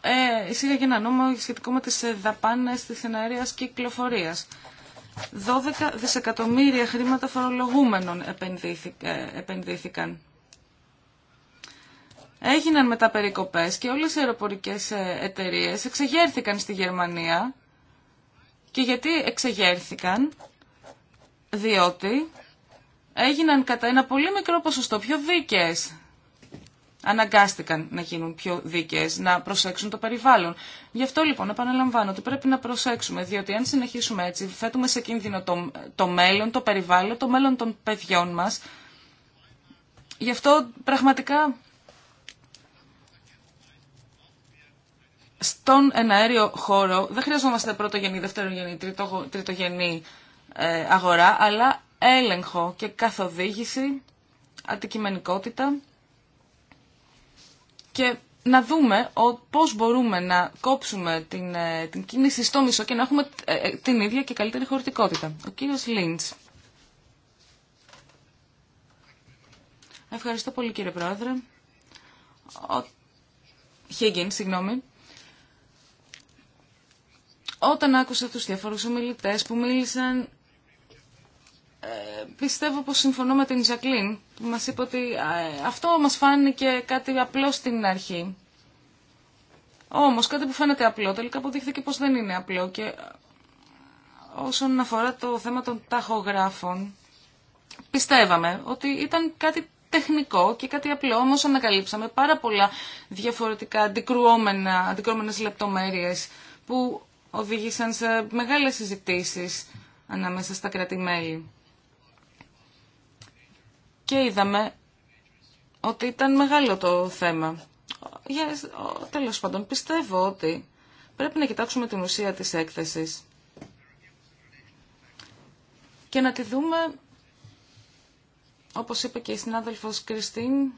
ε, εισήγαγε ένα νόμο σχετικό με τις ε, δαπάνες της εναέριας κυκλοφορίας. 12 δισεκατομμύρια χρήματα φορολογούμενων ε, επενδύθηκαν. Έγιναν μετά περικοπές και όλες οι αεροπορικές ε, εταιρείες εξεγέρθηκαν στη Γερμανία. Και γιατί εξεγέρθηκαν, διότι έγιναν κατά ένα πολύ μικρό ποσοστό πιο δίκαιες αναγκάστηκαν να γίνουν πιο δίκαιες, να προσέξουν το περιβάλλον. Γι' αυτό λοιπόν επαναλαμβάνω ότι πρέπει να προσέξουμε, διότι αν συνεχίσουμε έτσι θέτουμε σε κίνδυνο το, μέλλον, το περιβάλλον, το μέλλον των παιδιών μας. Γι' αυτό πραγματικά στον εναέριο χώρο δεν χρειαζόμαστε πρώτογενή, δευτερογενή, τρίτο, τριτογενή ε, αγορά, αλλά έλεγχο και καθοδήγηση, αντικειμενικότητα και να δούμε πώς μπορούμε να κόψουμε την, ε, την κίνηση στο μισό και να έχουμε ε, ε, την ίδια και καλύτερη χωρητικότητα. Ο κύριος Λίντς. Ευχαριστώ πολύ κύριε Πρόεδρε. Χίγγιν, συγγνώμη. Όταν άκουσα τους διαφορούς ομιλητές που μίλησαν ε, πιστεύω πως συμφωνώ με την Ζακλίν που μας είπε ότι ε, αυτό μας φάνηκε κάτι απλό στην αρχή. Όμως κάτι που φαίνεται απλό τελικά αποδείχθηκε πως δεν είναι απλό και ε, όσον αφορά το θέμα των ταχογράφων πιστεύαμε ότι ήταν κάτι τεχνικό και κάτι απλό, όμως ανακαλύψαμε πάρα πολλά διαφορετικά αντικρουόμενα, αντικρουόμενες λεπτομέρειες που οδήγησαν σε μεγάλες συζητήσεις ανάμεσα στα κρατημέλη και είδαμε ότι ήταν μεγάλο το θέμα. Yes, τέλος πάντων, πιστεύω ότι πρέπει να κοιτάξουμε την ουσία της έκθεσης και να τη δούμε, όπως είπε και η συνάδελφος Κριστίν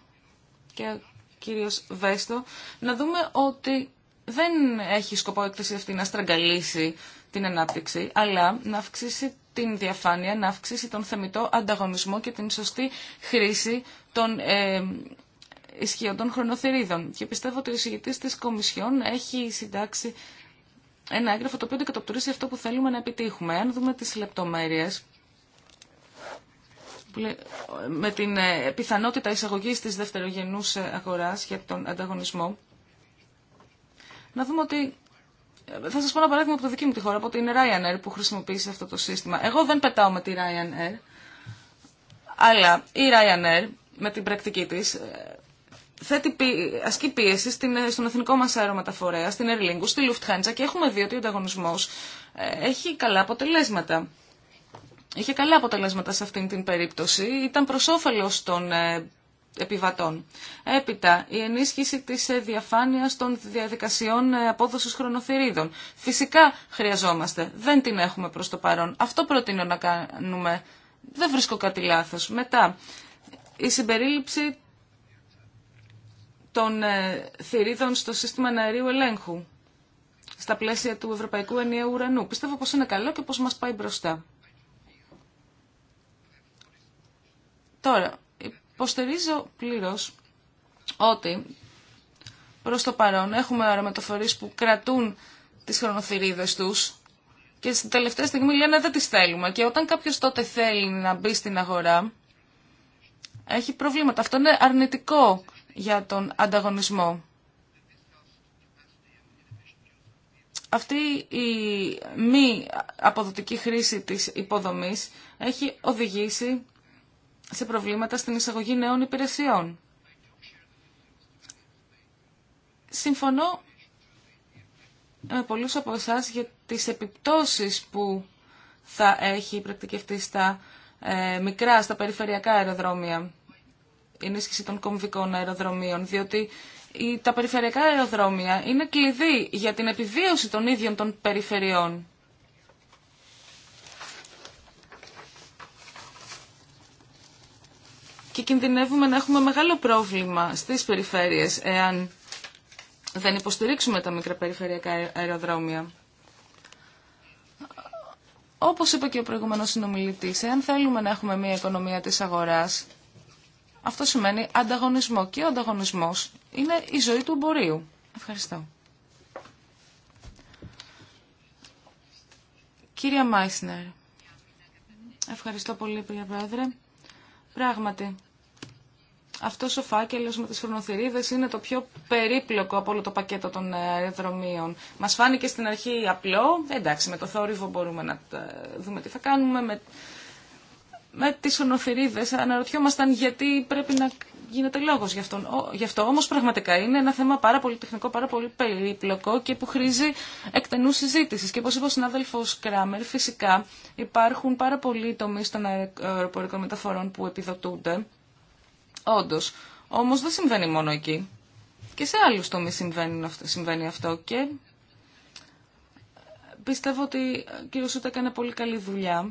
και ο κύριος Βέστο, να δούμε ότι δεν έχει σκοπό η έκθεση αυτή να στραγγαλίσει την ανάπτυξη, αλλά να αυξήσει την διαφάνεια, να αυξήσει τον θεμητό ανταγωνισμό και την σωστή χρήση των ε, ισχυών των χρονοθερίδων. Και πιστεύω ότι ο εισηγητής της Κομισιόν έχει συντάξει ένα έγγραφο το οποίο αντικατοπτουρίζει αυτό που θέλουμε να επιτύχουμε. Αν δούμε τις λεπτομέρειες, με την ε, πιθανότητα εισαγωγής της δευτερογενούς ε, αγοράς για τον ανταγωνισμό, να δούμε ότι ε, θα σα πω ένα παράδειγμα από το δική μου τη χώρα, από την Ryanair που χρησιμοποίησε αυτό το σύστημα. Εγώ δεν πετάω με τη Ryanair, αλλά η Ryanair με την πρακτική τη, ε, θέτει, ασκεί πίεση ε, στον εθνικό μα αερομεταφορέα, στην Lingus, στη Lufthansa και έχουμε δει ότι ο ανταγωνισμό έχει καλά αποτελέσματα. Είχε καλά αποτελέσματα σε αυτήν την περίπτωση. Ήταν προ όφελο των επιβατών. Έπειτα, η ενίσχυση της ε, διαφάνειας των διαδικασιών ε, απόδοσης χρονοθυρίδων. Φυσικά χρειαζόμαστε. Δεν την έχουμε προς το παρόν. Αυτό προτείνω να κάνουμε. Δεν βρίσκω κάτι λάθος. Μετά, η συμπερίληψη των ε, θηρίδων στο σύστημα αερίου ελέγχου στα πλαίσια του Ευρωπαϊκού Ενιαίου Ουρανού. Πιστεύω πως είναι καλό και πως μας πάει μπροστά. Τώρα, Υποστηρίζω πλήρω ότι προς το παρόν έχουμε αραμέτοφορίς που κρατούν τις χρονοθυρίδες τους και στην τελευταία στιγμή λένε δεν τι θέλουμε και όταν κάποιο τότε θέλει να μπει στην αγορά έχει προβλήματα. Αυτό είναι αρνητικό για τον ανταγωνισμό. Αυτή η μη αποδοτική χρήση της υποδομής έχει οδηγήσει σε προβλήματα στην εισαγωγή νέων υπηρεσιών. Συμφωνώ με πολλούς από εσά για τις επιπτώσεις που θα έχει η πρακτική αυτή στα ε, μικρά, στα περιφερειακά αεροδρόμια, η ενίσχυση των κομβικών αεροδρομίων, διότι τα περιφερειακά αεροδρόμια είναι κλειδί για την επιβίωση των ίδιων των περιφερειών. και κινδυνεύουμε να έχουμε μεγάλο πρόβλημα στις περιφέρειες εάν δεν υποστηρίξουμε τα μικραπεριφερειακά αεροδρόμια. Όπως είπε και ο προηγούμενος συνομιλητής, εάν θέλουμε να έχουμε μια οικονομία της αγοράς, αυτό σημαίνει ανταγωνισμό και ο ανταγωνισμός είναι η ζωή του εμπορίου. Ευχαριστώ. Κύριε Μάισνερ, ευχαριστώ πολύ, κύριε Πρόεδρε. Πράγματι, αυτό ο φάκελο με τις χρονοθυρίδε είναι το πιο περίπλοκο από όλο το πακέτο των αεροδρομίων. Μα φάνηκε στην αρχή απλό, εντάξει με το θόρυβο μπορούμε να δούμε τι θα κάνουμε, με με τις ονοθυρίδες αναρωτιόμασταν γιατί πρέπει να γίνεται λόγος γι' αυτό. Γι' αυτό όμως πραγματικά είναι ένα θέμα πάρα πολύ τεχνικό, πάρα πολύ περίπλοκο και που χρήζει εκτενού συζήτηση. Και όπως είπε ο συνάδελφος Κράμερ, φυσικά υπάρχουν πάρα πολλοί τομείς των αεροπορικών μεταφορών που επιδοτούνται. όντω, όμως δεν συμβαίνει μόνο εκεί. Και σε άλλους τομείς συμβαίνει αυτό και πιστεύω ότι ο κ. Σούτα έκανε πολύ καλή δουλειά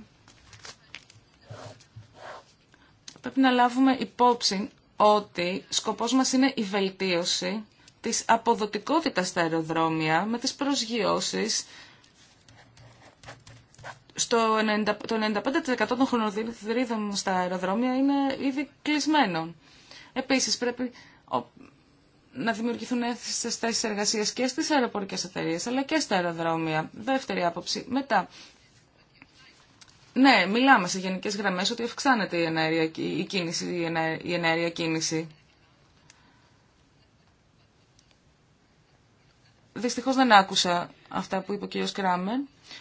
πρέπει να λάβουμε υπόψη ότι σκοπός μας είναι η βελτίωση της αποδοτικότητας στα αεροδρόμια με τις προσγειώσεις στο 90, το 95% των χρονοδίδων στα αεροδρόμια είναι ήδη κλεισμένο. Επίσης πρέπει να δημιουργηθούν αίθουσες θέσεις εργασίας και στις αεροπορικές εταιρείες αλλά και στα αεροδρόμια. Δεύτερη άποψη. Μετά, ναι, μιλάμε σε γενικές γραμμές ότι αυξάνεται η ενέργεια κίνηση. Η ενέργεια Δυστυχώς δεν άκουσα αυτά που είπε ο κ. Κράμερ.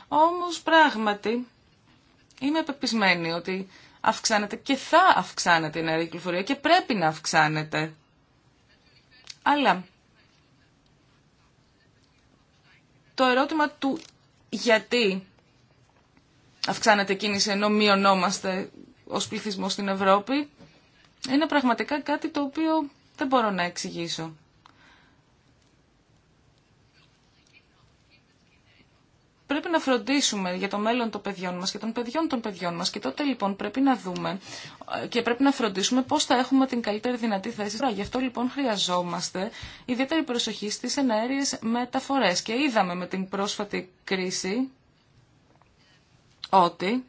Όμως πράγματι είμαι πεπισμένη ότι αυξάνεται και θα αυξάνεται η ενέργεια κυκλοφορία και πρέπει να αυξάνεται. Αλλά το ερώτημα του γιατί αυξάνεται κίνηση ενώ μειωνόμαστε ως πληθυσμό στην Ευρώπη, είναι πραγματικά κάτι το οποίο δεν μπορώ να εξηγήσω. Πρέπει να φροντίσουμε για το μέλλον των παιδιών μας και των παιδιών των παιδιών μας και τότε λοιπόν πρέπει να δούμε ε, και πρέπει να φροντίσουμε πώς θα έχουμε την καλύτερη δυνατή θέση. Γι' αυτό λοιπόν χρειαζόμαστε ιδιαίτερη προσοχή στις εναέριες μεταφορές και είδαμε με την πρόσφατη κρίση ότι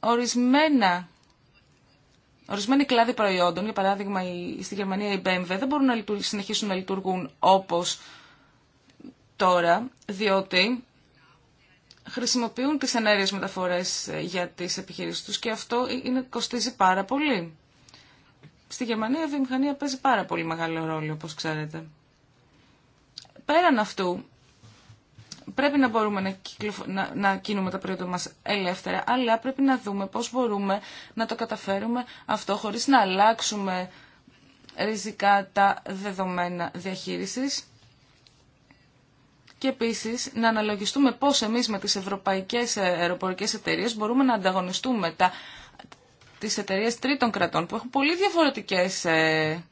ορισμένα Ορισμένοι κλάδοι προϊόντων, για παράδειγμα στη Γερμανία η BMW, δεν μπορούν να συνεχίσουν να λειτουργούν όπως τώρα, διότι χρησιμοποιούν τις ενέργειες μεταφορές ε, για τις επιχειρήσεις τους και αυτό ε, είναι, κοστίζει πάρα πολύ. Στη Γερμανία η βιομηχανία παίζει πάρα πολύ μεγάλο ρόλο, όπως ξέρετε. Πέραν αυτού, πρέπει να μπορούμε να, κυκλοφο... να, κινούμε τα προϊόντα μας ελεύθερα, αλλά πρέπει να δούμε πώς μπορούμε να το καταφέρουμε αυτό χωρίς να αλλάξουμε ριζικά τα δεδομένα διαχείρισης. Και επίσης να αναλογιστούμε πώς εμείς με τις ευρωπαϊκές αεροπορικές εταιρείες μπορούμε να ανταγωνιστούμε τα, τις εταιρείες τρίτων κρατών που έχουν πολύ διαφορετικές ε,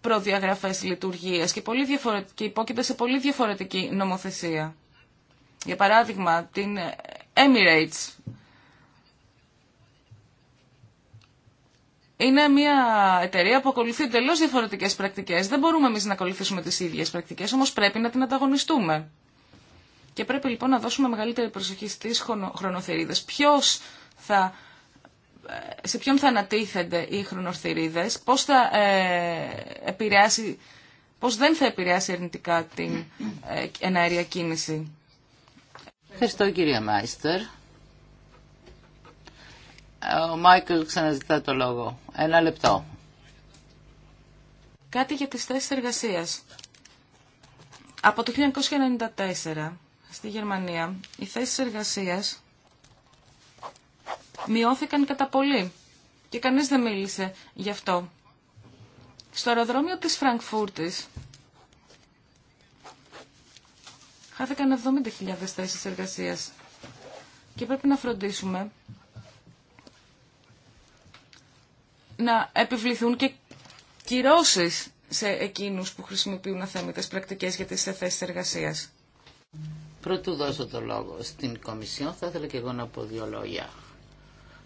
προδιαγραφές λειτουργίας και, πολύ διαφορετική, υπόκειται σε πολύ διαφορετική νομοθεσία. Για παράδειγμα, την Emirates. Είναι μια εταιρεία που ακολουθεί εντελώ διαφορετικές πρακτικές. Δεν μπορούμε εμείς να ακολουθήσουμε τις ίδιες πρακτικές, όμως πρέπει να την ανταγωνιστούμε. Και πρέπει λοιπόν να δώσουμε μεγαλύτερη προσοχή στις χρονοθερίδες. Ποιος θα σε ποιον θα ανατίθενται οι χρονορθυρίδες, πώς θα ε, επηρεάσει, πώς δεν θα επηρεάσει αρνητικά την ε, εναέρια κίνηση. Ευχαριστώ κύριε Μάιστερ. Ο Μάικλ ξαναζητά το λόγο. Ένα λεπτό. Κάτι για τις θέσεις εργασίας. Από το 1994 στη Γερμανία οι θέσεις εργασίας μειώθηκαν κατά πολύ και κανείς δεν μίλησε γι' αυτό. Στο αεροδρόμιο της Φραγκφούρτης χάθηκαν 70.000 θέσεις εργασίας και πρέπει να φροντίσουμε να επιβληθούν και κυρώσεις σε εκείνους που χρησιμοποιούν αθέμητες πρακτικές για τις θέσεις εργασίας. Πρωτού δώσω το λόγο στην Κομισιόν, θα ήθελα και εγώ να πω δύο λόγια.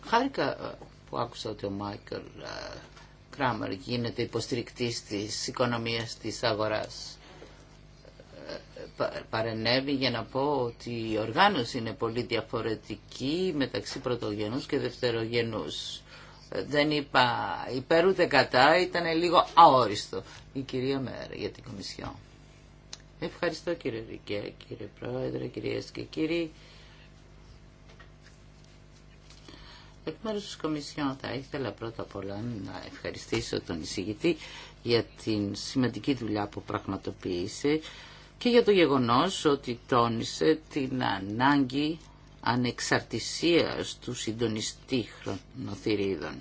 Χάρηκα ε, που άκουσα ότι ο Μάικλ ε, Κράμερ γίνεται υποστηρικτής της οικονομίας της αγοράς. Ε, παρενέβη για να πω ότι η οργάνωση είναι πολύ διαφορετική μεταξύ πρωτογενούς και δευτερογενούς. Δεν είπα υπέρ ούτε κατά, ήταν λίγο αόριστο. Η κυρία Μέρα για την Κομισιόν. Ευχαριστώ κύριε Ρικέ, κύριε Πρόεδρε, κυρίες και κύριοι. Εκ μέρους της Κομισιόν θα ήθελα πρώτα απ' όλα να ευχαριστήσω τον εισηγητή για την σημαντική δουλειά που πραγματοποίησε και για το γεγονός ότι τόνισε την ανάγκη ανεξαρτησίας του συντονιστή χρονοθυρίδων.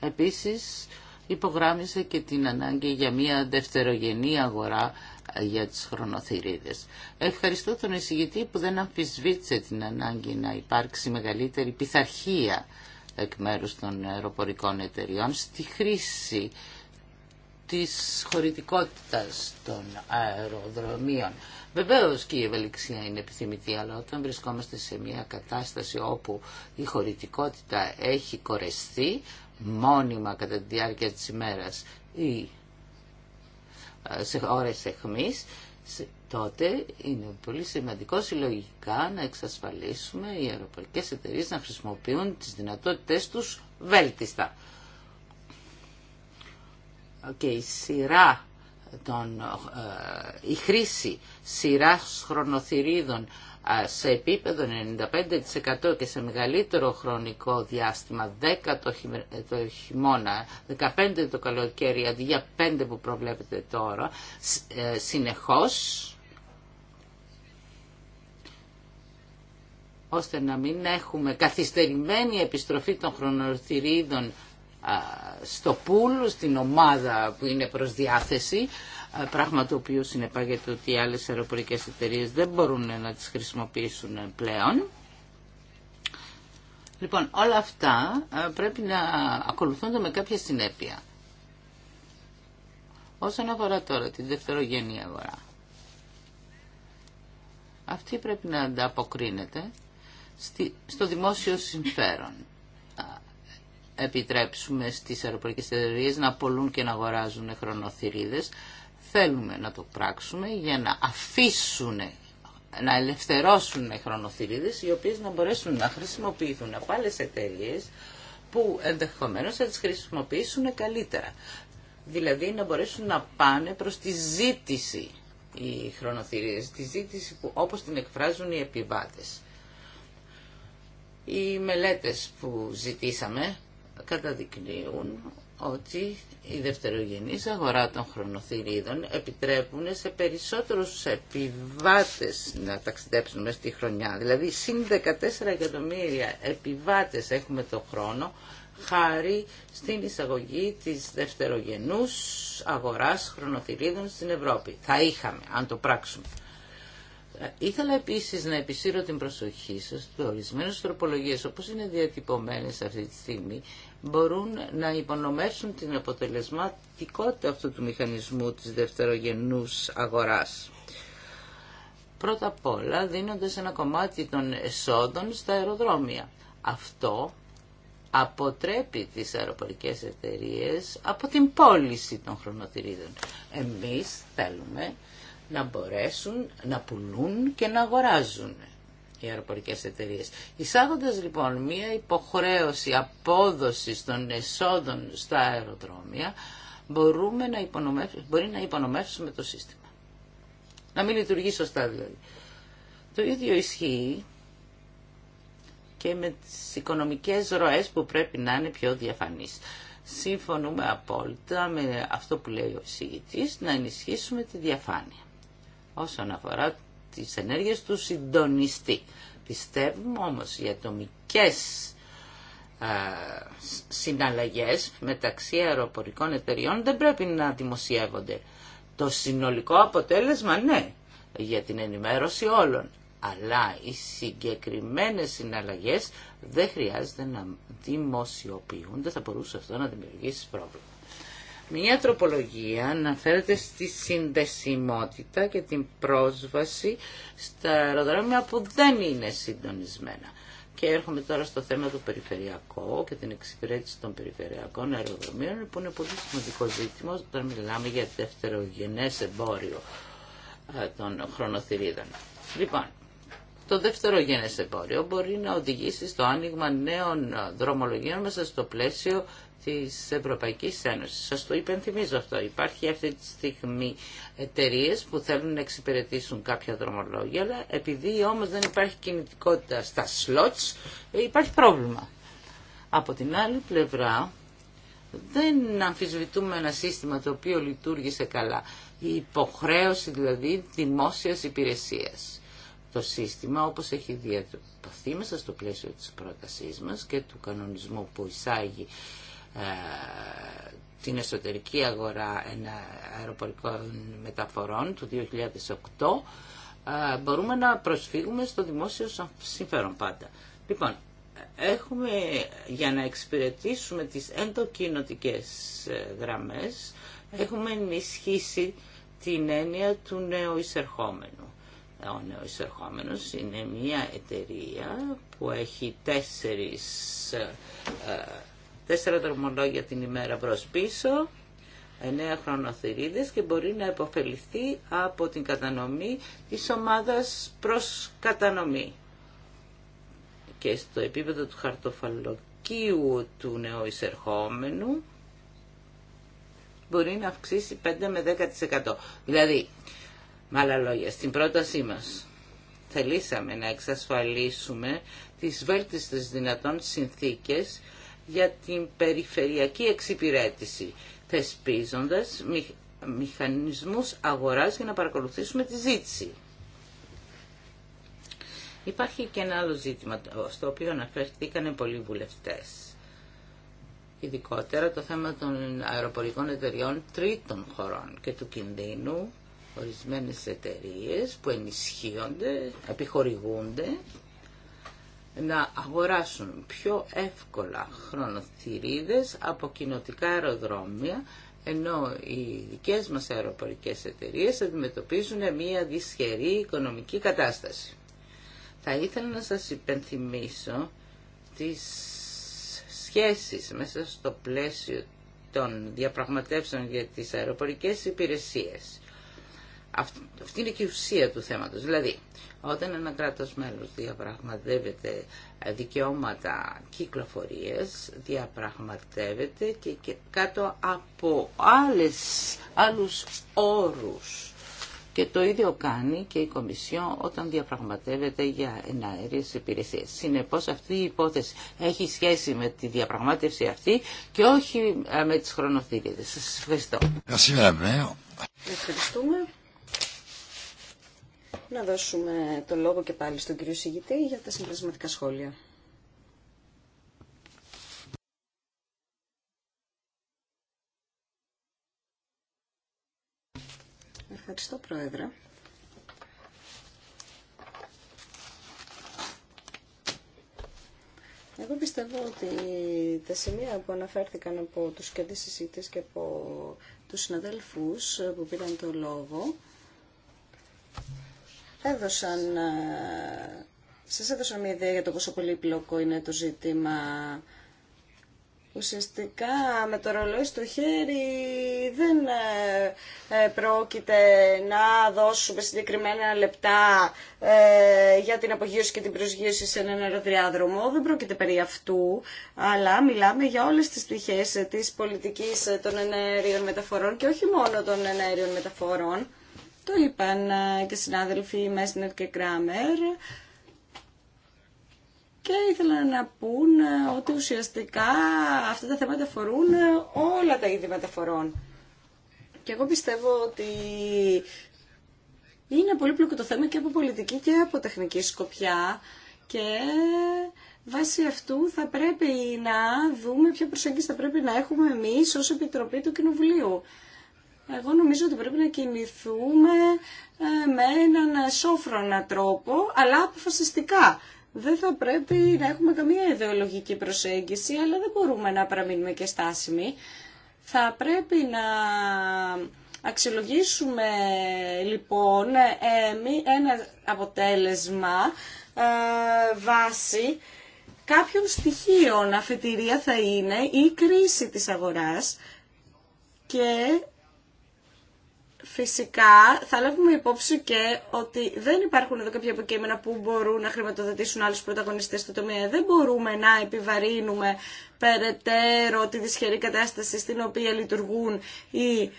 Επίσης υπογράμμισε και την ανάγκη για μια δευτερογενή αγορά για τις χρονοθυρίδες. Ευχαριστώ τον εισηγητή που δεν αμφισβήτησε την ανάγκη να υπάρξει μεγαλύτερη πειθαρχία εκ μέρους των αεροπορικών εταιριών στη χρήση της χωρητικότητας των αεροδρομίων. Βεβαίως και η ευελιξία είναι επιθυμητή, αλλά όταν βρισκόμαστε σε μια κατάσταση όπου η χωρητικότητα έχει κορεστεί μόνιμα κατά τη διάρκεια της ημέρας ή σε ώρες εχμής, τότε είναι πολύ σημαντικό συλλογικά να εξασφαλίσουμε οι αεροπορικές εταιρείε να χρησιμοποιούν τις δυνατότητες τους βέλτιστα. Και η σειρά των, ε, η χρήση σειράς χρονοθυρίδων σε επίπεδο 95% και σε μεγαλύτερο χρονικό διάστημα, 10 ε, το, χειμώνα, 15 το καλοκαίρι, αντί για 5 που προβλέπετε τώρα, ε, συνεχώς, ώστε να μην έχουμε καθυστερημένη επιστροφή των χρονοθυρίδων στο πουλ, στην ομάδα που είναι προς διάθεση, ε, πράγμα το οποίο συνεπάγεται ότι οι άλλες αεροπορικές εταιρείες δεν μπορούν να τις χρησιμοποιήσουν πλέον. Λοιπόν, όλα αυτά ε, πρέπει να ακολουθούνται με κάποια συνέπεια. Όσον αφορά τώρα την δευτερογενή αγορά, αυτή πρέπει να ανταποκρίνεται στο δημόσιο συμφέρον. Επιτρέψουμε στις αεροπορικές εταιρείε να πολλούν και να αγοράζουν χρονοθυρίδες, θέλουμε να το πράξουμε για να αφήσουν να ελευθερώσουν χρονοθυρίδες οι οποίες να μπορέσουν να χρησιμοποιηθούν από άλλες εταιρείε που ενδεχομένως θα τις χρησιμοποιήσουν καλύτερα. Δηλαδή να μπορέσουν να πάνε προς τη ζήτηση οι χρονοθυρίδες, τη ζήτηση που όπως την εκφράζουν οι επιβάτες. Οι μελέτες που ζητήσαμε καταδεικνύουν ότι οι δευτερογενείς αγορά των χρονοθυρίδων επιτρέπουν σε περισσότερους επιβάτες να ταξιδέψουν μέσα στη χρονιά. Δηλαδή, συν 14 εκατομμύρια επιβάτες έχουμε το χρόνο, χάρη στην εισαγωγή της δευτερογενούς αγοράς χρονοθυρίδων στην Ευρώπη. Θα είχαμε, αν το πράξουμε. Ήθελα επίσης να επισύρω την προσοχή σας ότι ορισμένες τροπολογίες όπως είναι διατυπωμένες αυτή τη στιγμή μπορούν να υπονομεύσουν την αποτελεσματικότητα αυτού του μηχανισμού της δευτερογενούς αγοράς. Πρώτα απ' όλα δίνοντας ένα κομμάτι των εσόδων στα αεροδρόμια. Αυτό αποτρέπει τις αεροπορικές εταιρείες από την πώληση των χρονοτηρίδων. Εμείς θέλουμε να μπορέσουν να πουλούν και να αγοράζουν οι αεροπορικές εταιρείες. Εισάγοντας λοιπόν μία υποχρέωση απόδοσης των εσόδων στα αεροδρόμια, μπορούμε να μπορεί να υπονομεύσουμε το σύστημα. Να μην λειτουργεί σωστά δηλαδή. Το ίδιο ισχύει και με τις οικονομικές ροές που πρέπει να είναι πιο διαφανείς. Συμφωνούμε απόλυτα με αυτό που λέει ο εισηγητής, να ενισχύσουμε τη διαφάνεια όσον αφορά τις ενέργειες του συντονιστή. Πιστεύουμε όμως οι ατομικές συναλλαγές μεταξύ αεροπορικών εταιριών δεν πρέπει να δημοσιεύονται. Το συνολικό αποτέλεσμα ναι, για την ενημέρωση όλων. Αλλά οι συγκεκριμένες συναλλαγές δεν χρειάζεται να δημοσιοποιούνται, θα μπορούσε αυτό να δημιουργήσει πρόβλημα. Μία τροπολογία αναφέρεται στη συνδεσιμότητα και την πρόσβαση στα αεροδρόμια που δεν είναι συντονισμένα. Και έρχομαι τώρα στο θέμα του περιφερειακού και την εξυπηρέτηση των περιφερειακών αεροδρομίων που είναι πολύ σημαντικό ζήτημα όταν μιλάμε για δευτερογενές εμπόριο ε, των χρονοθυρίδων. Λοιπόν, το δευτερογενές εμπόριο μπορεί να οδηγήσει στο άνοιγμα νέων ε, δρομολογίων μέσα στο πλαίσιο της Ευρωπαϊκής Ένωσης. Σας το υπενθυμίζω αυτό. Υπάρχει αυτή τη στιγμή εταιρείε που θέλουν να εξυπηρετήσουν κάποια δρομολόγια, αλλά επειδή όμως δεν υπάρχει κινητικότητα στα σλότ, υπάρχει πρόβλημα. Από την άλλη πλευρά, δεν αμφισβητούμε ένα σύστημα το οποίο λειτουργήσε καλά. Η υποχρέωση δηλαδή δημόσιας υπηρεσίας. Το σύστημα όπως έχει διατυπωθεί μέσα στο πλαίσιο της πρότασής μας και του κανονισμού που εισάγει ε, την εσωτερική αγορά αεροπορικών μεταφορών του 2008 ε, μπορούμε να προσφύγουμε στο δημόσιο συμφέρον πάντα. Λοιπόν, έχουμε για να εξυπηρετήσουμε τις ενδοκινοτικές ε, γραμμές έχουμε ενισχύσει την έννοια του νέου εισερχόμενου. Ο εισερχόμενο είναι μια εταιρεία που έχει τέσσερις τέσσερα δρομολόγια την ημέρα προς πίσω, 9 χρονοθυρίδες και μπορεί να επωφεληθεί από την κατανομή της ομάδας προς κατανομή. Και στο επίπεδο του χαρτοφαλοκίου του νεοεισερχόμενου μπορεί να αυξήσει 5 με 10%. Δηλαδή, με άλλα λόγια, στην πρότασή μας θελήσαμε να εξασφαλίσουμε τις βέλτιστες δυνατόν συνθήκες για την περιφερειακή εξυπηρέτηση, θεσπίζοντας μηχανισμούς αγοράς για να παρακολουθήσουμε τη ζήτηση. Υπάρχει και ένα άλλο ζήτημα στο οποίο αναφέρθηκαν πολλοί βουλευτές. Ειδικότερα το θέμα των αεροπορικών εταιριών τρίτων χωρών και του κινδύνου ορισμένες εταιρείες που ενισχύονται, επιχορηγούνται να αγοράσουν πιο εύκολα χρονοθυρίδες από κοινοτικά αεροδρόμια, ενώ οι δικές μας αεροπορικές εταιρείες αντιμετωπίζουν μια δυσχερή οικονομική κατάσταση. Θα ήθελα να σας υπενθυμίσω τις σχέσεις μέσα στο πλαίσιο των διαπραγματεύσεων για τις αεροπορικές υπηρεσίες. Αυτή είναι και η ουσία του θέματος. Δηλαδή, όταν ένα κράτος μέλος διαπραγματεύεται δικαιώματα κυκλοφορίες, διαπραγματεύεται και κάτω από άλλες, άλλους όρους. Και το ίδιο κάνει και η Κομισιόν όταν διαπραγματεύεται για εναέριες υπηρεσίες. Συνεπώς αυτή η υπόθεση έχει σχέση με τη διαπραγμάτευση αυτή και όχι με τις χρονοθύριδες. Σας ευχαριστώ. Ευχαριστούμε. Να δώσουμε το λόγο και πάλι στον κύριο Σιγητή για τα συμπλασματικά σχόλια. Ευχαριστώ, Πρόεδρε. Εγώ πιστεύω ότι τα σημεία που αναφέρθηκαν από τους και και από τους συναδέλφους που πήραν το λόγο έδωσαν, ε, σας έδωσαν μια ιδέα για το πόσο πολύπλοκο είναι το ζήτημα. Ουσιαστικά με το ρολόι στο χέρι δεν ε, ε, πρόκειται να δώσουμε συγκεκριμένα λεπτά για την απογείωση και την προσγείωση σε έναν αεροδιάδρομο. Δεν πρόκειται περί αυτού, αλλά μιλάμε για όλες τις πτυχές της πολιτικής των ενέργειων μεταφορών και όχι μόνο των ενέργειων μεταφορών. Το είπαν ε, και συνάδελφοι Μέσνερ και Κράμερ και ήθελαν να πούν ε, ότι ουσιαστικά αυτά τα θέματα αφορούν ε, όλα τα είδη μεταφορών. Και εγώ πιστεύω ότι είναι πολύπλοκο το θέμα και από πολιτική και από τεχνική σκοπιά και βάσει αυτού θα πρέπει να δούμε ποια προσέγγιση θα πρέπει να έχουμε εμείς ως Επιτροπή του Κοινοβουλίου. Εγώ νομίζω ότι πρέπει να κινηθούμε ε, με έναν ε, σόφρονα τρόπο, αλλά αποφασιστικά. Δεν θα πρέπει να έχουμε καμία ιδεολογική προσέγγιση, αλλά δεν μπορούμε να παραμείνουμε και στάσιμοι. Θα πρέπει να αξιολογήσουμε λοιπόν ε, ένα αποτέλεσμα βάση κάποιων στοιχείων αφετηρία θα είναι η κρίση της αγοράς και Φυσικά θα λάβουμε υπόψη και ότι δεν υπάρχουν εδώ κάποια αποκείμενα που μπορούν να χρηματοδοτήσουν άλλους πρωταγωνιστές στο τομέα. Δεν μπορούμε να επιβαρύνουμε περαιτέρω τη δυσχερή κατάσταση στην οποία λειτουργούν οι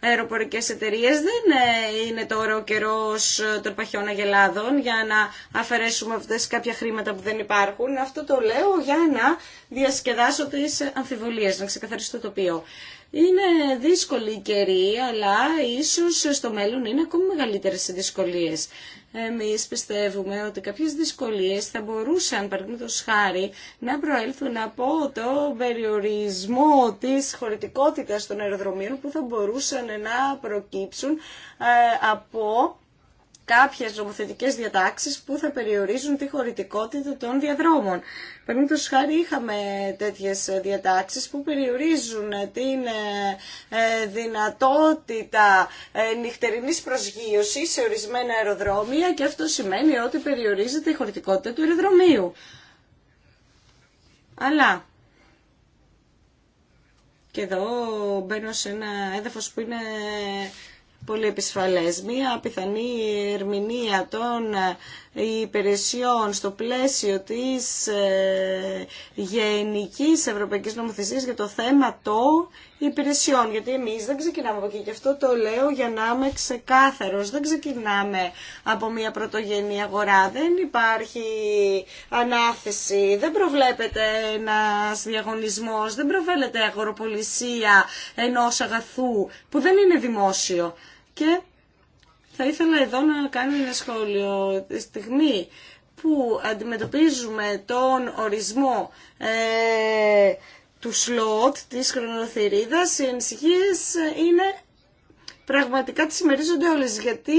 αεροπορικές εταιρείες. Δεν ε, είναι τώρα ο καιρός των παχιών αγελάδων για να αφαιρέσουμε αυτές κάποια χρήματα που δεν υπάρχουν. Αυτό το λέω για να διασκεδάσω τις αμφιβολίες, να ξεκαθαρίσω το τοπίο. Είναι δύσκολη η καιρή, αλλά ίσως στο μέλλον είναι ακόμη μεγαλύτερες οι δυσκολίες. Εμείς πιστεύουμε ότι κάποιες δυσκολίες θα μπορούσαν, παραδείγματο χάρη, να προέλθουν από το περιορισμό της χωρητικότητας των αεροδρομίων που θα μπορούσαν να προκύψουν ε, από κάποιες νομοθετικέ διατάξεις που θα περιορίζουν τη χωρητικότητα των διαδρόμων. Παραδείγματο χάρη είχαμε τέτοιες διατάξεις που περιορίζουν την ε, ε, δυνατότητα ε, νυχτερινής προσγείωσης σε ορισμένα αεροδρόμια και αυτό σημαίνει ότι περιορίζεται η χωρητικότητα του αεροδρομίου. Αλλά και εδώ μπαίνω σε ένα έδαφος που είναι πολύ επισφαλές. Μία πιθανή ερμηνεία των ε, υπηρεσιών στο πλαίσιο της ε, γενικής ευρωπαϊκής νομοθεσίας για το θέμα των υπηρεσιών. Γιατί εμείς δεν ξεκινάμε από εκεί και αυτό το λέω για να είμαι ξεκάθαρος. Δεν ξεκινάμε από μια πρωτογενή αγορά. Δεν υπάρχει ανάθεση, δεν προβλέπεται ένας διαγωνισμός, δεν προβλέπεται αγοροπολισία ενός αγαθού που δεν είναι δημόσιο. Και θα ήθελα εδώ να κάνω ένα σχόλιο. Τη στιγμή που αντιμετωπίζουμε τον ορισμό ε, του σλότ της χρονοθυρίδας, οι ανησυχίες είναι πραγματικά τις μερίζονται όλες, γιατί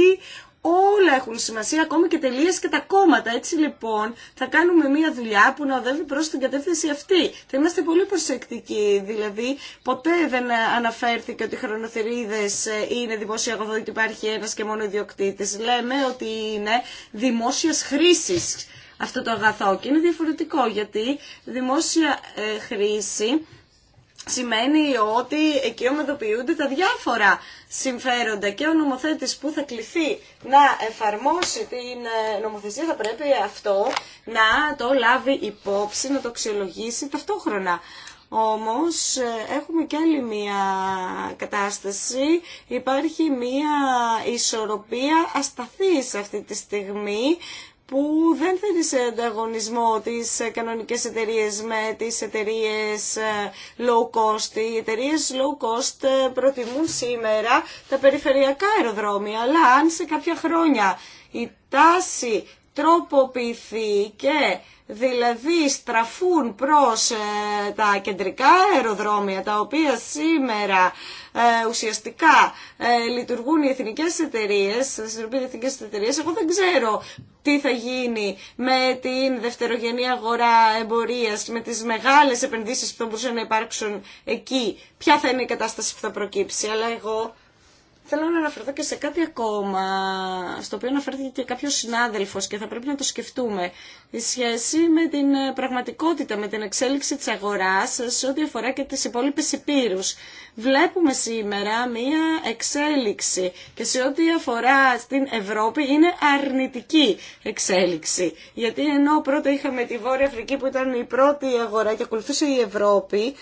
όλα έχουν σημασία, ακόμα και τελείες και τα κόμματα. Έτσι λοιπόν θα κάνουμε μια δουλειά που να οδεύει προς την κατεύθυνση αυτή. Θα είμαστε πολύ προσεκτικοί, δηλαδή ποτέ δεν αναφέρθηκε ότι οι χρονοθερίδες ε, είναι δημόσια αγωγό, ότι υπάρχει ένας και μόνο ιδιοκτήτης. Λέμε ότι είναι δημόσιας χρήσης αυτό το αγαθό και είναι διαφορετικό γιατί δημόσια ε, χρήση σημαίνει ότι εκεί ομοδοποιούνται τα διάφορα συμφέροντα και ο νομοθέτης που θα κληθεί να εφαρμόσει την ε, νομοθεσία θα πρέπει αυτό να το λάβει υπόψη, να το αξιολογήσει ταυτόχρονα. Όμως ε, έχουμε και άλλη μία κατάσταση. Υπάρχει μία ισορροπία ασταθής αυτή τη στιγμή που δεν θέλει σε ανταγωνισμό τις ε, κανονικές εταιρείες με τις εταιρείες ε, low cost. Οι εταιρείες low cost ε, προτιμούν σήμερα τα περιφερειακά αεροδρόμια, αλλά αν σε κάποια χρόνια η τάση τροποποιηθεί και δηλαδή στραφούν προς ε, τα κεντρικά αεροδρόμια τα οποία σήμερα ε, ουσιαστικά ε, λειτουργούν οι εθνικές εταιρείες, οι εθνικές εταιρείες, εγώ δεν ξέρω τι θα γίνει με την δευτερογενή αγορά εμπορίας, με τις μεγάλες επενδύσεις που θα μπορούσαν να υπάρξουν εκεί, ποια θα είναι η κατάσταση που θα προκύψει, αλλά εγώ Θέλω να αναφερθώ και σε κάτι ακόμα, στο οποίο αναφέρθηκε και κάποιος συνάδελφος και θα πρέπει να το σκεφτούμε. Η σχέση με την ε, πραγματικότητα, με την εξέλιξη της αγοράς, ε, σε ό,τι αφορά και τις υπόλοιπες υπήρους. Βλέπουμε σήμερα μία εξέλιξη και σε ό,τι αφορά στην Ευρώπη είναι αρνητική εξέλιξη. Γιατί ενώ πρώτα είχαμε τη Βόρεια Αφρική που ήταν η πρώτη αγορά και ακολουθούσε η Ευρώπη,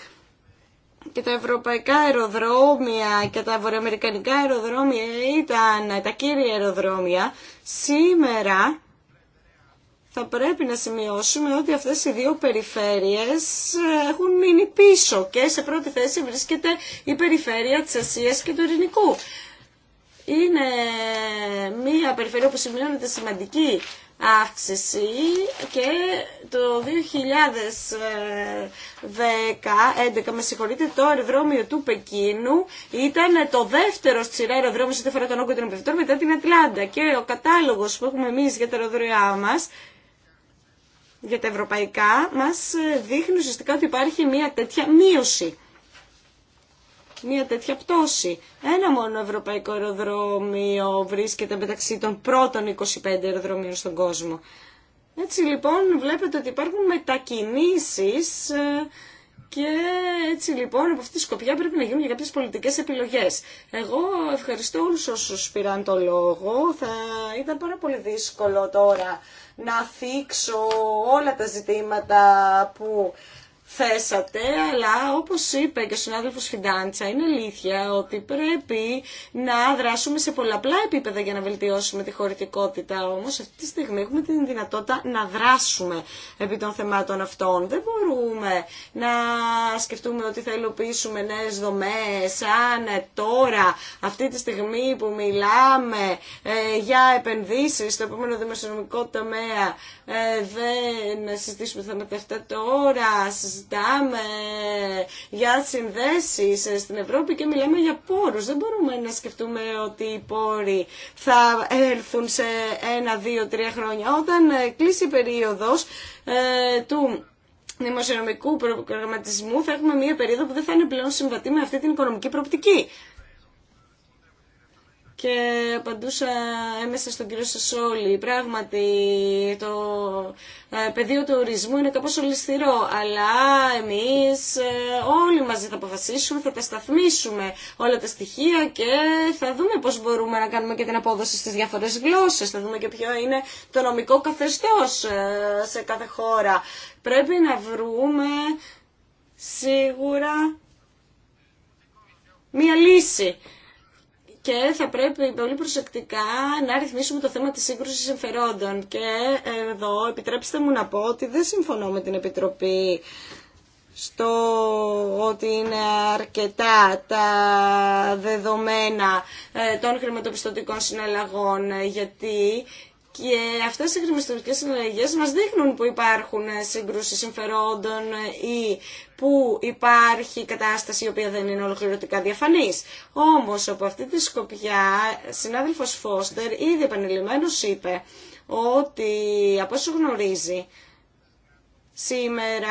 και τα ευρωπαϊκά αεροδρόμια και τα βορειοαμερικανικά αεροδρόμια ήταν τα κύρια αεροδρόμια, σήμερα θα πρέπει να σημειώσουμε ότι αυτές οι δύο περιφέρειες έχουν μείνει πίσω και σε πρώτη θέση βρίσκεται η περιφέρεια της Ασίας και του Ειρηνικού είναι μια περιφερεια που σημειώνεται σημαντική αύξηση και το 2011, με συγχωρείτε, το αεροδρόμιο του Πεκίνου ήταν το δεύτερο σειρά αεροδρόμιο σε φορά τον όγκο των επιθετών μετά την Ατλάντα και ο κατάλογος που έχουμε εμείς για τα αεροδρόμια μας για τα ευρωπαϊκά μας δείχνει ουσιαστικά ότι υπάρχει μια τέτοια μείωση μια τέτοια πτώση. Ένα μόνο ευρωπαϊκό αεροδρόμιο βρίσκεται μεταξύ των πρώτων 25 αεροδρομίων στον κόσμο. Έτσι λοιπόν βλέπετε ότι υπάρχουν μετακινήσεις ε, και έτσι λοιπόν από αυτή τη σκοπιά πρέπει να γίνουν για κάποιες πολιτικές επιλογές. Εγώ ευχαριστώ όλους όσους πήραν το λόγο. Θα ήταν πάρα πολύ δύσκολο τώρα να θίξω όλα τα ζητήματα που θέσατε, αλλά όπως είπε και ο συνάδελφος Φιντάντσα, είναι αλήθεια ότι πρέπει να δράσουμε σε πολλαπλά επίπεδα για να βελτιώσουμε τη χωρητικότητα. Όμως αυτή τη στιγμή έχουμε την δυνατότητα να δράσουμε επί των θεμάτων αυτών. Δεν μπορούμε να σκεφτούμε ότι θα υλοποιήσουμε νέες δομές, αν τώρα αυτή τη στιγμή που μιλάμε ε, για επενδύσεις στο επόμενο δημοσιονομικό τομέα ε, δεν συζητήσουμε θέματα αυτά τώρα, συζητάμε για συνδέσεις στην Ευρώπη και μιλάμε για πόρους. Δεν μπορούμε να σκεφτούμε ότι οι πόροι θα έρθουν σε ένα, δύο, τρία χρόνια. Όταν κλείσει η περίοδος ε, του δημοσιονομικού προγραμματισμού θα έχουμε μια περίοδο που δεν θα είναι πλέον συμβατή με αυτή την οικονομική προοπτική και απαντούσα έμεσα στον κύριο Σασόλη. Πράγματι, το ε, πεδίο του ορισμού είναι κάπως ολισθηρό, αλλά εμείς ε, όλοι μαζί θα αποφασίσουμε, θα τα σταθμίσουμε όλα τα στοιχεία και θα δούμε πώς μπορούμε να κάνουμε και την απόδοση στις διάφορες γλώσσες, θα δούμε και ποιο είναι το νομικό καθεστώς ε, σε κάθε χώρα. Πρέπει να βρούμε σίγουρα μία λύση και θα πρέπει πολύ προσεκτικά να ρυθμίσουμε το θέμα της σύγκρουσης συμφερόντων. Και εδώ επιτρέψτε μου να πω ότι δεν συμφωνώ με την Επιτροπή στο ότι είναι αρκετά τα δεδομένα ε, των χρηματοπιστωτικών συναλλαγών, γιατί και αυτέ οι χρηματοπιστωτικές συναλλαγές μας δείχνουν που υπάρχουν σύγκρουση συμφερόντων ή που υπάρχει κατάσταση η οποία δεν είναι ολοκληρωτικά διαφανής. Όμως από αυτή τη σκοπιά, συνάδελφος Φώστερ ήδη επανειλημμένος είπε ότι από όσο γνωρίζει Σήμερα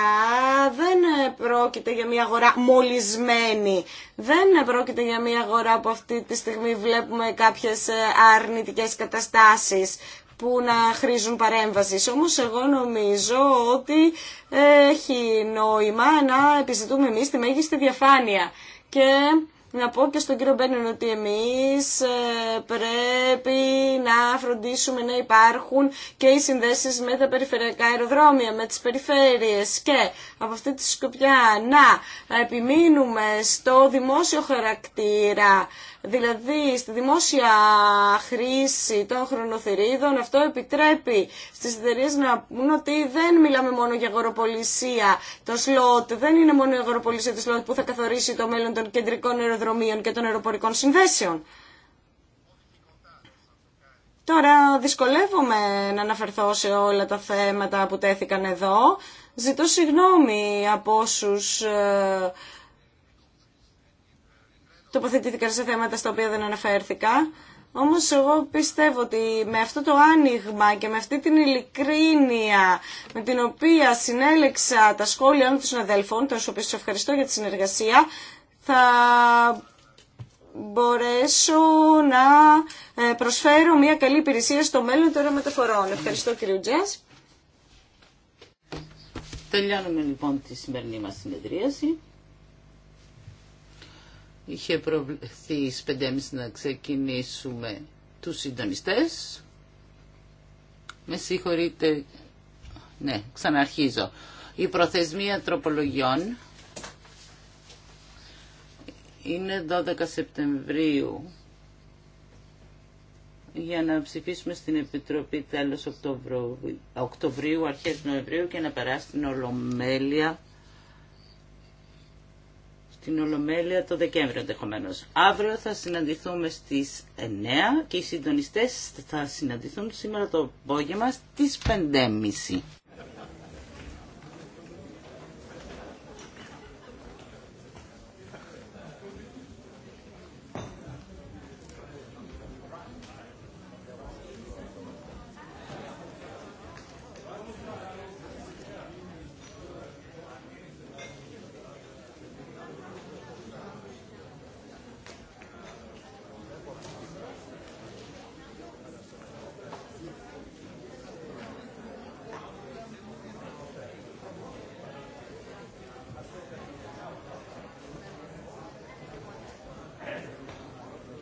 δεν πρόκειται για μια αγορά μολυσμένη. Δεν πρόκειται για μια αγορά που αυτή τη στιγμή βλέπουμε κάποιες ε, αρνητικές καταστάσεις που να χρήζουν παρέμβαση. Όμω εγώ νομίζω ότι έχει νόημα να επιζητούμε εμείς τη μέγιστη διαφάνεια. Και να πω και στον κύριο Μπένεν ότι εμείς ε, πρέπει να φροντίσουμε να υπάρχουν και οι συνδέσεις με τα περιφερειακά αεροδρόμια, με τις περιφέρειες και από αυτή τη σκοπιά να επιμείνουμε στο δημόσιο χαρακτήρα Δηλαδή, στη δημόσια χρήση των χρονοθερίδων, αυτό επιτρέπει στις εταιρείε να πούν ότι δεν μιλάμε μόνο για αγοροπολισία. Το σλότ δεν είναι μόνο η αγοροπολισία του σλότ που θα καθορίσει το μέλλον των κεντρικών αεροδρομίων και των αεροπορικών συνδέσεων. Τώρα δυσκολεύομαι να αναφερθώ σε όλα τα θέματα που τέθηκαν εδώ. Ζητώ συγγνώμη από όσους ε, τοποθετήθηκαν σε θέματα στα οποία δεν αναφέρθηκα. Όμως εγώ πιστεύω ότι με αυτό το άνοιγμα και με αυτή την ειλικρίνεια με την οποία συνέλεξα τα σχόλια όλων των συναδέλφων, των οποίων σα ευχαριστώ για τη συνεργασία, θα μπορέσω να ε, προσφέρω μια καλή υπηρεσία στο μέλλον των μεταφορών. Ευχαριστώ κύριε Τζες. Τελειώνουμε λοιπόν τη σημερινή μας συνεδρίαση είχε προβληθεί στις 5.30 να ξεκινήσουμε τους συντονιστές. Με συγχωρείτε, ναι, ξαναρχίζω. Η προθεσμία τροπολογιών είναι 12 Σεπτεμβρίου για να ψηφίσουμε στην Επιτροπή τέλος Οκτωβρίου, Οκτωβρίου αρχές Νοεμβρίου και να περάσει την Ολομέλεια την Ολομέλεια το Δεκέμβριο ενδεχομένω. Αύριο θα συναντηθούμε στι 9 και οι συντονιστέ θα συναντηθούν σήμερα το απόγευμα στι 5.30.